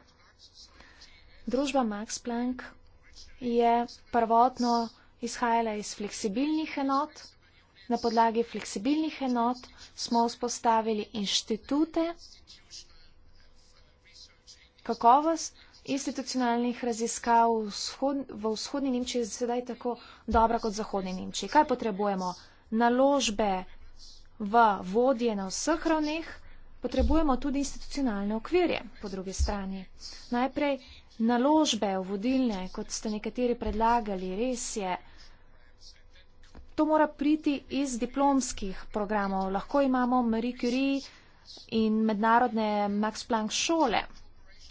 Družba Max Planck je prvotno izhajala iz fleksibilnih enot. Na podlagi fleksibilnih enot smo vzpostavili inštitute, kakovost institucionalnih raziskav vzhod, v vzhodni Nemčiji sedaj tako dobra kot v zahodni Nemčiji. Kaj potrebujemo? Naložbe v vodje na vseh ravneh, potrebujemo tudi institucionalne okvirje po drugi strani. Najprej naložbe v vodilne, kot ste nekateri predlagali, res je. To mora priti iz diplomskih programov. Lahko imamo Marie Curie in mednarodne Max Planck šole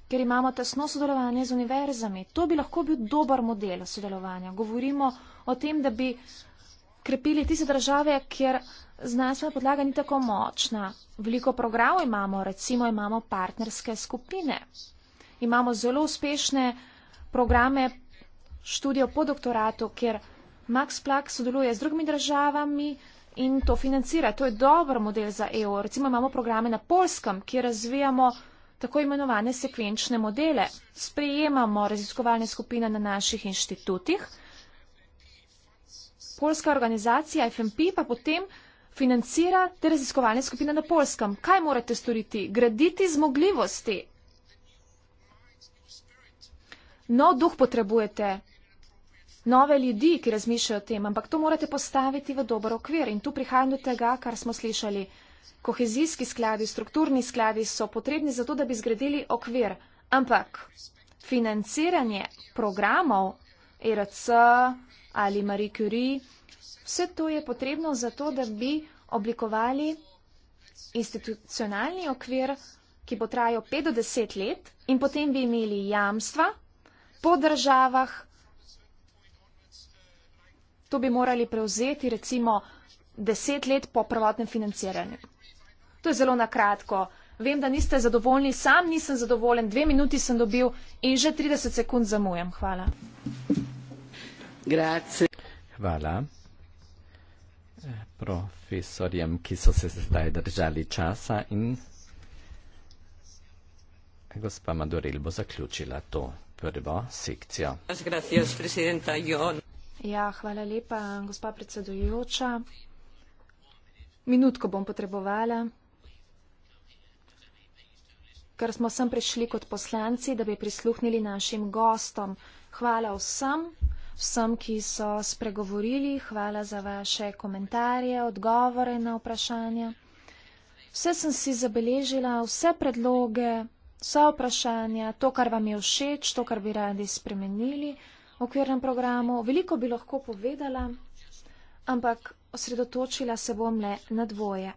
ker imamo tesno sodelovanje z univerzami. To bi lahko bil dober model sodelovanja. Govorimo o tem, da bi krepili tiste države, kjer znanstvena podlaga ni tako močna. Veliko programov imamo, recimo imamo partnerske skupine. Imamo zelo uspešne programe študija po doktoratu, kjer Max Plak sodeluje z drugimi državami in to financira. To je dober model za EU. Recimo imamo programe na Polskem, kjer razvijamo tako imenovane sekvenčne modele. Sprejemamo raziskovalne skupine na naših inštitutih. Polska organizacija FMP pa potem financira te raziskovalne skupine na Polskem. Kaj morate storiti? Graditi zmogljivosti. Nov duh potrebujete, nove ljudi, ki razmišljajo o tem, ampak to morate postaviti v dober okvir. In tu prihajam do tega, kar smo slišali kohezijski skladi, strukturni skladi so potrebni zato, da bi zgradili okvir. Ampak financiranje programov ERC ali Marie Curie, vse to je potrebno zato, da bi oblikovali institucionalni okvir, ki bo trajal 5 do 10 let in potem bi imeli jamstva po državah. To bi morali prevzeti recimo deset let po prvotnem financiranju. To je zelo na kratko. Vem, da niste zadovoljni, sam nisem zadovoljen, dve minuti sem dobil in že 30 sekund zamujam. Hvala. Grazie. Hvala profesorjem, ki so se zdaj držali časa in gospa Madurel bo zaključila to prvo sekcijo. No- ja, hvala lepa, gospa predsedujoča. Minutko bom potrebovala ker smo sem prišli kot poslanci, da bi prisluhnili našim gostom. Hvala vsem, vsem, ki so spregovorili, hvala za vaše komentarje, odgovore na vprašanja. Vse sem si zabeležila, vse predloge, vse vprašanja, to, kar vam je všeč, to, kar bi radi spremenili v okvirnem programu. Veliko bi lahko povedala, ampak osredotočila se bom le na dvoje.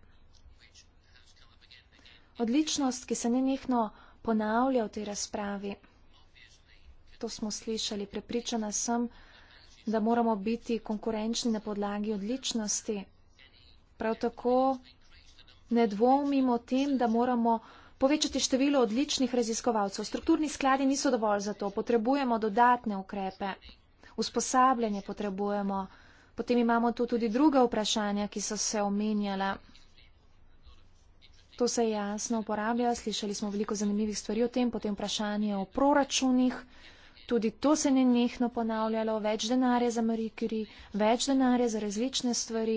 Odličnost, ki se nenehno ponavlja v tej razpravi, to smo slišali, prepričana sem, da moramo biti konkurenčni na podlagi odličnosti. Prav tako ne dvomimo o tem, da moramo povečati število odličnih raziskovalcev. Strukturni skladi niso dovolj za to, potrebujemo dodatne ukrepe, usposabljanje potrebujemo. Potem imamo tu tudi druga vprašanja, ki so se omenjala. To se jasno uporablja, slišali smo veliko zanimivih stvari o tem, potem vprašanje o proračunih. Tudi to se ne nehno ponavljalo, več denarja za marikiri, več denarja za različne stvari.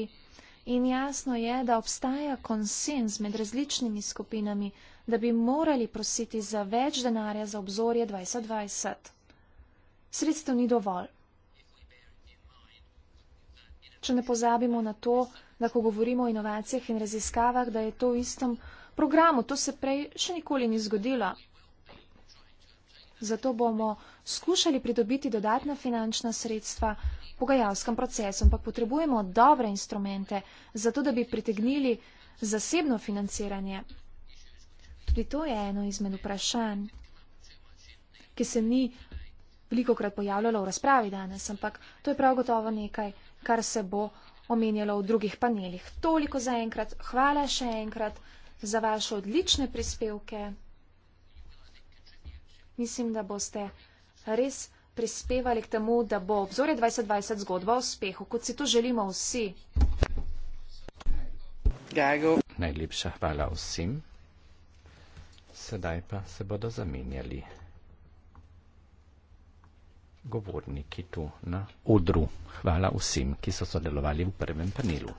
In jasno je, da obstaja konsens med različnimi skupinami, da bi morali prositi za več denarja za obzorje 2020. Sredstev ni dovolj. Če ne pozabimo na to, da ko govorimo o inovacijah in raziskavah, da je to v istem programu. To se prej še nikoli ni zgodilo. Zato bomo skušali pridobiti dodatna finančna sredstva pogajalskem procesu, ampak potrebujemo dobre instrumente, zato da bi pritegnili zasebno financiranje. Tudi to je eno izmed vprašanj, ki se ni veliko krat pojavljalo v razpravi danes, ampak to je prav gotovo nekaj, kar se bo omenjalo v drugih panelih. Toliko za enkrat. Hvala še enkrat za vaše odlične prispevke. Mislim, da boste res prispevali k temu, da bo obzore 2020 zgodba o uspehu, kot si to želimo vsi. Gago. Najlepša hvala vsem. Sedaj pa se bodo zamenjali govorniki tu na odru. Hvala vsem, ki so sodelovali v prvem panelu.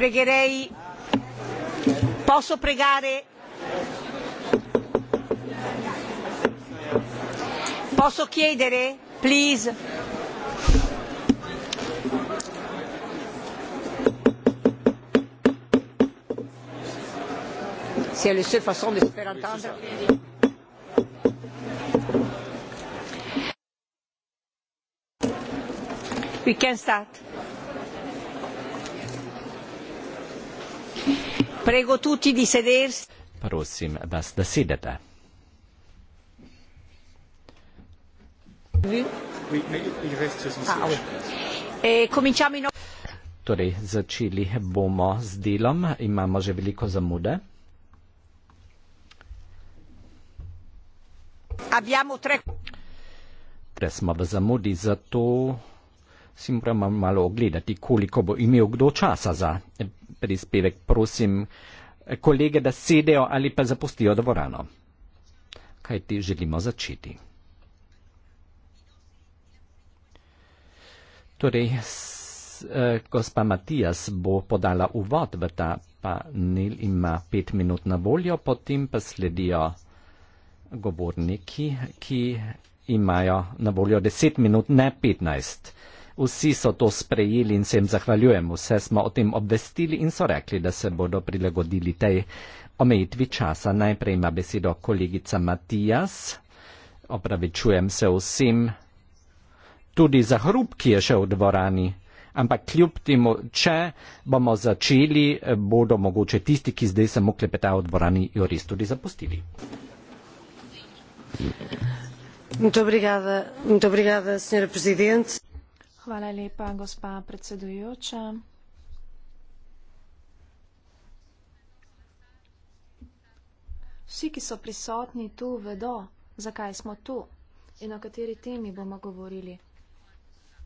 pregherei posso pregare posso chiedere please C'est la seule façon de se faire entendre. Oui, We can start. Prego tutti di sedersi. Prosim vas da sedete. Ah, eh, torej, začeli bomo z delom. Imamo že veliko zamude. Tre smo v zamudi, zato Vsi moramo malo ogledati, koliko bo imel kdo časa za eh, prispevek. Prosim eh, kolege, da sedejo ali pa zapustijo dvorano. Kaj ti želimo začeti? Torej, s, eh, gospa Matijas bo podala uvod v ta panel, ima pet minut na voljo, potem pa sledijo govorniki, ki imajo na voljo deset minut, ne petnajst. Vsi so to sprejeli in se jim zahvaljujem. Vse smo o tem obvestili in so rekli, da se bodo prilagodili tej omejitvi časa. Najprej ima besedo kolegica Matijas. Opravičujem se vsem. Tudi za hrup, ki je še v dvorani. Ampak kljub temu, če bomo začeli, bodo mogoče tisti, ki zdaj samo klepetajo v dvorani, jo res tudi zapustili. Dobrigada, dobrigada, Hvala lepa, gospa predsedujoča. Vsi, ki so prisotni tu, vedo, zakaj smo tu in o kateri temi bomo govorili.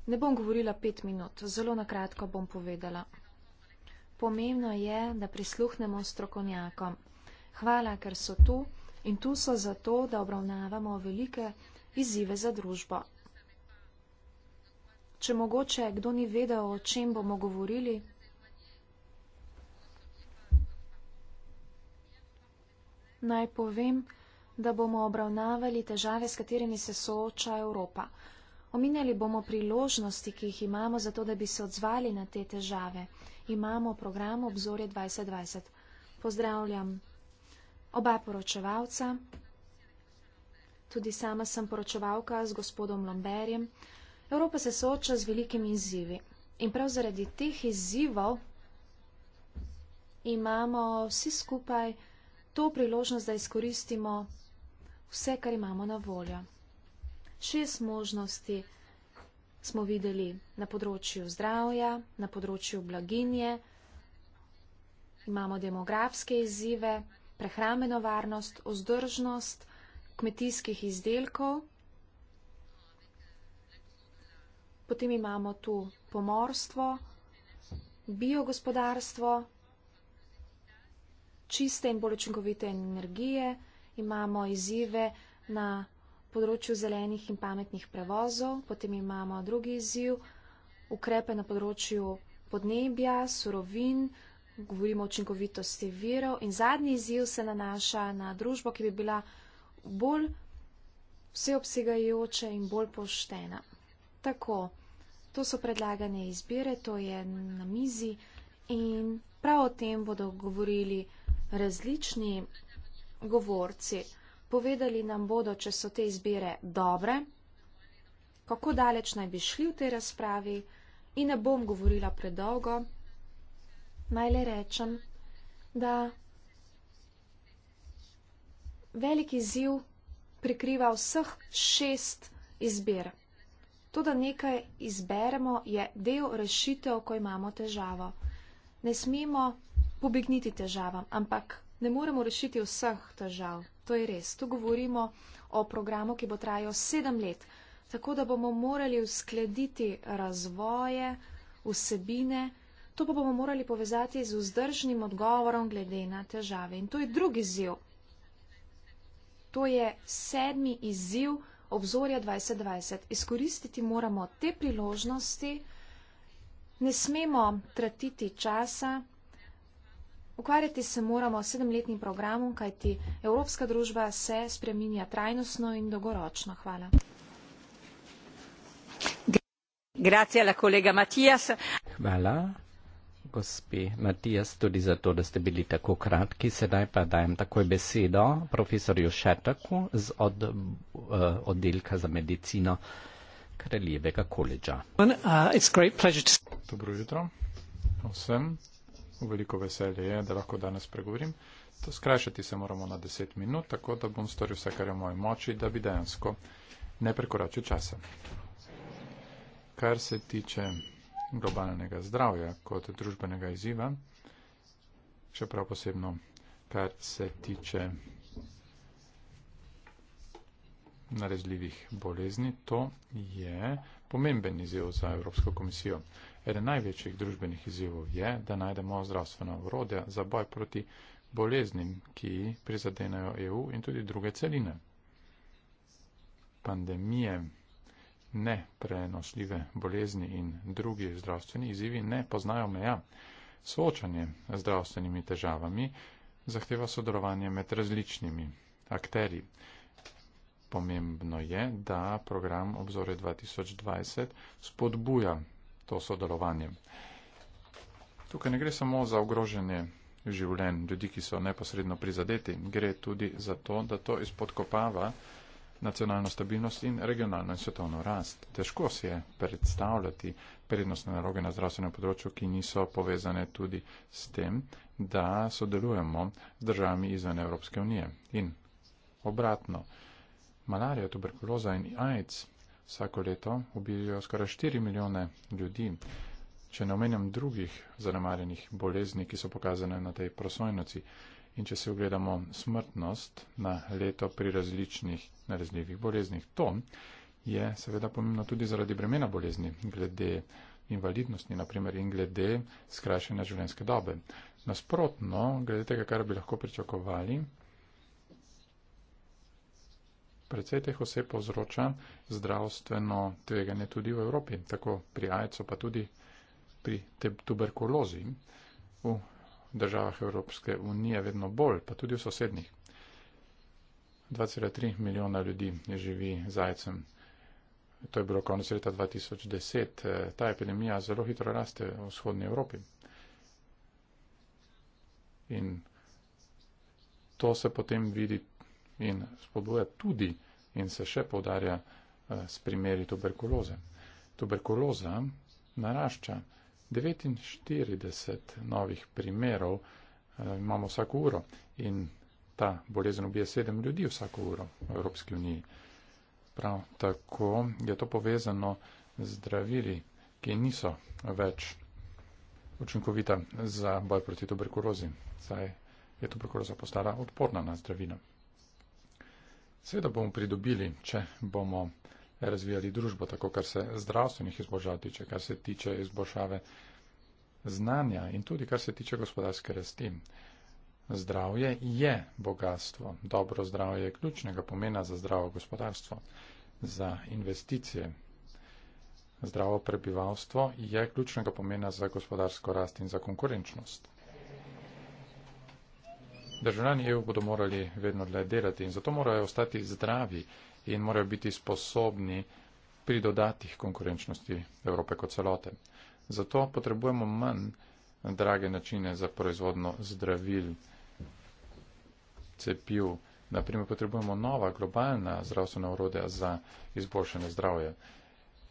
Ne bom govorila pet minut, zelo na kratko bom povedala. Pomembno je, da prisluhnemo strokovnjakom. Hvala, ker so tu in tu so zato, da obravnavamo velike izzive za družbo če mogoče kdo ni vedel, o čem bomo govorili. Naj povem, da bomo obravnavali težave, s katerimi se sooča Evropa. Omenjali bomo priložnosti, ki jih imamo za to, da bi se odzvali na te težave. Imamo program Obzorje 2020. Pozdravljam oba poročevalca. Tudi sama sem poročevalka z gospodom Lomberjem. Evropa se sooča z velikimi izzivi in prav zaradi teh izzivov imamo vsi skupaj to priložnost, da izkoristimo vse, kar imamo na voljo. Šest možnosti smo videli na področju zdravja, na področju blaginje, imamo demografske izzive, prehrameno varnost, vzdržnost kmetijskih izdelkov. Potem imamo tu pomorstvo, biogospodarstvo, čiste in bolj učinkovite energije, imamo izzive na področju zelenih in pametnih prevozov, potem imamo drugi izziv, ukrepe na področju podnebja, surovin, govorimo o učinkovitosti virov in zadnji izziv se nanaša na družbo, ki bi bila bolj vseobsegajoče in bolj poštena. Tako. To so predlagane izbire, to je na mizi in prav o tem bodo govorili različni govorci. Povedali nam bodo, če so te izbire dobre, kako daleč naj bi šli v tej razpravi in ne bom govorila predolgo. Naj le rečem, da veliki ziv prikriva vseh šest izbir. To, da nekaj izberemo, je del rešitev, ko imamo težavo. Ne smemo pobegniti težavam, ampak ne moremo rešiti vseh težav. To je res. Tu govorimo o programu, ki bo trajal sedem let. Tako da bomo morali uskladiti razvoje, vsebine. To pa bomo morali povezati z vzdržnim odgovorom glede na težave. In to je drugi izziv. To je sedmi izziv, obzorja 2020. Izkoristiti moramo te priložnosti, ne smemo tratiti časa, ukvarjati se moramo s sedemletnim programom, kajti evropska družba se spreminja trajnostno in dolgoročno. Hvala. Grazie alla collega Mattias. Voilà gospe Matijas, tudi zato, da ste bili tako kratki. Sedaj pa dajem takoj besedo profesorju Šetaku z od, uh, oddelka za medicino Kraljevega koledža. Uh, Dobro jutro vsem. Veliko veselje je, da lahko danes pregovorim. To skrajšati se moramo na 10 minut, tako da bom storil vse, kar je v moji moči, da bi dejansko ne prekoračil časa. Kar se tiče globalnega zdravja kot družbenega izziva, še prav posebno, kar se tiče narezljivih bolezni. To je pomemben izziv za Evropsko komisijo. Eden največjih družbenih izzivov je, da najdemo zdravstvena urodja za boj proti boleznim, ki prizadenajo EU in tudi druge celine. Pandemije neprenosljive bolezni in drugi zdravstveni izzivi ne poznajo meja. Soočanje z zdravstvenimi težavami zahteva sodelovanje med različnimi akteri. Pomembno je, da program Obzore 2020 spodbuja to sodelovanje. Tukaj ne gre samo za ogrožene življenj ljudi, ki so neposredno prizadeti, gre tudi za to, da to izpodkopava nacionalno stabilnost in regionalno in svetovno rast. Težko si je predstavljati prednostne naloge na zdravstvenem področju, ki niso povezane tudi s tem, da sodelujemo z državami izven Evropske unije. In obratno, malarija, tuberkuloza in AIDS vsako leto ubijajo skoraj 4 milijone ljudi. Če ne omenjam drugih zanemarjenih bolezni, ki so pokazane na tej prosojnici, In če se ogledamo smrtnost na leto pri različnih nalezljivih boleznih, to je seveda pomembno tudi zaradi bremena bolezni, glede invalidnosti, naprimer, in glede skrajšanja življenjske dobe. Nasprotno, glede tega, kar bi lahko pričakovali, Predvsej teh oseb povzroča zdravstveno tveganje tudi v Evropi, tako pri AIDS-u, pa tudi pri tuberkulozi. V državah Evropske unije, vedno bolj, pa tudi v sosednjih. 2,3 milijona ljudi živi zajcem. To je bilo konec leta 2010. Eh, ta epidemija zelo hitro raste v vzhodnji Evropi. In to se potem vidi in spodbuja tudi in se še povdarja eh, s primeri tuberkuloze. Tuberkuloza narašča. 49 novih primerov eh, imamo vsako uro in ta bolezen ubije sedem ljudi vsako uro v Evropski uniji. Prav tako je to povezano z zdravili, ki niso več učinkovita za boj proti tuberkulozi. Zdaj je tuberkuloza postala odporna na zdravila. Seveda bomo pridobili, če bomo razvijali družbo, tako kar se zdravstvenih izboljšav tiče, kar se tiče izboljšave znanja in tudi kar se tiče gospodarske rasti. Zdravje je bogatstvo. Dobro zdravje je ključnega pomena za zdravo gospodarstvo, za investicije. Zdravo prebivalstvo je ključnega pomena za gospodarsko rast in za konkurenčnost. Državljani EU bodo morali vedno le delati in zato morajo ostati zdravi in morajo biti sposobni pridodati k konkurenčnosti Evrope kot celote. Zato potrebujemo manj drage načine za proizvodno zdravil, cepiv. Naprimer, potrebujemo nova globalna zdravstvena urodja za izboljšanje zdravja.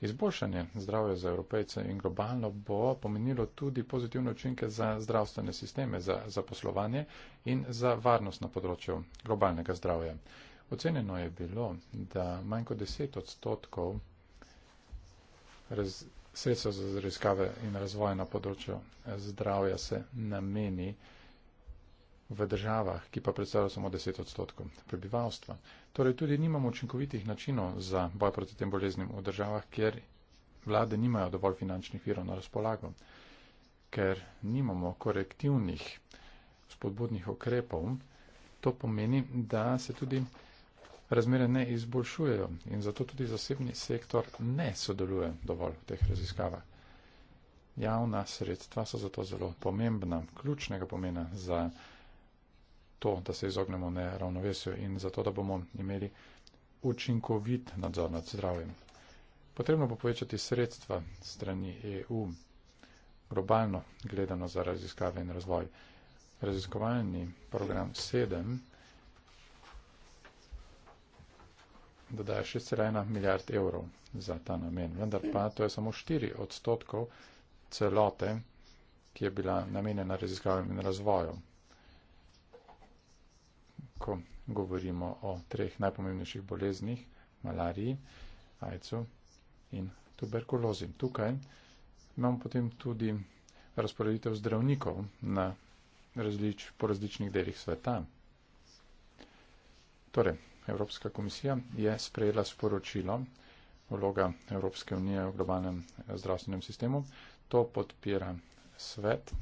Izboljšanje zdravja za evropejce in globalno bo pomenilo tudi pozitivne učinke za zdravstvene sisteme, za zaposlovanje in za varnost na področju globalnega zdravja. Ocenjeno je bilo, da manj kot 10 odstotkov raz, sredstva za raziskave in razvoj na področju zdravja se nameni v državah, ki pa predstavlja samo 10 odstotkov prebivalstva. Torej tudi nimamo učinkovitih načinov za boj proti tem boleznim v državah, kjer vlade nimajo dovolj finančnih virov na razpolago, ker nimamo korektivnih spodbudnih okrepov. To pomeni, da se tudi razmere ne izboljšujejo in zato tudi zasebni sektor ne sodeluje dovolj v teh raziskavah. Javna sredstva so zato zelo pomembna, ključnega pomena za to, da se izognemo neravnovesju in zato, da bomo imeli učinkovit nadzor nad zdravjem. Potrebno bo povečati sredstva strani EU, globalno gledano za raziskave in razvoj. Raziskovalni program 7 da daje 6,1 milijard evrov za ta namen. Vendar pa to je samo 4 odstotkov celote, ki je bila namenjena raziskavam in razvoju. Ko govorimo o treh najpomembnejših boleznih, malariji, ajcu in tuberkulozi. Tukaj imamo potem tudi razporeditev zdravnikov na različ, po različnih delih sveta. Torej, Evropska komisija je sprejela sporočilo vloga Evropske unije v globalnem eh, zdravstvenem sistemu. To podpira svet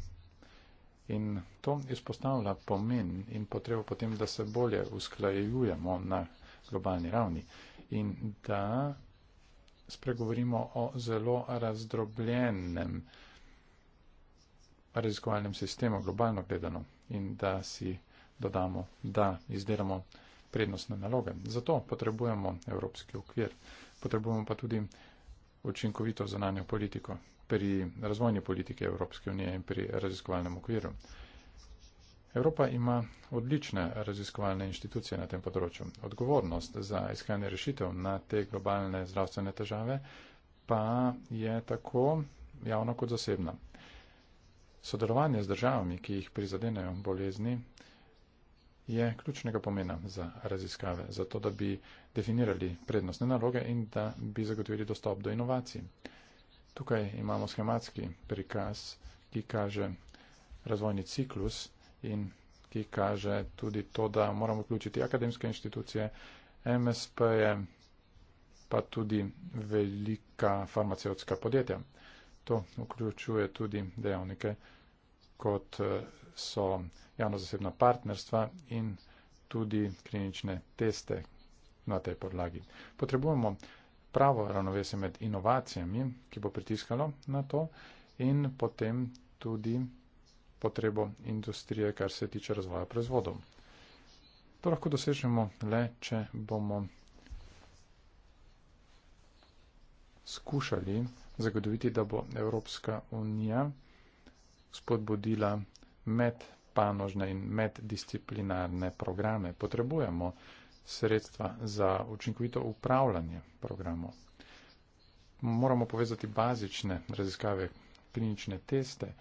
in to izpostavlja pomen in potrebo potem, da se bolje usklajujemo na globalni ravni in da spregovorimo o zelo razdrobljenem raziskovalnem sistemu globalno gledano in da si dodamo, da izdelamo prednostne naloge. Zato potrebujemo evropski okvir, potrebujemo pa tudi učinkovito zonanjo politiko pri razvojni politiki Evropske unije in pri raziskovalnem okviru. Evropa ima odlične raziskovalne inštitucije na tem področju. Odgovornost za iskanje rešitev na te globalne zdravstvene težave pa je tako javna kot zasebna. Sodelovanje z državami, ki jih prizadenejo bolezni, je ključnega pomena za raziskave, zato da bi definirali prednostne naloge in da bi zagotovili dostop do inovacij. Tukaj imamo schematski prikaz, ki kaže razvojni ciklus in ki kaže tudi to, da moramo vključiti akademske inštitucije, MSP je pa tudi velika farmaceutska podjetja. To vključuje tudi dejavnike, kot eh, so javno-zasebna partnerstva in tudi klinične teste na tej podlagi. Potrebujemo pravo ravnovesje med inovacijami, ki bo pritiskalo na to in potem tudi potrebo industrije, kar se tiče razvoja proizvodov. To lahko dosežemo le, če bomo skušali zagotoviti, da bo Evropska unija spodbudila med panožne in meddisciplinarne programe. Potrebujemo sredstva za učinkovito upravljanje programov. Moramo povezati bazične raziskave, klinične teste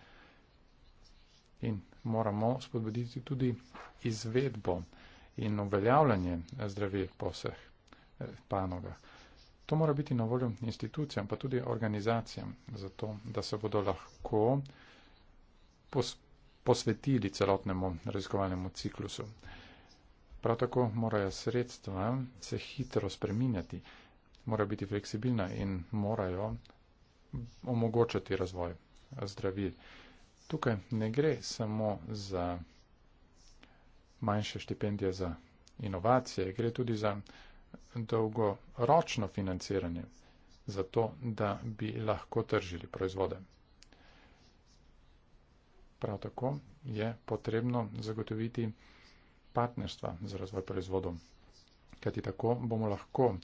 in moramo spodbuditi tudi izvedbo in uveljavljanje zdravil po vseh eh, panogah. To mora biti na voljo institucijam, pa tudi organizacijam, zato da se bodo lahko pospravili posvetili celotnemu raziskovalnemu ciklusu. Prav tako morajo sredstva se hitro spreminjati, morajo biti fleksibilna in morajo omogočati razvoj zdravil. Tukaj ne gre samo za manjše štipendije za inovacije, gre tudi za dolgoročno financiranje, zato da bi lahko tržili proizvode. Prav tako je potrebno zagotoviti partnerstva za razvoj proizvodov, kajti tako bomo lahko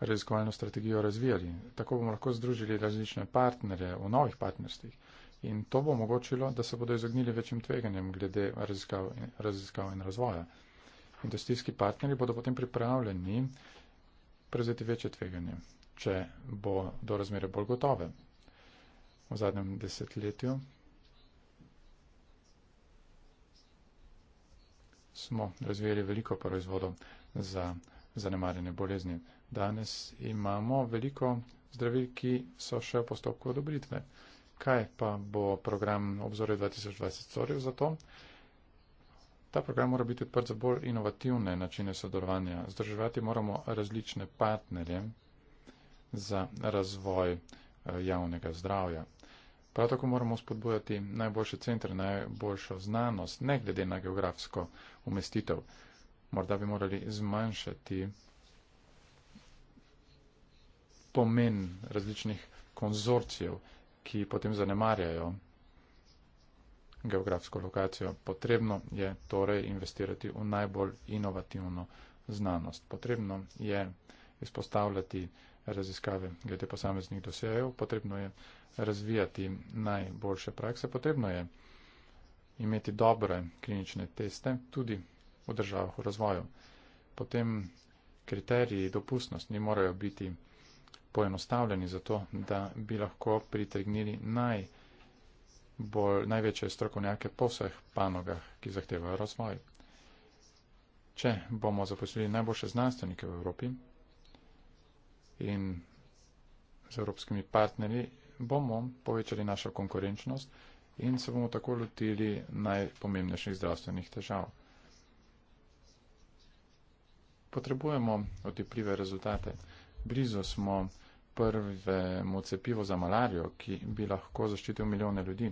raziskovalno strategijo razvijali, tako bomo lahko združili različne partnerje v novih partnerstvih in to bo omogočilo, da se bodo izognili večjim tveganjem glede raziskav in, raziskav in razvoja. Industrijski partnerji bodo potem pripravljeni prevzeti večje tveganje, če bo do razmere bolj gotove. V zadnjem desetletju smo razvijali veliko proizvodov za zanemarjene bolezni. Danes imamo veliko zdravil, ki so še v postopku odobritve. Kaj pa bo program obzore 2020 storil za to? Ta program mora biti odprt za bolj inovativne načine sodelovanja. Združevati moramo različne partnerje za razvoj eh, javnega zdravja. Prav tako moramo spodbojati najboljše centre, najboljšo znanost, ne glede na geografsko umestitev. Morda bi morali zmanjšati pomen različnih konzorcijev, ki potem zanemarjajo geografsko lokacijo. Potrebno je torej investirati v najbolj inovativno znanost. Potrebno je izpostavljati raziskave glede posameznih dosejev, potrebno je razvijati najboljše prakse, potrebno je imeti dobre klinične teste tudi v državah v razvoju. Potem kriteriji dopustnosti morajo biti poenostavljeni zato, da bi lahko pritegnili naj bolj, največje strokovnjake po vseh panogah, ki zahtevajo razvoj. Če bomo zaposlili najboljše znanstvenike v Evropi, in z evropskimi partnerji bomo povečali našo konkurenčnost in se bomo tako lotili najpomembnejših zdravstvenih težav. Potrebujemo otepljive rezultate. Blizu smo prvemu cepivo za malarijo, ki bi lahko zaščitil milijone ljudi.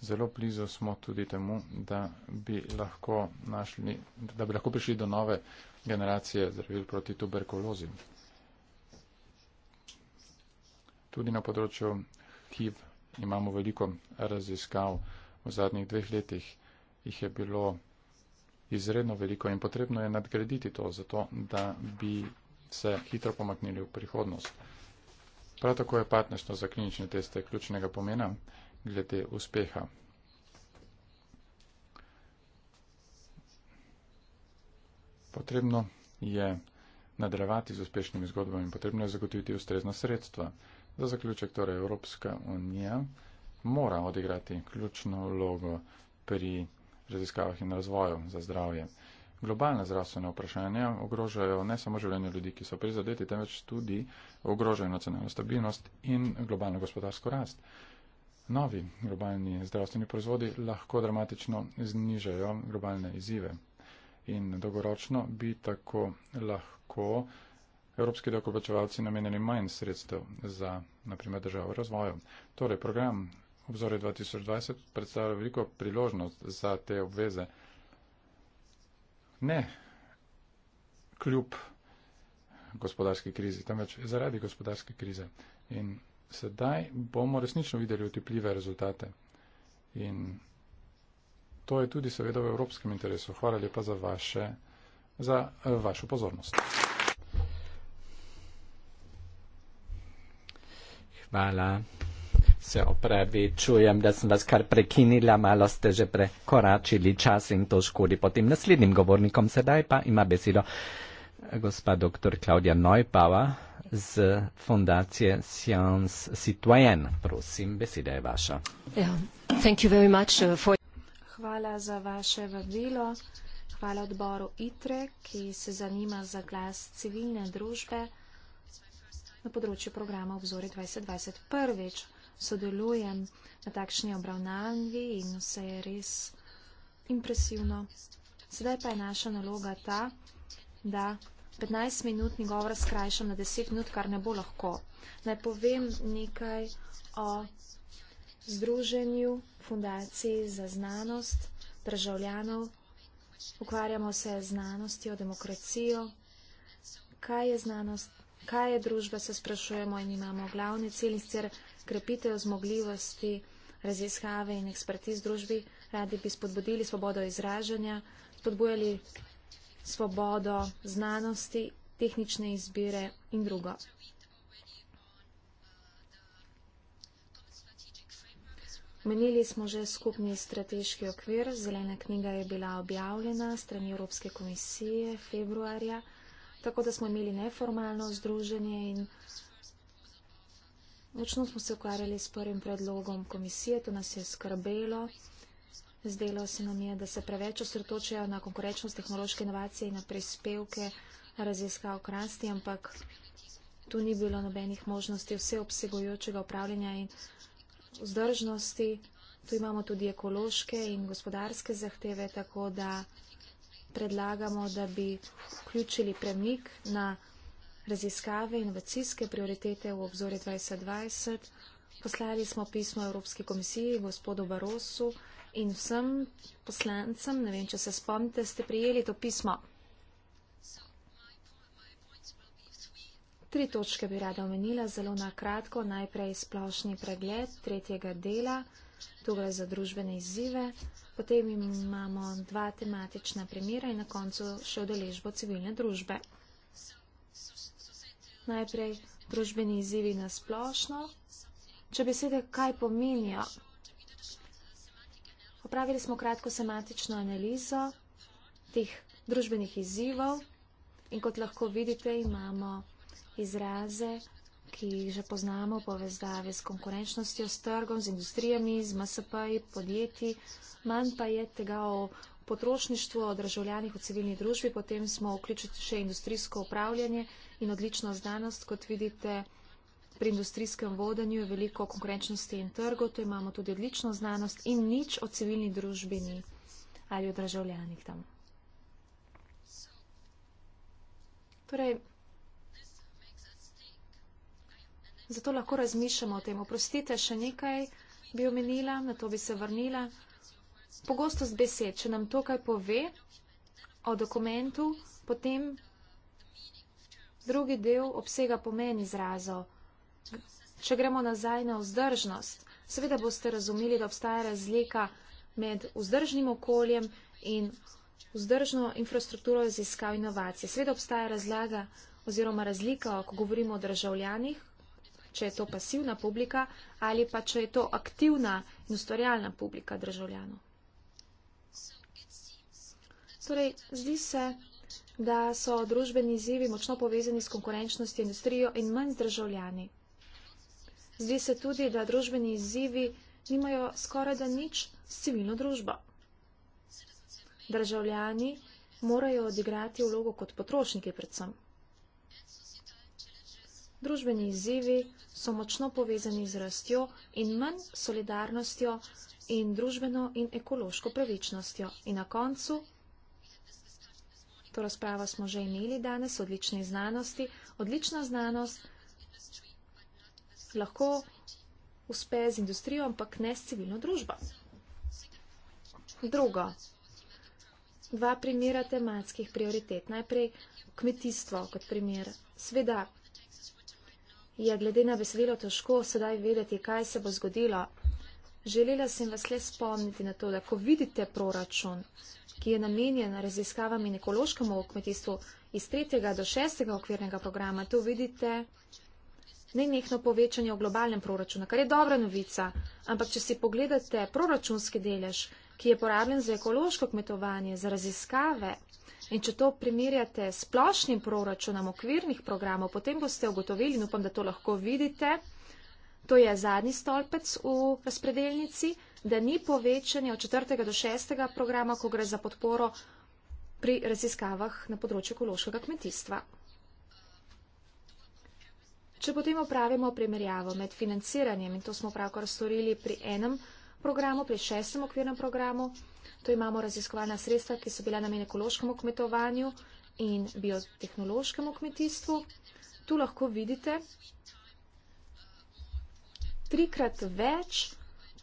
Zelo blizu smo tudi temu, da bi lahko, našli, da bi lahko prišli do nove generacije zdravil proti tuberkulozi tudi na področju HIV imamo veliko raziskav v zadnjih dveh letih. Jih je bilo izredno veliko in potrebno je nadgraditi to, zato da bi se hitro pomaknili v prihodnost. Prav tako je partnerstvo za klinične teste ključnega pomena glede uspeha. Potrebno je nadrevati z uspešnimi zgodbami, potrebno je zagotoviti ustrezna sredstva. Za zaključek, torej Evropska unija mora odigrati ključno vlogo pri raziskavah in razvoju za zdravje. Globalne zdravstvene vprašanja ogrožajo ne samo življenje ljudi, ki so prizadeti, temveč tudi ogrožajo nacionalno stabilnost in globalno gospodarsko rast. Novi globalni zdravstveni proizvodi lahko dramatično znižajo globalne izzive in dolgoročno bi tako lahko evropski dokoplačevalci namenili manj sredstev za, naprimer, državo razvojo. Torej, program obzore 2020 predstavlja veliko priložnost za te obveze. Ne kljub gospodarski krizi, temveč zaradi gospodarske krize. In sedaj bomo resnično videli utepljive rezultate. In to je tudi seveda v evropskem interesu. Hvala lepa za, vaše, za vašo pozornost. Hvala. Se opravičujem, da sem vas kar prekinila, malo ste že prekoračili čas in to škodi potem naslednjim govornikom. Sedaj pa ima besedo eh, gospa dr. Klaudija Neupava z fundacije Science Citoyen. Prosim, beseda je vaša. Ja, eh, Hvala za vaše vabilo. Hvala odboru ITRE, ki se zanima za glas civilne družbe na področju programa Obzori 2020. Prvič sodelujem na takšni obravnavi in vse je res impresivno. Sedaj pa je naša naloga ta, da 15-minutni govor skrajšam na 10 minut, kar ne bo lahko. Naj povem nekaj o Združenju Fundaciji za znanost državljanov. Ukvarjamo se z znanostjo, demokracijo. Kaj je znanost, kaj je družba, se sprašujemo in imamo glavne cilj, sicer krepitev zmogljivosti raziskave in ekspertiz družbi, radi bi spodbudili svobodo izražanja, spodbujali svobodo znanosti, tehnične izbire in drugo. Menili smo že skupni strateški okvir, zelena knjiga je bila objavljena strani Evropske komisije februarja Tako da smo imeli neformalno združenje in močno smo se ukvarjali s prvim predlogom komisije, to nas je skrbelo. Zdelo se nam je, da se preveč osredotočajo na konkurenčnost tehnološke inovacije in na prispevke raziskav krasti, ampak tu ni bilo nobenih možnosti vseobsegojočega upravljanja in vzdržnosti. Tu imamo tudi ekološke in gospodarske zahteve, tako da predlagamo, da bi vključili premik na raziskave in inovacijske prioritete v obzorje 2020. Poslali smo pismo Evropski komisiji gospodu Barosu in vsem poslancem, ne vem, če se spomnite, ste prijeli to pismo. Tri točke bi rada omenila zelo na kratko. Najprej splošni pregled tretjega dela, tu gre za družbene izzive. Potem imamo dva tematična primera in na koncu še odeležbo civilne družbe. Najprej družbeni izzivi na splošno. Če besede kaj pomenijo, opravili smo kratko semantično analizo teh družbenih izzivov in kot lahko vidite, imamo izraze ki jih že poznamo v povezavi s konkurenčnostjo, s trgom, z industrijami, z MSP-ji, podjetji, manj pa je tega o potrošništvu, o državljanih, o civilni družbi, potem smo vključili še industrijsko upravljanje in odlično znanost, kot vidite. Pri industrijskem vodenju je veliko konkurenčnosti in trgo, tu imamo tudi odlično znanost in nič o civilni družbini ali o državljanih tam. Torej, Zato lahko razmišljamo o tem. Oprostite, še nekaj bi omenila, na to bi se vrnila. Pogostost besed, če nam to kaj pove o dokumentu, potem drugi del obsega pomen izrazo. Če gremo nazaj na vzdržnost, seveda boste razumeli, da obstaja razlika med vzdržnim okoljem in vzdržno infrastrukturo raziskav inovacij. Seveda obstaja razlaga oziroma razlika, ko govorimo o državljanih, če je to pasivna publika ali pa če je to aktivna in ustvarjalna publika državljanov. Torej, zdi se, da so družbeni izzivi močno povezani s konkurenčnostjo industrijo in manj z državljani. Zdi se tudi, da družbeni izzivi nimajo skoraj da nič s civilno družbo. Državljani morajo odigrati vlogo kot potrošniki predvsem. Družbeni izzivi so močno povezani z rastjo in manj solidarnostjo in družbeno in ekološko pravičnostjo. In na koncu, to razpravo smo že imeli danes, odlične znanosti, odlična znanost lahko uspe z industrijo, ampak ne s civilno družbo. Drugo, dva primera tematskih prioritet. Najprej kmetijstvo kot primer. Sveda, je ja, glede na veselilo težko sedaj vedeti, kaj se bo zgodilo. Želela sem vas le spomniti na to, da ko vidite proračun, ki je namenjen raziskavam in ekološkemu kmetijstvu iz tretjega do šestega okvirnega programa, tu vidite nenehno povečanje v globalnem proračunu, kar je dobra novica. Ampak, če si pogledate proračunski delež, ki je porabljen za ekološko kmetovanje, za raziskave, In če to primerjate s splošnim proračunom okvirnih programov, potem boste ugotovili, in upam, da to lahko vidite, to je zadnji stolpec v razpredeljnici, da ni povečanje od četrtega do šestega programa, ko gre za podporo pri raziskavah na področju ekološkega kmetijstva. Če potem opravimo primerjavo med financiranjem, in to smo pravkar storili pri enem programu, pri šestem okvirnem programu, Tu imamo raziskovalna sredstva, ki so bila namenjena ekološkemu kmetovanju in biotehnološkemu kmetijstvu. Tu lahko vidite trikrat več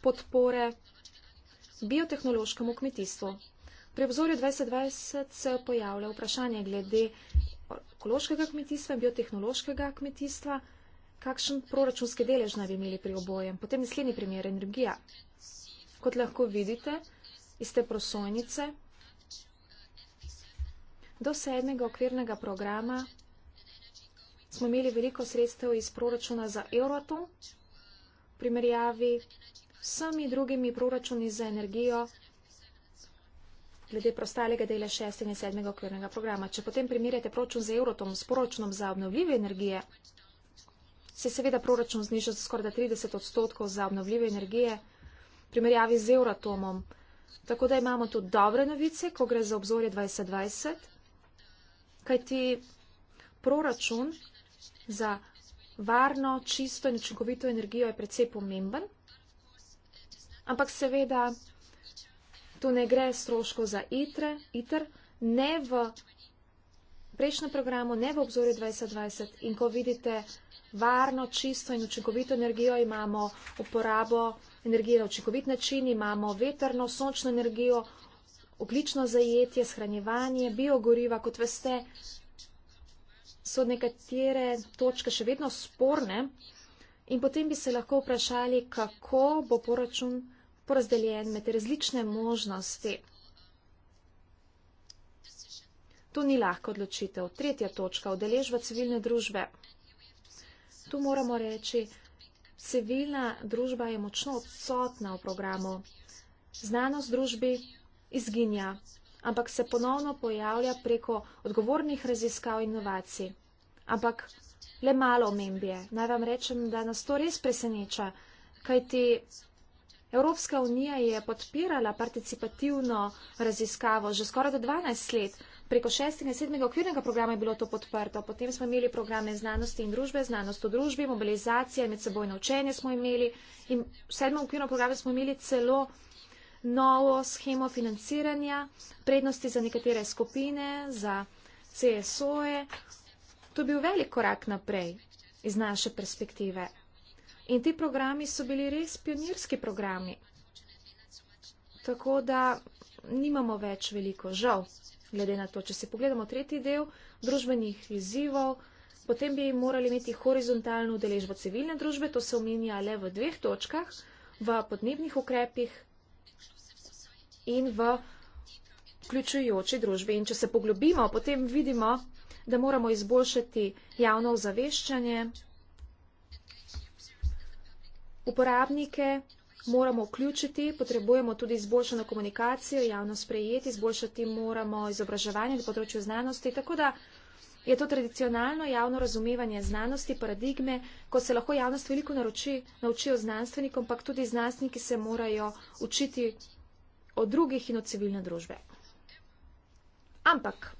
podpore biotehnološkemu kmetijstvu. Pri obzorju 2020 se pojavlja vprašanje glede ekološkega kmetijstva in biotehnološkega kmetijstva, kakšen proračunski delež naj bi imeli pri obojem. Potem naslednji primer, energija. Kot lahko vidite, iz te prosojnice do sedmega okvirnega programa smo imeli veliko sredstev iz proračuna za Euratom, primerjavi s vsemi drugimi proračuni za energijo, glede prostalega dela šestega in sedmega okvirnega programa. Če potem primerjate proračun za Euratom s proračunom za obnovljive energije, se seveda proračun zniža za skoraj 30 odstotkov za obnovljive energije, primerjavi z Euratomom, Tako da imamo tu dobre novice, ko gre za obzorje 2020, kajti proračun za varno, čisto in učinkovito energijo je precej pomemben, ampak seveda tu ne gre stroško za itre, itr, ne v prejšnjem programu, ne v obzorju 2020 in ko vidite, varno, čisto in učinkovito energijo, imamo uporabo energije na učinkovit način, imamo veterno, sončno energijo, oglično zajetje, shranjevanje, biogoriva, kot veste, so nekatere točke še vedno sporne in potem bi se lahko vprašali, kako bo poračun porazdeljen med različne možnosti. To ni lahko odločitev. Tretja točka, odeležba civilne družbe. Tu moramo reči, civilna družba je močno odsotna v programu. Znanost družbi izginja, ampak se ponovno pojavlja preko odgovornih raziskav in inovacij. Ampak le malo omembje. Naj vam rečem, da nas to res preseneča, kajti Evropska unija je podpirala participativno raziskavo že skoraj do 12 let preko šestega in sedmega okvirnega programa je bilo to podprto. Potem smo imeli programe znanosti in družbe, znanost v družbi, mobilizacija in medsebojno učenje smo imeli. In v sedmem okvirnem programu smo imeli celo novo schemo financiranja, prednosti za nekatere skupine, za CSO-je. To je bil velik korak naprej iz naše perspektive. In ti programi so bili res pionirski programi. Tako da nimamo več veliko žal glede na to. Če si pogledamo tretji del družbenih izzivov, potem bi morali imeti horizontalno udeležbo civilne družbe, to se omenja le v dveh točkah, v podnebnih ukrepih in v vključujoči družbi. In če se poglobimo, potem vidimo, da moramo izboljšati javno ozaveščanje, uporabnike moramo vključiti, potrebujemo tudi izboljšano komunikacijo, javno sprejeti, izboljšati moramo izobraževanje na področju znanosti. Tako da je to tradicionalno javno razumevanje znanosti, paradigme, ko se lahko javnost veliko naroči, naučijo znanstvenikom, ampak tudi znanstveniki se morajo učiti od drugih in od civilne družbe. Ampak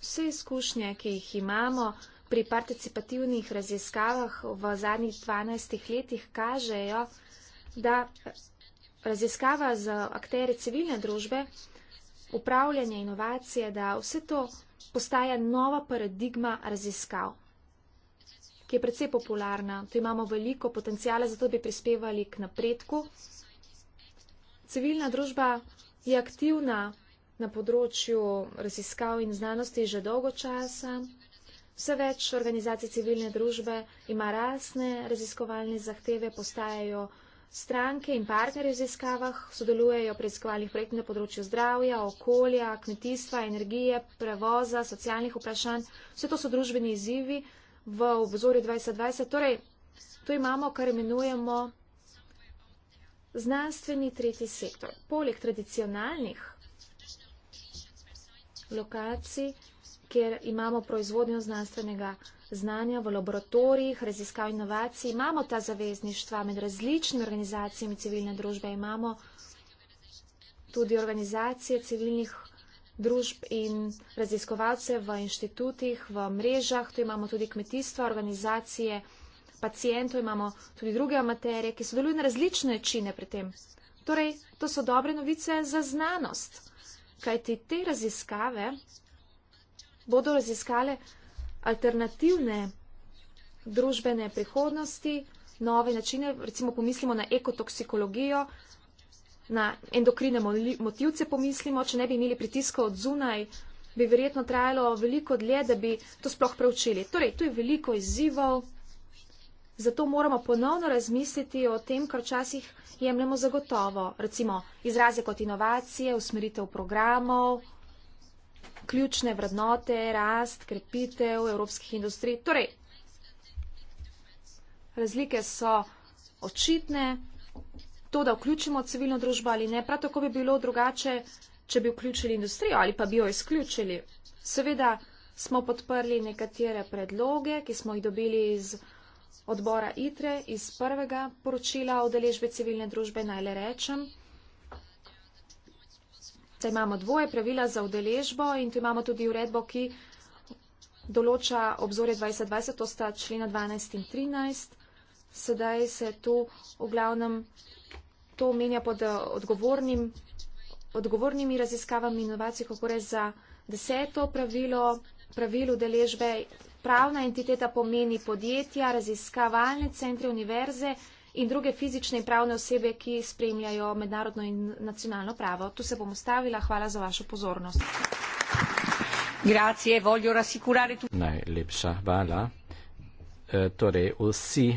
vse izkušnje, ki jih imamo, pri participativnih raziskavah v zadnjih 12 letih kažejo, da raziskava z akteri civilne družbe, upravljanje inovacije, da vse to postaja nova paradigma raziskav, ki je predvsej popularna. Tu imamo veliko potencijala, zato bi prispevali k napredku. Civilna družba je aktivna na področju raziskav in znanosti že dolgo časa. Vse več organizacij civilne družbe ima rasne raziskovalne zahteve, postajajo stranke in partnerje v raziskavah, sodelujejo pri raziskovalnih projektih na področju zdravja, okolja, kmetijstva, energije, prevoza, socialnih vprašanj. Vse to so družbeni izzivi v obzorju 2020. Torej, tu imamo, kar imenujemo znanstveni tretji sektor. Poleg tradicionalnih lokacij kjer imamo proizvodnjo znanstvenega znanja v laboratorijih, raziskav inovacij, imamo ta zavezništva med različnimi organizacijami civilne družbe, imamo tudi organizacije civilnih družb in raziskovalce v inštitutih, v mrežah, tu imamo tudi kmetijstva, organizacije, pacijentov, imamo tudi druge amaterje, ki sodelujo na različne čine pri tem. Torej, to so dobre novice za znanost, kajti te raziskave bodo raziskale alternativne družbene prihodnosti, nove načine, recimo pomislimo na ekotoksikologijo, na endokrine motivce pomislimo, če ne bi imeli pritiska od zunaj, bi verjetno trajalo veliko dlje, da bi to sploh preučili. Torej, tu je veliko izzivov, zato moramo ponovno razmisliti o tem, kar včasih jemljemo zagotovo. Recimo izraze kot inovacije, usmeritev programov ključne vrednote, rast, krepitev evropskih industrij. Torej, razlike so očitne, to, da vključimo civilno družbo ali ne, prav tako bi bilo drugače, če bi vključili industrijo ali pa bi jo izključili. Seveda smo podprli nekatere predloge, ki smo jih dobili iz odbora ITRE, iz prvega poročila o deležbi civilne družbe, naj le rečem da imamo dvoje pravila za udeležbo in tu imamo tudi uredbo, ki določa obzorje 2020, to sta člena 12 in 13. Sedaj se tu v glavnem to omenja pod eh, odgovornim, odgovornimi raziskavami inovacij, kako je za deseto pravilo, pravilo udeležbe. Pravna entiteta pomeni podjetja, raziskavalne centre, univerze, in druge fizične in pravne osebe, ki spremljajo mednarodno in nacionalno pravo. Tu se bom ustavila. Hvala za vašo pozornost. Grazie, voglio rassicurare tutti. Najlepša hvala. E, torej, vsi, e,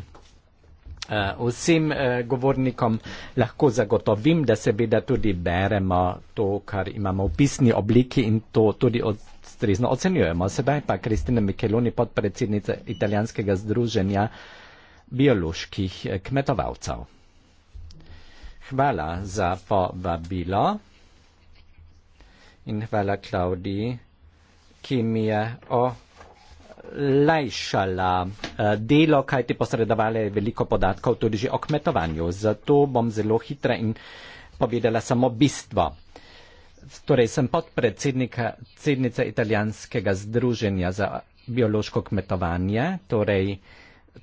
vsem e, govornikom lahko zagotovim, da seveda tudi beremo to, kar imamo v pisni obliki in to tudi ustrezno ocenjujemo. Sedaj pa Kristina Micheloni, podpredsednica italijanskega združenja bioloških eh, kmetovalcev. Hvala za povabilo in hvala Klaudiji, ki mi je olajšala eh, delo, kaj ti posredovali veliko podatkov tudi že o kmetovanju. Zato bom zelo hitra in povedala samo bistvo. Torej, sem podpredsednica italijanskega združenja za biološko kmetovanje, torej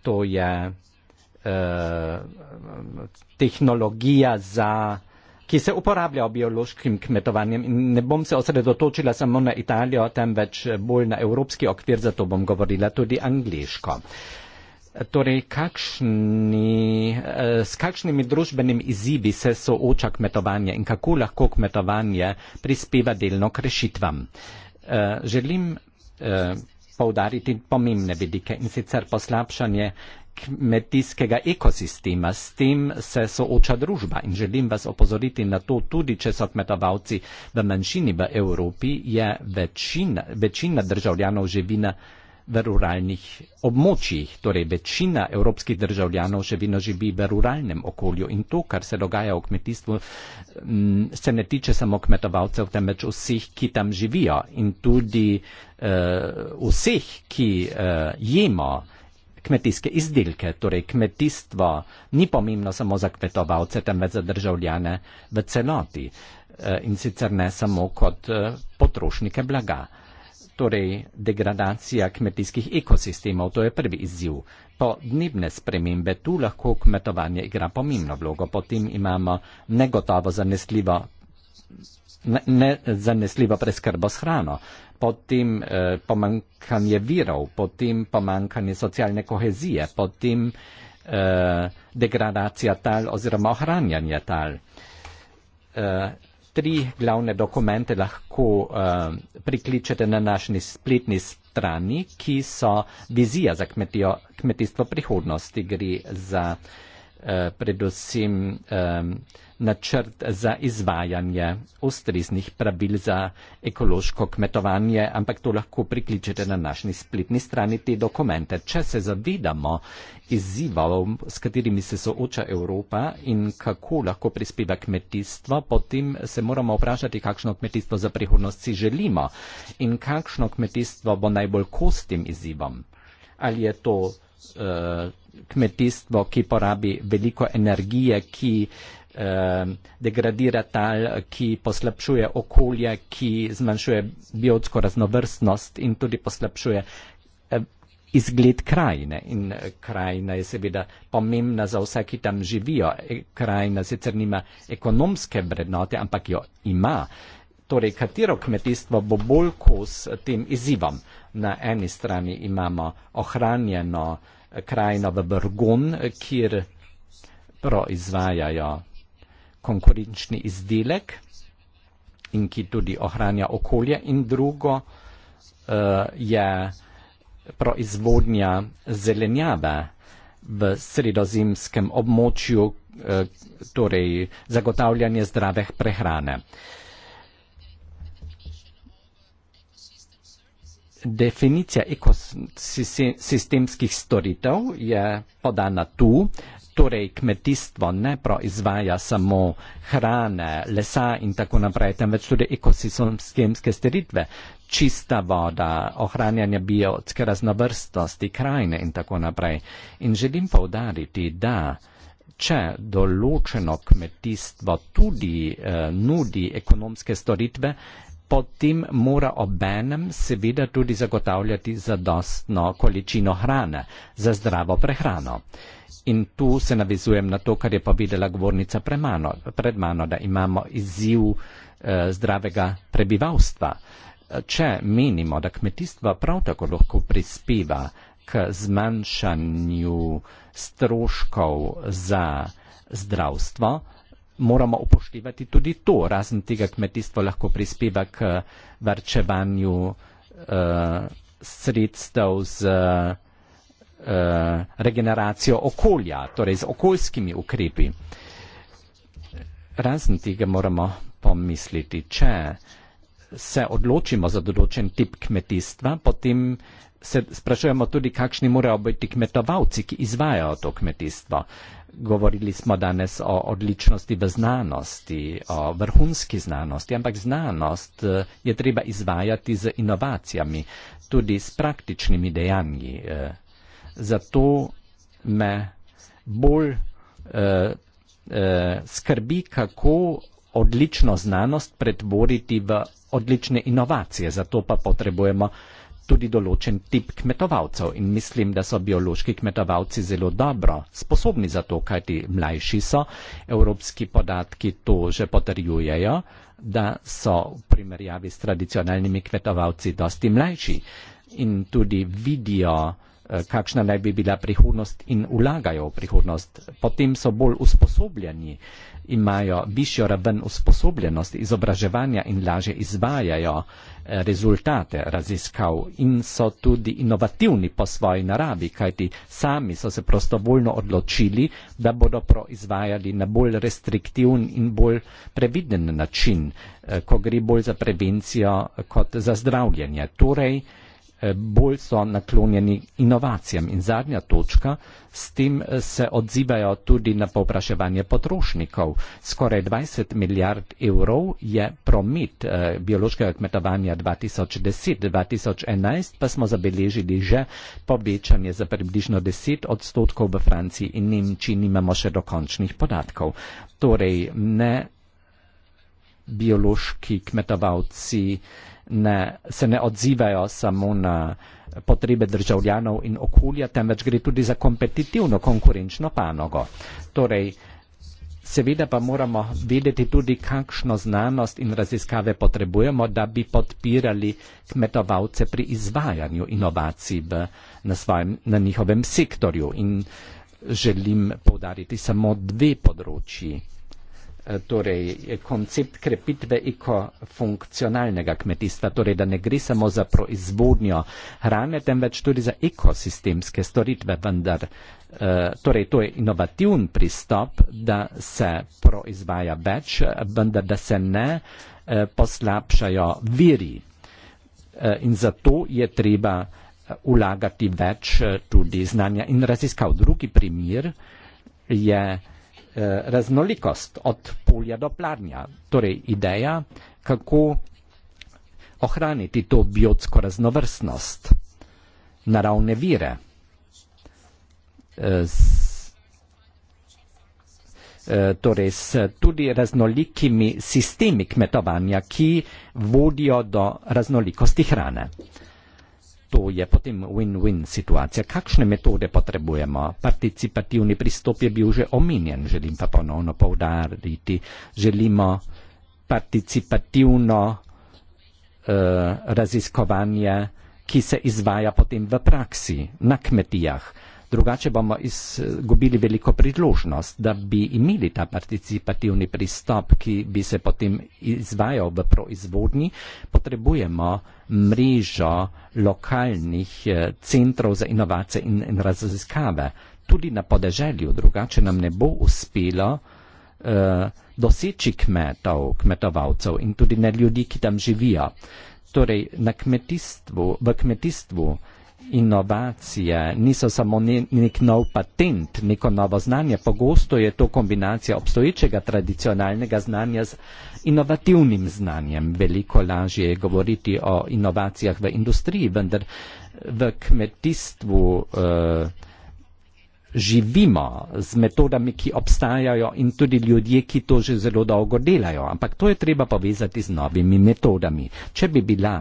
to je eh, tehnologija za ki se uporablja v biološkim kmetovanjem. In ne bom se osredotočila samo na Italijo, temveč bolj na evropski okvir, zato bom govorila tudi angliško. Torej, kakšni, eh, s kakšnimi družbenimi izzivi se sooča kmetovanje in kako lahko kmetovanje prispeva delno k rešitvam? Eh, želim eh, poudariti pomembne vidike in sicer poslabšanje kmetijskega ekosistema. S tem se sooča družba in želim vas opozoriti na to, tudi če so kmetovalci v manjšini v Evropi, je večina, večina državljanov živina v ruralnih območjih. Torej, večina evropskih državljanov še vedno živi v ruralnem okolju in to, kar se dogaja v kmetijstvu, mm, se ne tiče samo kmetovalcev, temveč vseh, ki tam živijo in tudi uh, vseh, ki uh, jemo kmetijske izdelke. Torej, kmetijstvo ni pomembno samo za kmetovalce, temveč za državljane v celoti uh, in sicer ne samo kot uh, potrošnike blaga torej degradacija kmetijskih ekosistemov, to je prvi izziv. Podnebne spremembe, tu lahko kmetovanje igra pomembno vlogo, potem imamo negotovo zanesljivo. Nezanesljivo ne preskrbo s hrano, potem eh, pomankanje virov, potem pomankanje socialne kohezije, potem eh, degradacija tal oziroma ohranjanje tal. Eh, tri glavne dokumente lahko uh, prikličete na našni spletni strani, ki so vizija za kmetijo, kmetijstvo prihodnosti. Gre za uh, Eh, predvsem načrt za izvajanje ustreznih pravil za ekološko kmetovanje, ampak to lahko prikličete na naši spletni strani te dokumente. Če se zavedamo izzivov, s katerimi se sooča Evropa in kako lahko prispeva kmetijstvo, potem se moramo vprašati, kakšno kmetijstvo za prihodnost si želimo in kakšno kmetijstvo bo najbolj kostim izzivom. Ali je to uh, kmetijstvo, ki porabi veliko energije, ki eh, degradira tal, ki poslabšuje okolje, ki zmanjšuje biotsko raznovrstnost in tudi poslabšuje eh, izgled krajine. In eh, krajina je seveda pomembna za vse, ki tam živijo. E, krajina sicer nima ekonomske vrednote, ampak jo ima. Torej, katero kmetijstvo bo bolj kos tem izzivom? Na eni strani imamo ohranjeno, krajino v Burgun, kjer proizvajajo konkurenčni izdelek in ki tudi ohranja okolje. In drugo uh, je proizvodnja zelenjave v sredozemskem območju, uh, torej zagotavljanje zdrave prehrane. Uh, definicija ekosistemskih storitev je podana tu, torej kmetijstvo ne proizvaja samo hrane, lesa in tako naprej, temveč tudi ekosistemske storitve, čista voda, ohranjanje biotske raznovrstosti, krajine in tako naprej. In želim povdariti, da če določeno kmetijstvo tudi eh, nudi ekonomske storitve, potem mora obenem seveda tudi zagotavljati zadostno količino hrane za zdravo prehrano. In tu se navezujem na to, kar je povedala govornica premano, pred mano, da imamo izziv eh, zdravega prebivalstva. Če menimo, da kmetijstvo prav tako lahko prispeva k zmanjšanju stroškov za zdravstvo, moramo upoštevati tudi to, razen tega kmetijstvo lahko prispeva k eh, varčevanju uh, sredstev z uh, regeneracijo okolja, torej z okoljskimi ukrepi. Razen tega moramo pomisliti, če se odločimo za določen tip kmetijstva, potem se sprašujemo tudi, kakšni morajo biti kmetovalci, ki izvajajo to kmetijstvo govorili smo danes o odličnosti v znanosti, o vrhunski znanosti, ampak znanost eh, je treba izvajati z inovacijami, tudi s praktičnimi dejanji. Eh. Zato me bolj eh, skrbi, kako odlično znanost pretvoriti v odlične inovacije. Zato pa potrebujemo tudi določen tip kmetovalcev in mislim, da so biološki kmetovalci zelo dobro sposobni za to, kajti mlajši so. Evropski podatki to že potrjujejo, da so v primerjavi s tradicionalnimi kmetovalci dosti mlajši in tudi vidijo, eh, kakšna naj bi bila prihodnost in vlagajo v prihodnost. Potem so bolj usposobljeni imajo višjo raven usposobljenosti, izobraževanja in lažje izvajajo eh, rezultate raziskav in so tudi inovativni po svoji naravi, kajti sami so se prostovoljno odločili, da bodo proizvajali na bolj restriktivn in bolj previden način, eh, ko gre bolj za prevencijo kot za zdravljenje. Torej, Eh, bolj so naklonjeni inovacijam. In zadnja točka, s tem eh, se odzivajo tudi na povpraševanje potrošnikov. Skoraj 20 milijard evrov je promet eh, biološkega kmetovanja 2010-2011, pa smo zabeležili že povečanje za približno 10 odstotkov v Franciji in Nemčiji, nimamo še dokončnih podatkov. Torej, ne biološki kmetovalci ne, se ne odzivajo samo na potrebe državljanov in okolja, temveč gre tudi za kompetitivno konkurenčno panogo. Torej, seveda pa moramo vedeti tudi, kakšno znanost in raziskave potrebujemo, da bi podpirali kmetovalce pri izvajanju inovacij v, na, svojem, na njihovem sektorju. In želim povdariti samo dve področji. Eh, torej eh, koncept krepitve ekofunkcionalnega kmetijstva, torej da ne gre samo za proizvodnjo hrane, temveč tudi za ekosistemske storitve, vendar eh, torej to je inovativen pristop, da se proizvaja več, vendar da se ne poslabšajo viri in zato je treba vlagati več tudi znanja in raziskav. Drugi primer je Eh, raznolikost od polja do pladnja. Torej, ideja, kako ohraniti to biotsko raznovrstnost, naravne vire. Eh, s eh, torej s tudi raznolikimi sistemi kmetovanja, ki vodijo do raznolikosti hrane to je potem win-win situacija. Kakšne metode potrebujemo? Participativni pristop je bil že omenjen, želim pa ponovno povdariti. Želimo participativno uh, raziskovanje, ki se izvaja potem v praksi, na kmetijah. Drugače bomo izgubili veliko priložnost, da bi imeli ta participativni pristop, ki bi se potem izvajal v proizvodnji potrebujemo mrežo lokalnih eh, centrov za inovacije in, in raziskave, tudi na podeželju, drugače nam ne bo uspelo uh, doseči kmetov, kmetovalcev in tudi ne ljudi, ki tam živijo. Torej, kmetistvu, v kmetijstvu inovacije niso samo nek nov patent, neko novo znanje. Pogosto je to kombinacija obstoječega tradicionalnega znanja z inovativnim znanjem. Veliko lažje je govoriti o inovacijah v industriji, vendar v kmetijstvu uh, živimo z metodami, ki obstajajo in tudi ljudje, ki to že zelo dolgo delajo. Ampak to je treba povezati z novimi metodami. Če bi bila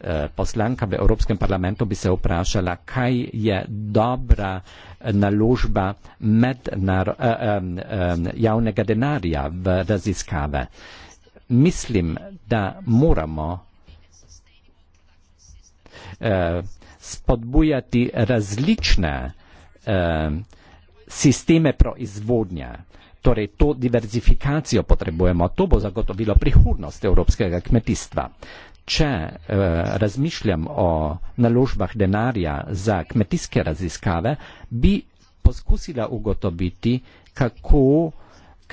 Eh, poslanka v Evropskem parlamentu bi se vprašala, kaj je dobra eh, naložba med nar, eh, eh, eh, javnega denarja v raziskave. Mislim, da moramo eh, spodbujati različne eh, sisteme proizvodnje. Torej, to diverzifikacijo potrebujemo. To bo zagotovilo prihodnost evropskega kmetijstva. Eh, če eh, razmišljam o naložbah denarja za kmetijske raziskave, bi poskusila ugotoviti, kako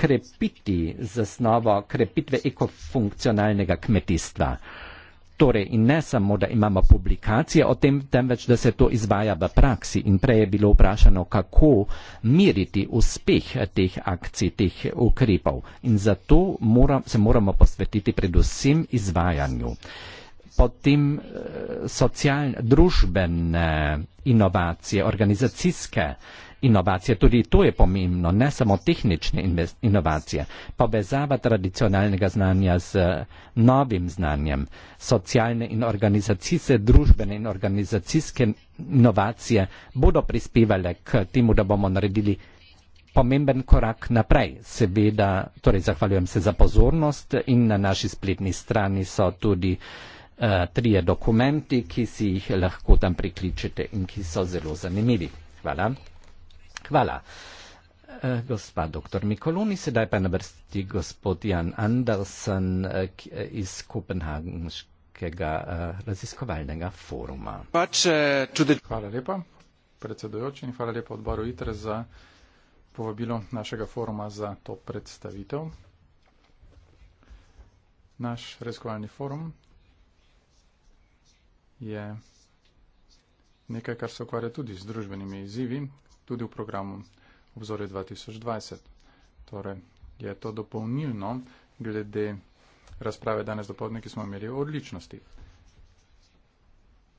krepiti zasnovo krepitve ekofunkcionalnega kmetijstva. Eh, Torej, in ne samo, da imamo publikacije o tem, temveč, da se to izvaja v praksi. In prej je bilo vprašano, kako meriti uspeh teh akcij, teh ukrepov. In zato mora, se moramo posvetiti predvsem izvajanju. Potem eh, socialne, družbene inovacije, organizacijske inovacije. Tudi to je pomembno, ne samo tehnične inovacije. Povezava tradicionalnega znanja z novim znanjem, socialne in organizacijske, družbene in organizacijske inovacije bodo prispevale k temu, da bomo naredili pomemben korak naprej. Seveda, torej zahvaljujem se za pozornost in na naši spletni strani so tudi eh, trije dokumenti, ki si jih lahko tam prikličete in ki so zelo zanimivi. Hvala. Hvala. Eh, gospa dr. Mikoloni, sedaj pa na vrsti gospod Jan Andersen eh, iz Kopenhagenskega eh, raziskovalnega foruma. Pač, hvala lepa, predsedojoči, in hvala lepa odboru ITRE za povabilo našega foruma za to predstavitev. Naš raziskovalni forum je nekaj, kar se ukvarja tudi z družbenimi izzivi, tudi v programu obzorje 2020. Torej je to dopolnilno glede razprave danes dopolne, ki smo imeli o odličnosti.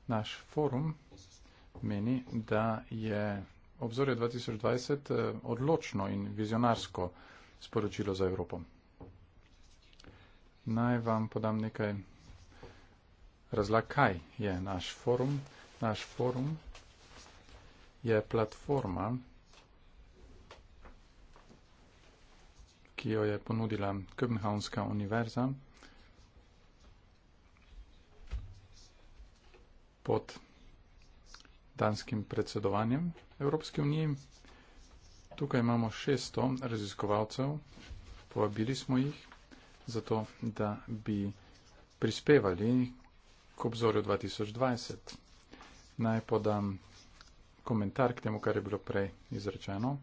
Naš forum meni, da je obzorje 2020 eh, odločno in vizionarsko sporočilo za Evropo. Naj vam podam nekaj razlag, kaj je naš forum. Naš forum je platforma, ki jo je ponudila Köbenhavnska univerza pod danskim predsedovanjem Evropske unije. Tukaj imamo 600 raziskovalcev, povabili smo jih, zato da bi prispevali k obzorju 2020. Naj podam komentar k temu, kar je bilo prej izrečeno.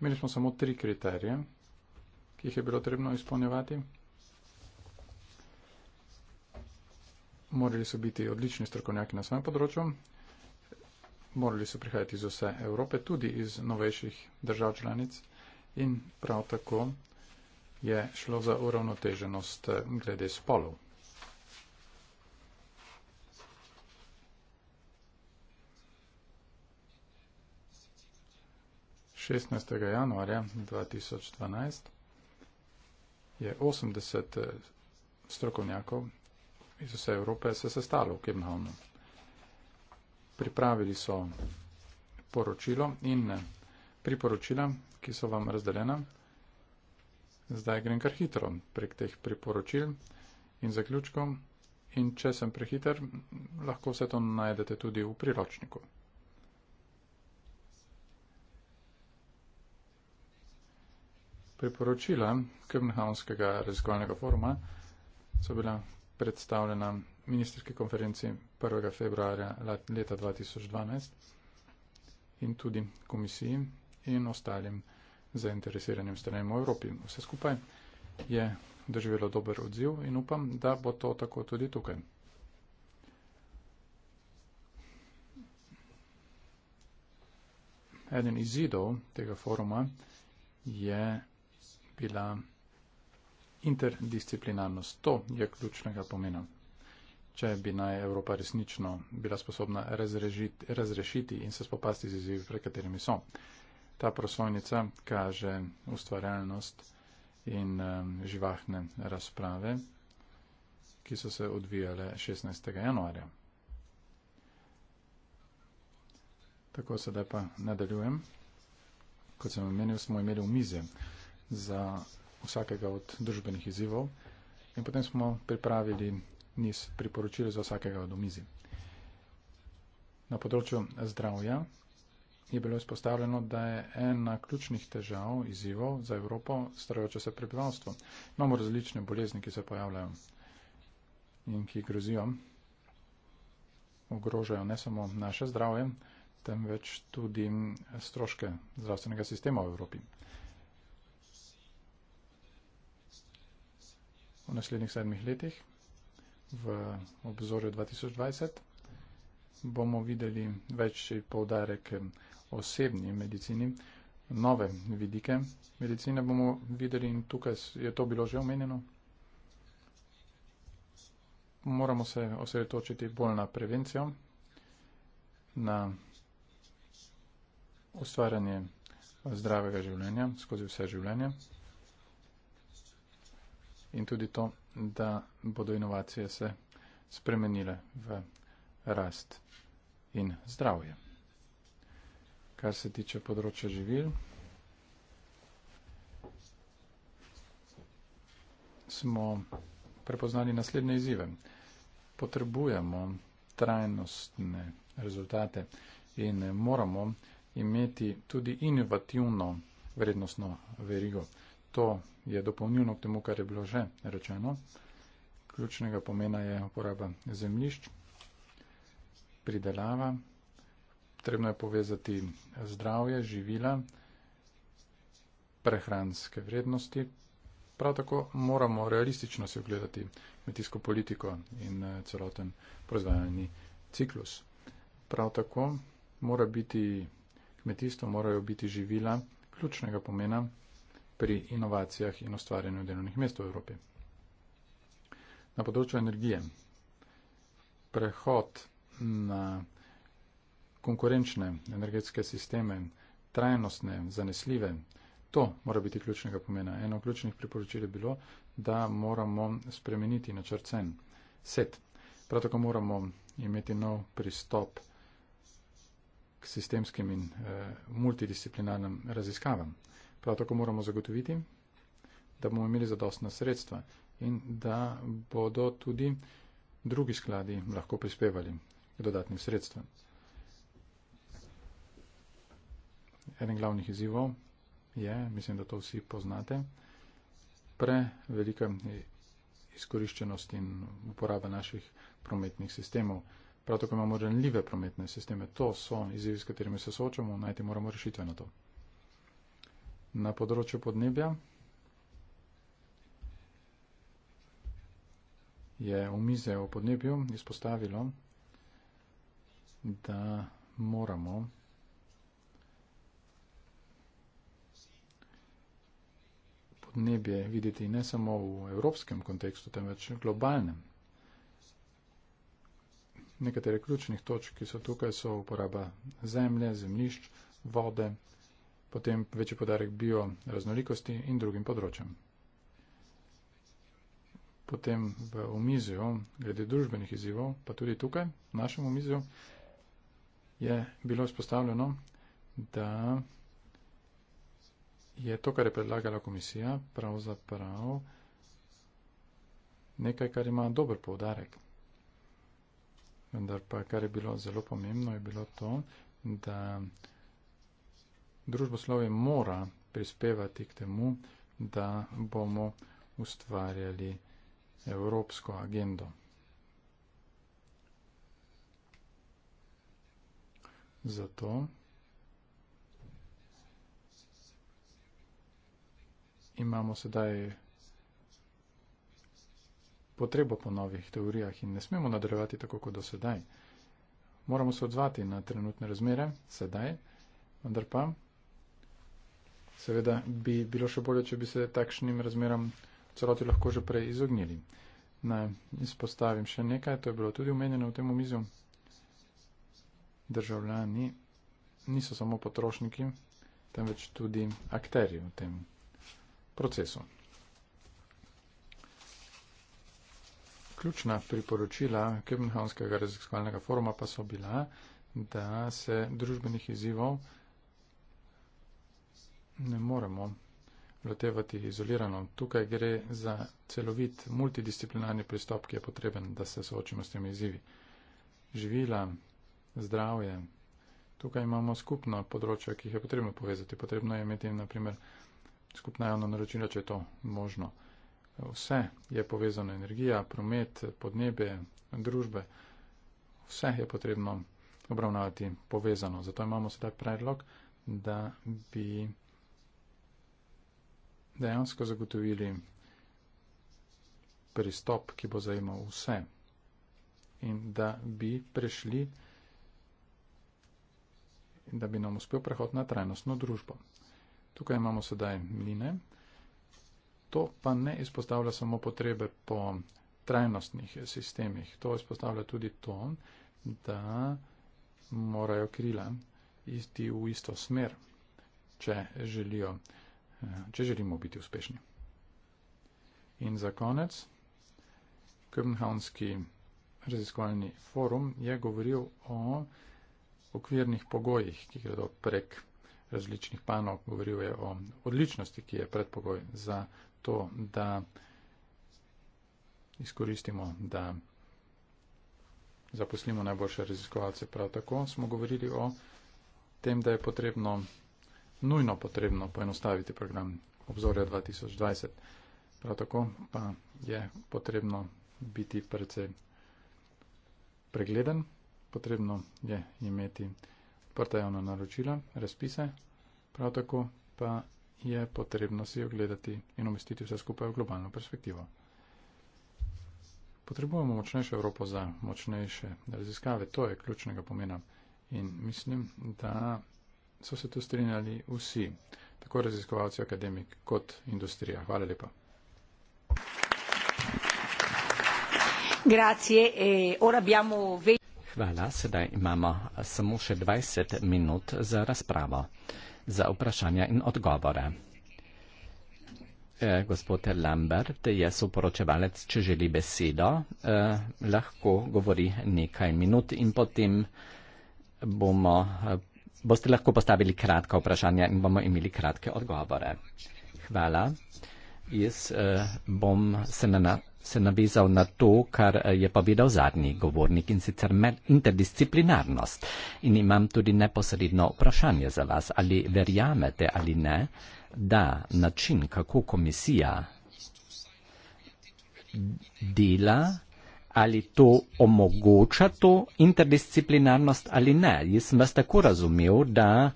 Imeli smo samo tri kriterije, ki jih je bilo trebno izpolnjevati. Morali so biti odlični strokovnjaki na svojem področju, morali so prihajati iz vse Evrope, tudi iz novejših držav članic in prav tako je šlo za uravnoteženost glede spolov. 16. januarja 2012 je 80 eh, strokovnjakov iz vse Evrope se sestalo v Kemnhavnu. Pripravili so poročilo in eh, priporočila, ki so vam razdeljena. Zdaj grem kar hitro prek teh priporočil in zaključkov. In če sem prehiter, lahko vse to najdete tudi v priročniku. priporočila Kebnhavnskega raziskovalnega foruma so bila predstavljena ministerski konferenci 1. februarja leta 2012 in tudi komisiji in ostalim zainteresiranim stranem v Evropi. Vse skupaj je doživelo dober odziv in upam, da bo to tako tudi tukaj. Eden izidov tega foruma je bila interdisciplinarnost. To je ključnega pomena. Če bi naj Evropa resnično bila sposobna razrežiti, razrešiti in se spopasti z izzivi, pred katerimi so. Ta prosojnica kaže ustvarjalnost in um, živahne razprave, ki so se odvijale 16. januarja. Tako sedaj pa nadaljujem. Kot sem omenil, smo imeli v mize za vsakega od družbenih izzivov in potem smo pripravili niz priporočil za vsakega od omizij. Na področju zdravja je bilo izpostavljeno, da je ena ključnih težav, izzivov za Evropo starajoče se prebivalstvo. Imamo različne bolezni, ki se pojavljajo in ki grozijo, ogrožajo ne samo naše zdravje, temveč tudi stroške zdravstvenega sistema v Evropi. v naslednjih sedmih letih, v obzorju 2020, bomo videli večji povdarek osebni medicini, nove vidike medicine bomo videli in tukaj je to bilo že omenjeno. Moramo se osredotočiti bolj na prevencijo, na ustvarjanje zdravega življenja skozi vse življenje in tudi to, da bodo inovacije se spremenile v rast in zdravje. Kar se tiče področja živil, smo prepoznali naslednje izzive. Potrebujemo trajnostne rezultate in moramo imeti tudi inovativno vrednostno verigo to je dopolnilno k temu, kar je bilo že rečeno. Ključnega pomena je uporaba zemljišč, pridelava, trebno je povezati zdravje, živila, prehranske vrednosti. Prav tako moramo realistično se ogledati kmetijsko politiko in eh, celoten proizvajalni ciklus. Prav tako mora biti kmetijstvo, morajo biti živila ključnega pomena pri inovacijah in ustvarjanju delovnih mest v Evropi. Na področju energije. Prehod na konkurenčne energetske sisteme, trajnostne, zanesljive, to mora biti ključnega pomena. Eno ključnih priporočil je bilo, da moramo spremeniti načrt cen. Set. Prav tako moramo imeti nov pristop k sistemskim in e, multidisciplinarnim raziskavam. Prav tako moramo zagotoviti, da bomo imeli zadostna sredstva in da bodo tudi drugi skladi lahko prispevali k dodatnim sredstvom. Eden glavnih izzivov je, mislim, da to vsi poznate, prevelika izkoriščenost in uporaba naših prometnih sistemov. Prav tako imamo ranljive prometne sisteme. To so izzivi, s katerimi se soočamo, najti moramo rešitve na to na področju podnebja. Je omize o podnebju izpostavilo, da moramo podnebje videti ne samo v evropskem kontekstu, temveč globalnem. Nekatere ključnih točk, ki so tukaj, so uporaba zemlje, zemlišč, vode, potem večji podarek bio raznolikosti in drugim področjem. Potem v omizju, glede družbenih izzivov, pa tudi tukaj, v našem omizju, je bilo izpostavljeno, da je to, kar je predlagala komisija, pravzaprav nekaj, kar ima dober povdarek. Vendar pa, kar je bilo zelo pomembno, je bilo to, da Družboslovje mora prispevati k temu, da bomo ustvarjali evropsko agendo. Zato imamo sedaj potrebo po novih teorijah in ne smemo nadaljevati tako kot do sedaj. Moramo se odzvati na trenutne razmere sedaj, vendar pa Seveda bi bilo še bolje, če bi se takšnim razmeram celoti lahko že prej izognili. Naj izpostavim še nekaj, to je bilo tudi omenjeno v tem omizu. Državljani niso samo potrošniki, temveč tudi akteri v tem procesu. Ključna priporočila Kebenhavnskega raziskovalnega foruma pa so bila, da se družbenih izzivov ne moremo lotevati izolirano. Tukaj gre za celovit multidisciplinarni pristop, ki je potreben, da se soočimo s temi izzivi. Živila, zdravje. Tukaj imamo skupno področje, ki jih je potrebno povezati. Potrebno je imeti, naprimer, skupna javna naročila, če je to možno. Vse je povezano, energija, promet, podnebje, družbe. Vse je potrebno obravnavati povezano. Zato imamo sedaj predlog, da bi dejansko zagotovili pristop, ki bo zajemal vse in da bi prešli in da bi nam uspel prehod na trajnostno družbo. Tukaj imamo sedaj mline. To pa ne izpostavlja samo potrebe po trajnostnih sistemih. To izpostavlja tudi to, da morajo krila iti v isto smer, če želijo če želimo biti uspešni. In za konec, Kopenhavnski raziskovalni forum je govoril o okvirnih pogojih, ki gredo prek različnih panov, govoril je o odličnosti, ki je predpogoj za to, da izkoristimo, da zaposlimo najboljše raziskovalce. Prav tako smo govorili o tem, da je potrebno nujno potrebno poenostaviti program obzorja 2020. Prav tako pa je potrebno biti precej pregleden, potrebno je imeti prta javna naročila, razpise, prav tako pa je potrebno si ogledati in umestiti vse skupaj v globalno perspektivo. Potrebujemo močnejšo Evropo za močnejše raziskave, to je ključnega pomena. In mislim, da so se tu strinjali vsi, tako raziskovalci, akademik kot industrija. Hvala lepa. E Hvala, sedaj imamo samo še 20 minut za razpravo, za vprašanja in odgovore. E, gospod Lambert je soporočevalec, če želi besedo, e, lahko govori nekaj minut in potem bomo boste lahko postavili kratka vprašanja in bomo imeli kratke odgovore. Hvala. Jaz eh, bom se, na, se navezal na to, kar eh, je povedal zadnji govornik in sicer med interdisciplinarnost. In imam tudi neposredno vprašanje za vas, ali verjamete ali ne, da način, kako komisija dela, ali to omogoča to interdisciplinarnost ali ne. Jaz sem vas tako razumel, da,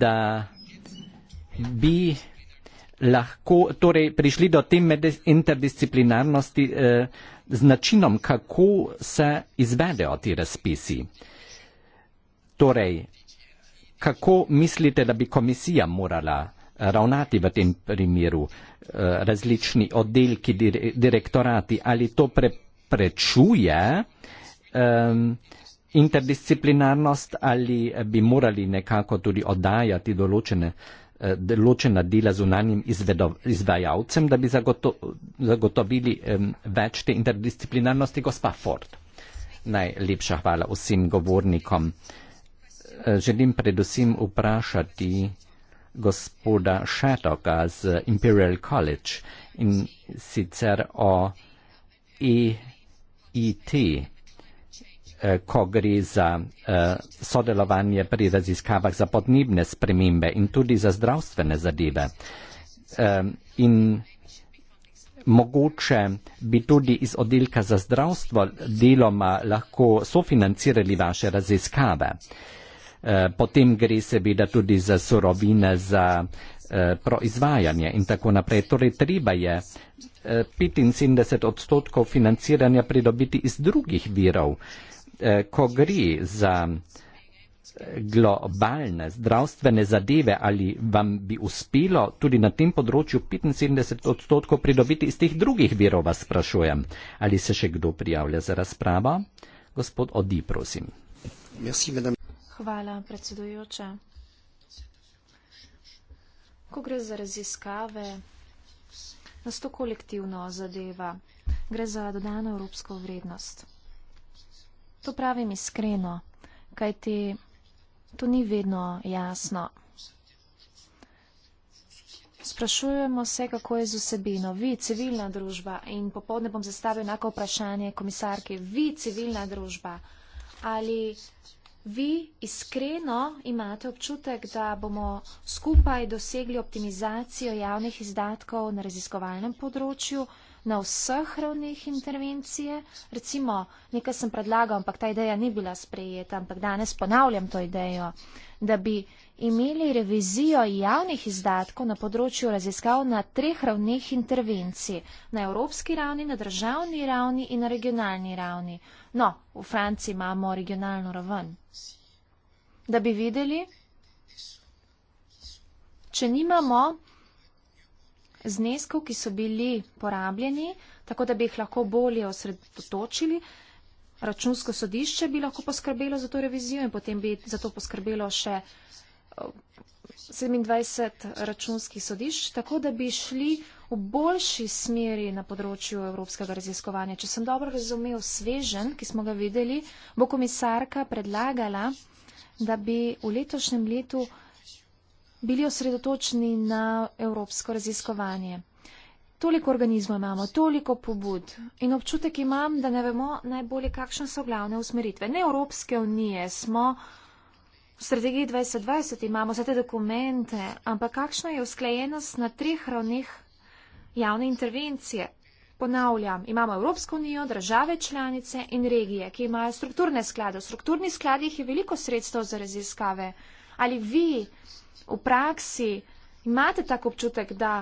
da bi lahko torej, prišli do te interdisciplinarnosti eh, z načinom, kako se izvedejo ti razpisi. Torej, kako mislite, da bi komisija morala ravnati v tem primeru eh, različni oddelki, direktorati, ali to preprečuje ehm, interdisciplinarnost ali eh, bi morali nekako tudi oddajati določene, eh, določena dela zunanjim izvajalcem, da bi zagoto, zagotovili ehm, več te interdisciplinarnosti, gospa Ford. Najlepša hvala vsem govornikom. Želim predvsem vprašati, gospoda Šetoka z Imperial College in sicer o EET, eh, ko gre za eh, sodelovanje pri raziskavah za podnebne spremembe in tudi za zdravstvene zadeve. Eh, in mogoče bi tudi iz oddelka za zdravstvo deloma lahko sofinancirali vaše raziskave. Eh, potem gre seveda tudi za surovine, za eh, proizvajanje in tako naprej. Torej, treba je 75 eh, odstotkov financiranja pridobiti iz drugih virov. Ko gre za globalne zdravstvene zadeve, ali vam bi uspelo tudi na tem področju 75 odstotkov pridobiti iz teh drugih virov, vas sprašujem. Ali se še kdo prijavlja za razpravo? Gospod Odi, prosim. Merci, madame. Hvala, predsedujoča. Ko gre za raziskave, nas to kolektivno zadeva. Gre za dodano evropsko vrednost. To pravim iskreno, kajti to ni vedno jasno. Sprašujemo se, kako je z vsebino. Vi, civilna družba, in popovdne bom zastavil enako vprašanje komisarke, vi, civilna družba, ali vi iskreno imate občutek, da bomo skupaj dosegli optimizacijo javnih izdatkov na raziskovalnem področju, na vseh ravnih intervencije. Recimo, nekaj sem predlagal, ampak ta ideja ni bila sprejeta, ampak danes ponavljam to idejo, da bi imeli revizijo javnih izdatkov na področju raziskav na treh ravneh intervencij. Na evropski ravni, na državni ravni in na regionalni ravni. No, v Franciji imamo regionalno raven. Da bi videli, če nimamo zneskov, ki so bili porabljeni, tako da bi jih lahko bolje osredotočili, računsko sodišče bi lahko poskrbelo za to revizijo in potem bi za to poskrbelo še 27 eh, računskih sodišč, tako da bi šli v boljši smeri na področju evropskega raziskovanja. Če sem dobro razumel svežen, ki smo ga videli, bo komisarka predlagala, da bi v letošnjem letu bili osredotočeni na evropsko raziskovanje. Toliko organizmov imamo, toliko pobud in občutek imam, da ne vemo najbolje, kakšne so glavne usmeritve. Ne Evropske unije smo. V strategiji 2020 imamo vse te dokumente, ampak kakšna je usklajenost na treh ravneh javne intervencije. Ponavljam, imamo Evropsko unijo, države članice in regije, ki imajo strukturne sklade. V strukturnih skladih je veliko sredstev za raziskave. Ali vi v praksi imate tak občutek, da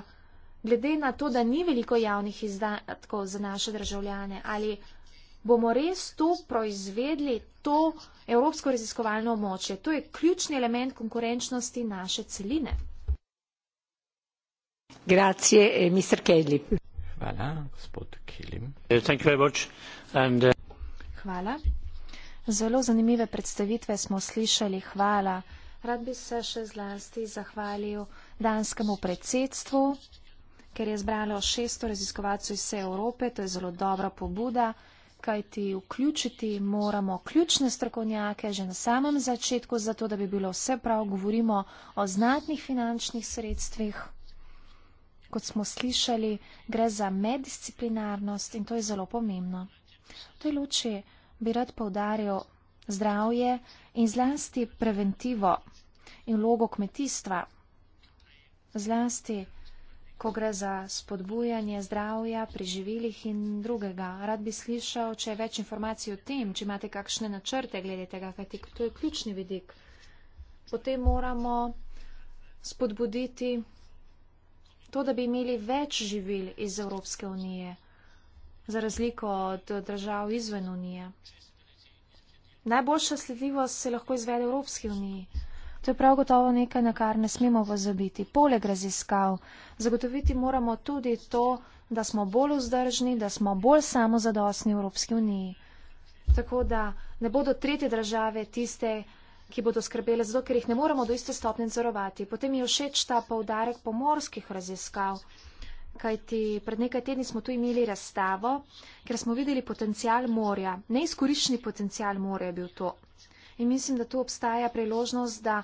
glede na to, da ni veliko javnih izdatkov za naše državljane, ali bomo res to proizvedli, to Evropsko raziskovalno območje? To je ključni element konkurenčnosti naše celine. Grazie, eh, Mr. Kelly. Hvala, gospod Kelly. Uh, thank you very much. And, uh... Hvala. Zelo zanimive predstavitve smo slišali. Hvala. Rad bi se še zlasti zahvalil danskemu predsedstvu, ker je zbralo 600 raziskovalcev iz vse Evrope. To je zelo dobra pobuda, kajti vključiti moramo ključne strokovnjake že na samem začetku, zato da bi bilo vse prav. Govorimo o znatnih finančnih sredstvih. Kot smo slišali, gre za meddisciplinarnost in to je zelo pomembno. V tej luči bi rad povdaril zdravje in zlasti preventivo in logo kmetijstva. Zlasti, ko gre za spodbujanje zdravja pri živilih in drugega. Rad bi slišal, če je več informacij o tem, če imate kakšne načrte glede tega, kajti to je ključni vidik. Potem moramo spodbuditi to, da bi imeli več živil iz Evropske unije, za razliko od držav izven unije. Najboljša sledljivost se lahko izvede v Evropski uniji. To je prav gotovo nekaj, na kar ne smemo pozabiti. Poleg raziskav, zagotoviti moramo tudi to, da smo bolj vzdržni, da smo bolj samozadostni v Evropski uniji. Tako da ne bodo tretje države tiste, ki bodo skrbele zato, ker jih ne moramo do iste stopnje nadzorovati. Potem mi je všeč ta povdarek pomorskih raziskav, kajti pred nekaj tedni smo tu imeli razstavo, ker smo videli potencial morja. Neizkoriščni potencial morja je bil to. In mislim, da tu obstaja priložnost, da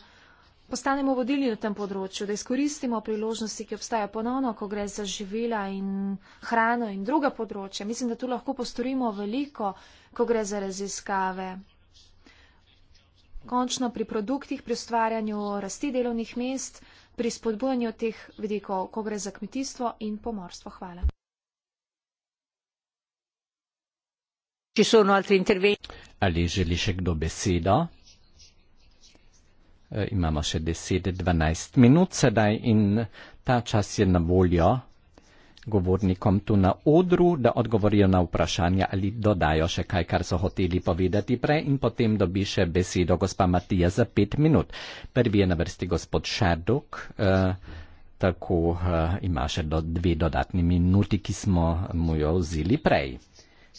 postanemo vodilni na tem področju, da izkoristimo priložnosti, ki obstajajo ponovno, ko gre za živila in hrano in druga področja. Mislim, da tu lahko postorimo veliko, ko gre za raziskave končno pri produktih, pri ustvarjanju rasti delovnih mest, pri spodbujanju teh vidikov, ko gre za kmetijstvo in pomorstvo. Hvala. Ali želi še kdo besedo? E, imamo še 10-12 minut sedaj in ta čas je na voljo govornikom tu na odru, da odgovorijo na vprašanja ali dodajo še kaj, kar so hoteli povedati prej in potem dobi še besedo gospa Matija za pet minut. Prvi je na vrsti gospod Šerduk, eh, tako eh, ima še do dve dodatni minuti, ki smo mu jo vzeli prej.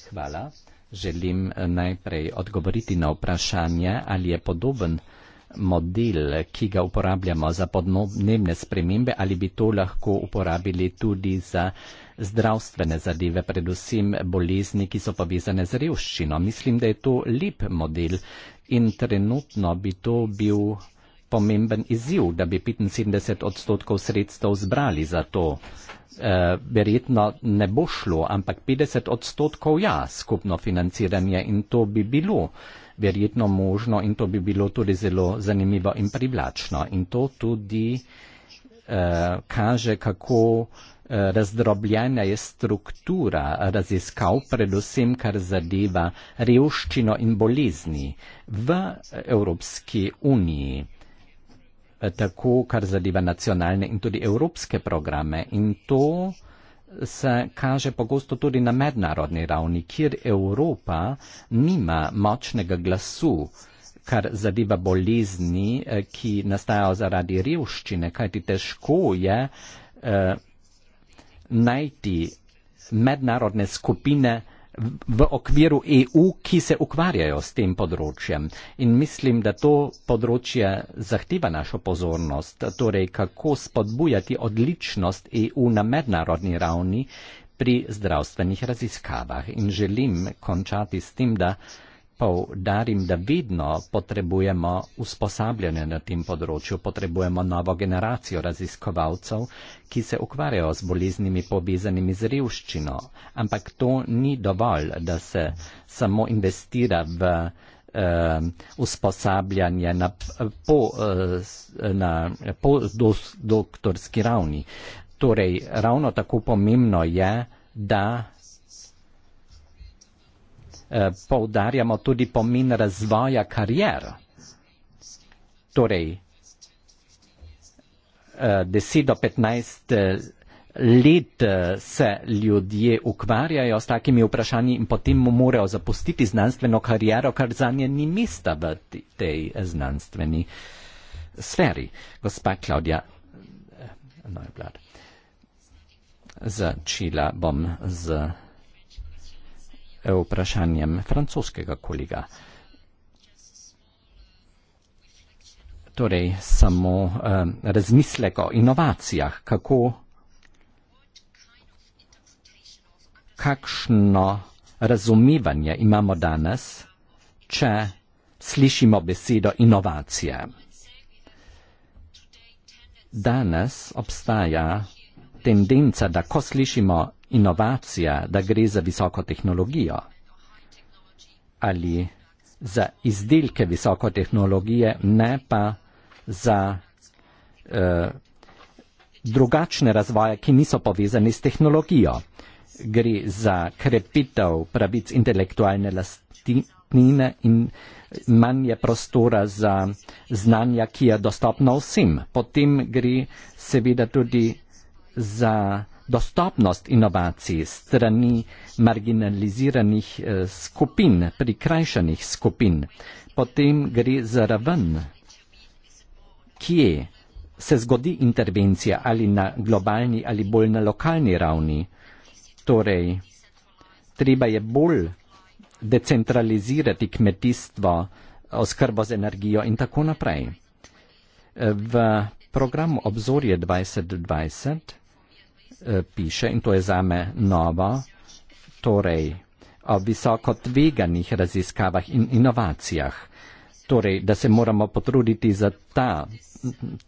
Hvala. Želim eh, najprej odgovoriti na vprašanje, ali je podoben model, ki ga uporabljamo za podnebne spremembe, ali bi to lahko uporabili tudi za zdravstvene zadeve, predvsem bolezni, ki so povezane z revščino. Mislim, da je to lep model in trenutno bi to bil pomemben izziv, da bi 75 odstotkov sredstev zbrali za to. Eh, verjetno ne bo šlo, ampak 50 odstotkov ja, skupno financiranje in to bi bilo verjetno možno in to bi bilo tudi zelo zanimivo in privlačno. In to tudi eh, kaže, kako eh, razdrobljena je struktura raziskav, predvsem kar zadeva revščino in bolezni v Evropski uniji eh, tako, kar zadeva nacionalne in tudi evropske programe. In to se kaže pogosto tudi na mednarodni ravni, kjer Evropa nima močnega glasu, kar zadeva bolezni, eh, ki nastajajo zaradi revščine, kajti težko je eh, najti mednarodne skupine, v okviru EU, ki se ukvarjajo s tem področjem. In mislim, da to področje zahteva našo pozornost, torej kako spodbujati odličnost EU na mednarodni ravni pri zdravstvenih raziskavah. In želim končati s tem, da poudarim, da vedno potrebujemo usposabljanje na tem področju, potrebujemo novo generacijo raziskovalcev, ki se ukvarjajo z boleznimi povezanimi z revščino. Ampak to ni dovolj, da se samo investira v eh, usposabljanje na, po, eh, na po doktorski ravni. Torej, ravno tako pomembno je, da Eh, poudarjamo tudi pomen razvoja karijer. Torej, 10 eh, do 15 eh, let se ljudje ukvarjajo s takimi vprašanji in potem morajo zapustiti znanstveno karijero, kar za nje ni mesta v tej znanstveni sferi. Gospa Klaudija Neublad, začela bom z. Za vprašanjem francoskega kolega. Torej, samo eh, razmislek o inovacijah, kako, kakšno razumevanje imamo danes, če slišimo besedo inovacije. Danes obstaja tendenca, da ko slišimo inovacija, da gre za visoko tehnologijo ali za izdelke visoko tehnologije, ne pa za eh, drugačne razvoje, ki niso povezani s tehnologijo. Gre za krepitev pravic intelektualne lastnine in manj je prostora za znanja, ki je dostopno vsem. Potem gre seveda tudi za dostopnost inovacij strani marginaliziranih eh, skupin, prikrajšanih skupin. Potem gre za raven, kje se zgodi intervencija ali na globalni ali bolj na lokalni ravni. Torej, treba je bolj decentralizirati kmetijstvo, oskrbo z energijo in tako naprej. Eh, v programu Obzorje 2020 Eh, piše, in to je zame novo, torej o visoko tveganih raziskavah in inovacijah. Torej, da se moramo potruditi za ta,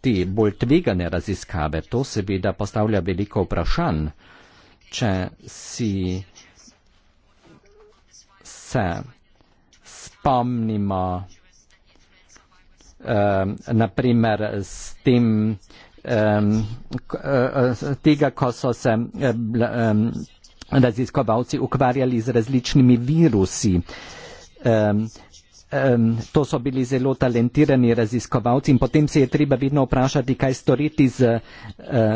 te bolj tvegane raziskave, to seveda postavlja veliko vprašanj, če si se spomnimo, eh, naprimer, s tem, eh, um, tega, ko so se um, raziskovalci ukvarjali z različnimi virusi. Um, um, to so bili zelo talentirani raziskovalci in potem se je treba vedno vprašati, kaj storiti z uh,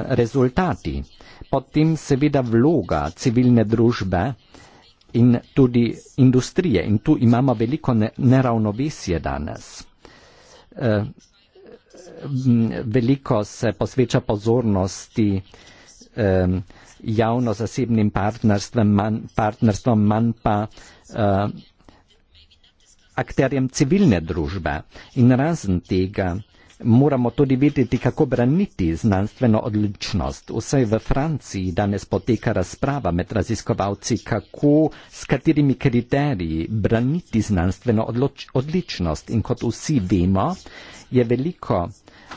rezultati. Potem seveda vloga civilne družbe in tudi industrije. In tu imamo veliko ne, neravnovesje danes. Uh, veliko se posveča pozornosti eh, javno-zasebnim partnerstvom, manj, partnerstvom, manj pa eh, akterjem civilne družbe. In razen tega moramo tudi videti, kako braniti znanstveno odličnost. Vse v Franciji danes poteka razprava med raziskovalci, kako, s katerimi kriteriji braniti znanstveno odloč, odličnost. In kot vsi vemo, je veliko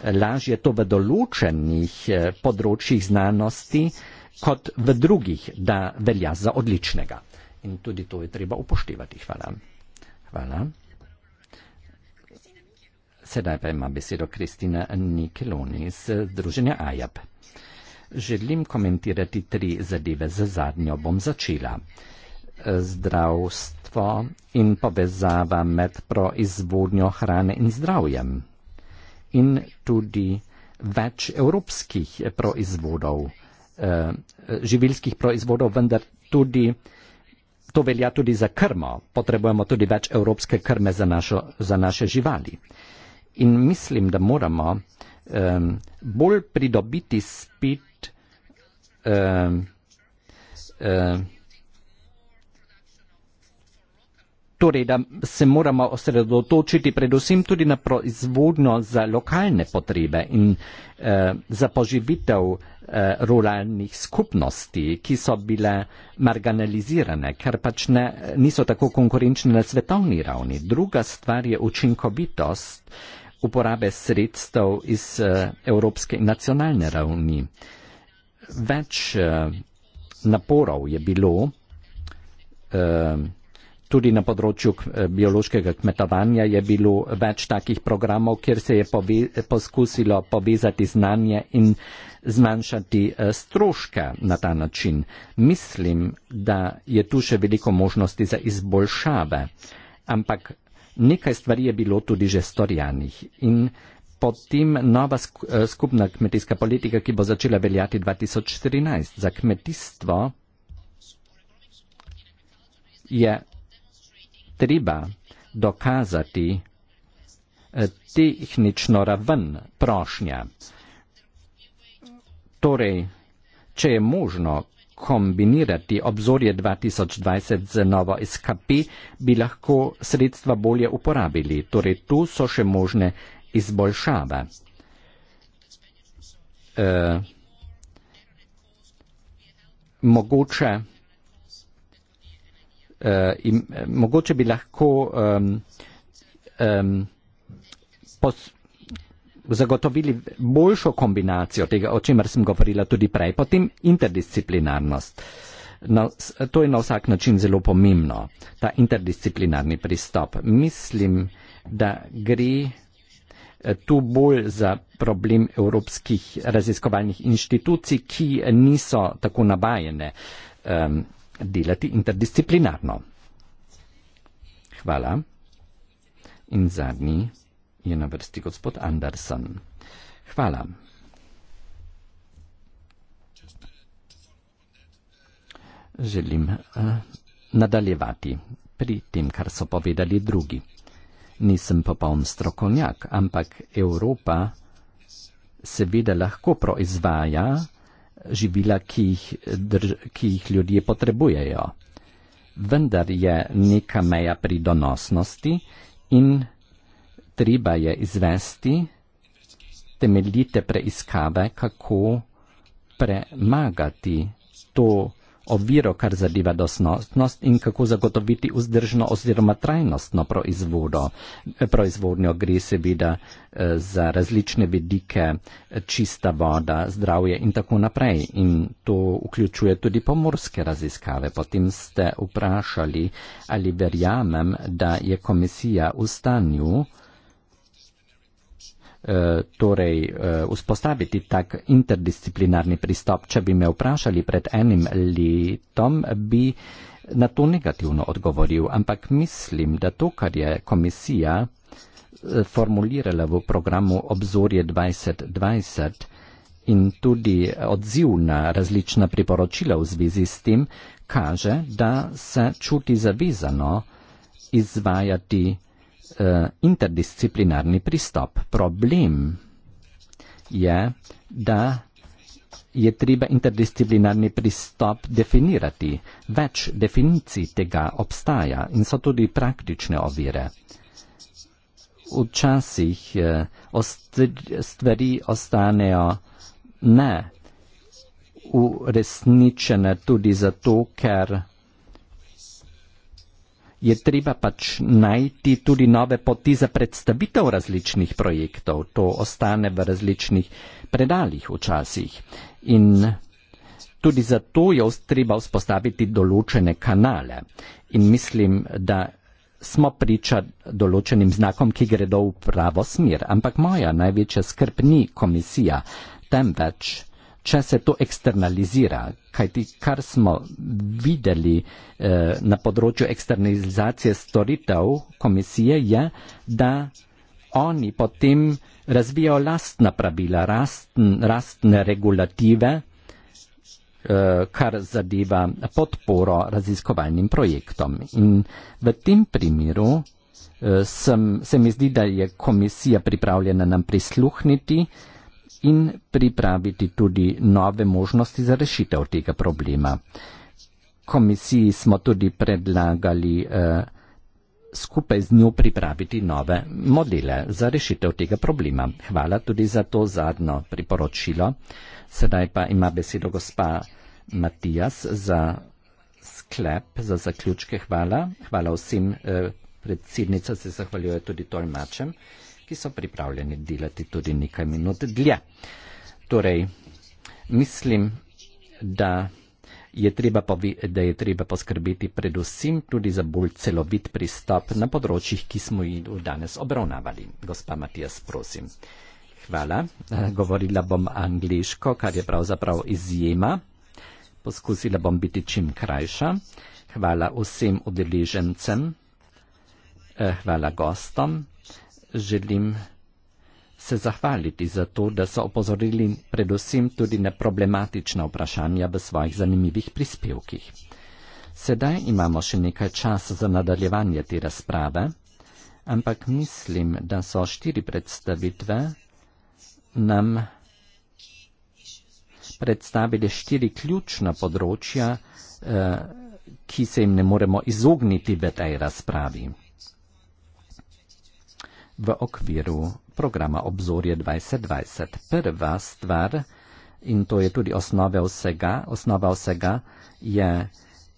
lažje to v določenih eh, področjih znanosti, kot v drugih, da velja za odličnega. In tudi to je treba upoštevati. Hvala. Hvala. Sedaj pa ima besedo Kristina Nikeloni iz eh, Združenja AJAP. Želim komentirati tri zadeve. Za zadnjo bom začela. Zdravstvo in povezava med proizvodnjo hrane in zdravjem in tudi več evropskih proizvodov, eh, živilskih proizvodov, vendar tudi to velja tudi za krmo. Potrebujemo tudi več evropske krme za, našo, za naše živali. In mislim, da moramo eh, bolj pridobiti spit eh, eh, torej da se moramo osredotočiti predvsem tudi na proizvodno za lokalne potrebe in eh, za poživitev eh, ruralnih skupnosti, ki so bile marginalizirane, ker pač ne, niso tako konkurenčne na svetovni ravni. Druga stvar je učinkovitost uporabe sredstev iz eh, evropske in nacionalne ravni. Več eh, naporov je bilo. Eh, tudi na področju eh, biološkega kmetovanja je bilo več takih programov, kjer se je povi, poskusilo povezati znanje in zmanjšati eh, stroške na ta način. Mislim, da je tu še veliko možnosti za izboljšave, ampak nekaj stvari je bilo tudi že storjanih. In potem nova eh, skupna kmetijska politika, ki bo začela veljati 2014 za kmetijstvo, je treba dokazati eh, tehnično raven prošnja. Torej, če je možno kombinirati obzorje 2020 z novo SKP, bi lahko sredstva bolje uporabili. Torej, tu so še možne izboljšave. E, mogoče uh, in, eh, mogoče bi lahko um, um, pos, zagotovili boljšo kombinacijo tega, o čemer sem govorila tudi prej, potem interdisciplinarnost. Na, to je na vsak način zelo pomembno, ta interdisciplinarni pristop. Mislim, da gre eh, tu bolj za problem evropskih raziskovalnih inštitucij, ki niso tako nabajene. Um, delati interdisciplinarno. Hvala. In zadnji je na vrsti gospod Andersen. Hvala. Želim uh, nadaljevati pri tem, kar so povedali drugi. Nisem popoln strokovnjak, ampak Evropa seveda lahko proizvaja živila, ki jih, drž, ki jih ljudje potrebujejo. Vendar je neka meja pri donosnosti in treba je izvesti temeljite preiskave, kako premagati to, oviro, kar zadeva dosnostnost in kako zagotoviti vzdržno oziroma trajnostno proizvodo. Eh, proizvodnjo gre seveda eh, za različne vedike, eh, čista voda, zdravje in tako naprej. In to vključuje tudi pomorske raziskave. Potem ste vprašali, ali verjamem, da je komisija v stanju, Eh, torej eh, vzpostaviti tak interdisciplinarni pristop. Če bi me vprašali pred enim letom, bi na to negativno odgovoril, ampak mislim, da to, kar je komisija eh, formulirala v programu Obzorje 2020 in tudi odziv na različna priporočila v zvezi s tem, kaže, da se čuti zavezano izvajati uh, interdisciplinarni pristop. Problem je, da je treba interdisciplinarni pristop definirati. Več definicij tega obstaja in so tudi praktične ovire. Včasih eh, stvari ostanejo ne uresničene tudi zato, ker je treba pač najti tudi nove poti za predstavitev različnih projektov. To ostane v različnih predaljih včasih. In tudi zato je treba vzpostaviti določene kanale. In mislim, da smo priča določenim znakom, ki gredo v pravo smer. Ampak moja največja skrb ni komisija, temveč če se to eksternalizira, kajti kar smo videli eh, na področju eksternalizacije storitev komisije je, da oni potem razvijajo lastna pravila, rastn, rastne regulative, eh, kar zadeva podporo raziskovalnim projektom. In v tem primeru eh, sem, se mi zdi, da je komisija pripravljena nam prisluhniti, eh, in pripraviti tudi nove možnosti za rešitev tega problema. Komisiji smo tudi predlagali eh, skupaj z njo pripraviti nove modele za rešitev tega problema. Hvala tudi za to zadnjo priporočilo. Sedaj pa ima besedo gospa Matijas za sklep, za zaključke. Hvala. Hvala vsem. Eh, predsednica se zahvaljuje tudi tolmačem ki so pripravljeni delati tudi nekaj minut dlje. Torej, mislim, da je, treba da je treba poskrbeti predvsem tudi za bolj celovit pristop na področjih, ki smo jih danes obravnavali. Gospa Matijas, prosim. Hvala. Govorila bom angliško, kar je pravzaprav izjema. Poskusila bom biti čim krajša. Hvala vsem udeležencem, eh, hvala gostom želim se zahvaliti za to, da so opozorili predvsem tudi na problematična vprašanja v svojih zanimivih prispevkih. Sedaj imamo še nekaj časa za nadaljevanje te razprave, ampak mislim, da so štiri predstavitve nam predstavili štiri ključna področja, eh, ki se jim ne moremo izogniti v tej razpravi v okviru programa Obzorje 2020. Prva stvar, in to je tudi osnova vsega, osnova vsega je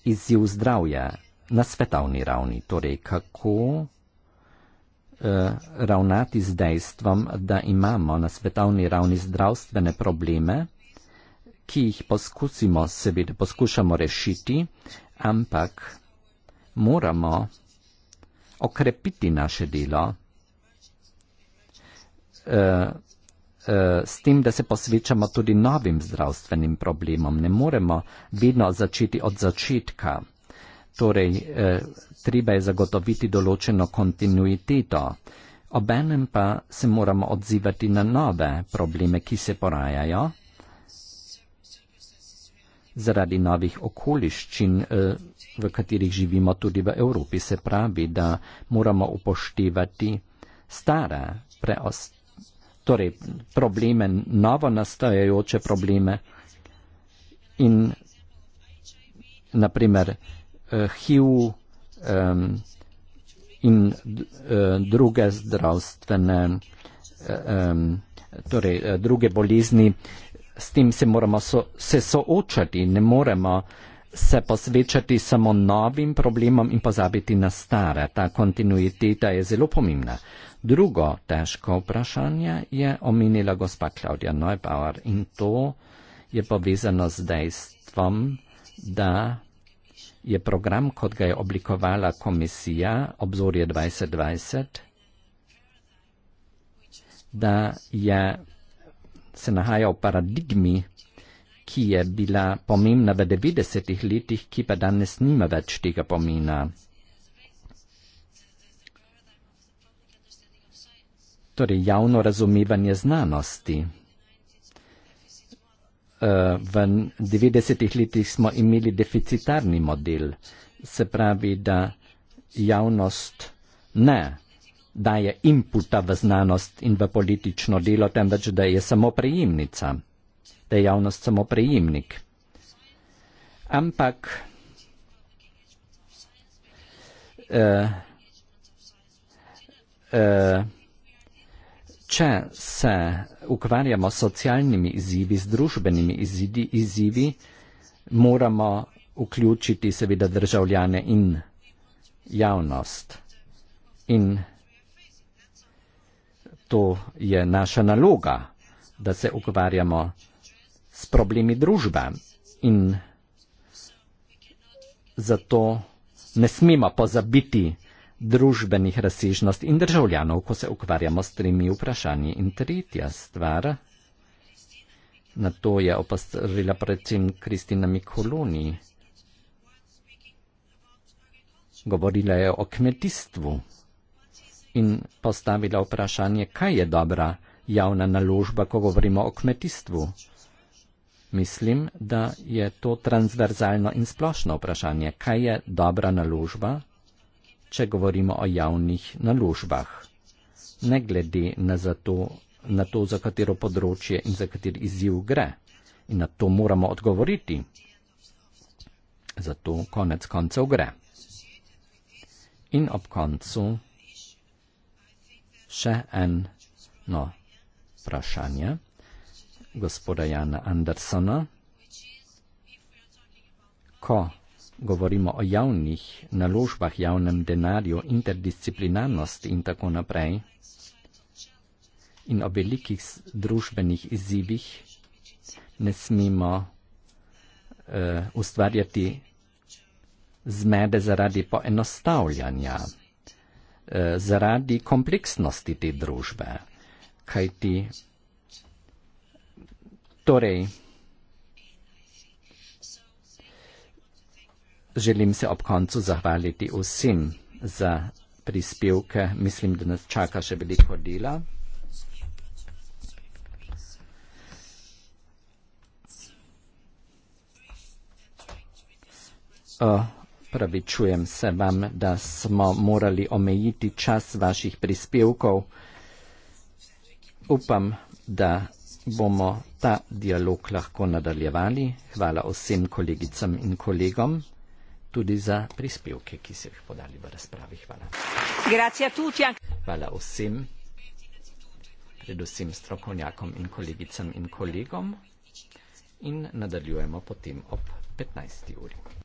izziv zdravja na svetovni ravni, torej kako eh, ravnati z dejstvom, da imamo na svetovni ravni zdravstvene probleme, ki jih poskusimo seveda, poskušamo rešiti, ampak moramo okrepiti naše delo Eh, eh, s tem, da se posvečamo tudi novim zdravstvenim problemom. Ne moremo vedno začeti od začetka. Torej, eh, treba je zagotoviti določeno kontinuiteto. Obenem pa se moramo odzivati na nove probleme, ki se porajajo. Zaradi novih okoliščin, v katerih živimo tudi v Evropi, se pravi, da moramo upoštevati stare preostale torej probleme, novo nastajajoče probleme in naprimer eh, HIV in eh, druge zdravstvene, eh, torej druge bolezni, s tem se moramo so, se soočati, ne moremo se posvečati samo novim problemom in pozabiti na stare. Ta kontinuiteta je zelo pomembna. Drugo težko vprašanje je omenila gospa Klaudija Neubauer in to je povezano z dejstvom, da je program, kot ga je oblikovala komisija Obzorje 2020, da je, se nahaja v paradigmi, ki je bila pomembna v 90-ih letih, ki pa danes nima več tega pomena. torej javno razumevanje znanosti. Eh, v 90-ih letih smo imeli deficitarni model, se pravi, da javnost ne daje inputa v znanost in v politično delo, temveč da je samo prejemnica, da je javnost samo prejemnik. Ampak eh, eh, Če se ukvarjamo s socialnimi izzivi, z družbenimi izzivi, izzivi, moramo vključiti seveda državljane in javnost. In to je naša naloga, da se ukvarjamo s problemi družbe. In zato ne smemo pozabiti družbenih razsežnosti in državljanov, ko se ukvarjamo s tremi vprašanji. In tretja stvar, na to je opozorila predvsem Kristina Mikoloni, govorila je o kmetijstvu in postavila vprašanje, kaj je dobra javna naložba, ko govorimo o kmetijstvu. Mislim, da je to transverzalno in splošno vprašanje, kaj je dobra naložba če govorimo o javnih naložbah. Ne glede na, zato, na to, za katero področje in za kateri izziv gre. In na to moramo odgovoriti. Zato konec koncev gre. In ob koncu še eno vprašanje gospoda Jana Andersona. Ko govorimo o javnih naložbah, javnem denarju, interdisciplinarnosti in tako naprej in o velikih družbenih izzivih, ne smemo uh, ustvarjati zmede zaradi poenostavljanja, uh, zaradi kompleksnosti te družbe. Kajti, torej, želim se ob koncu zahvaliti vsem za prispevke. Mislim, da nas čaka še veliko dela. Pravičujem se vam, da smo morali omejiti čas vaših prispevkov. Upam, da bomo ta dialog lahko nadaljevali. Hvala vsem kolegicam in kolegom tudi za prispevke, ki so jih podali v razpravi. Hvala. Hvala vsem, predvsem strokovnjakom in kolegicam in kolegom. In nadaljujemo potem ob 15. uri.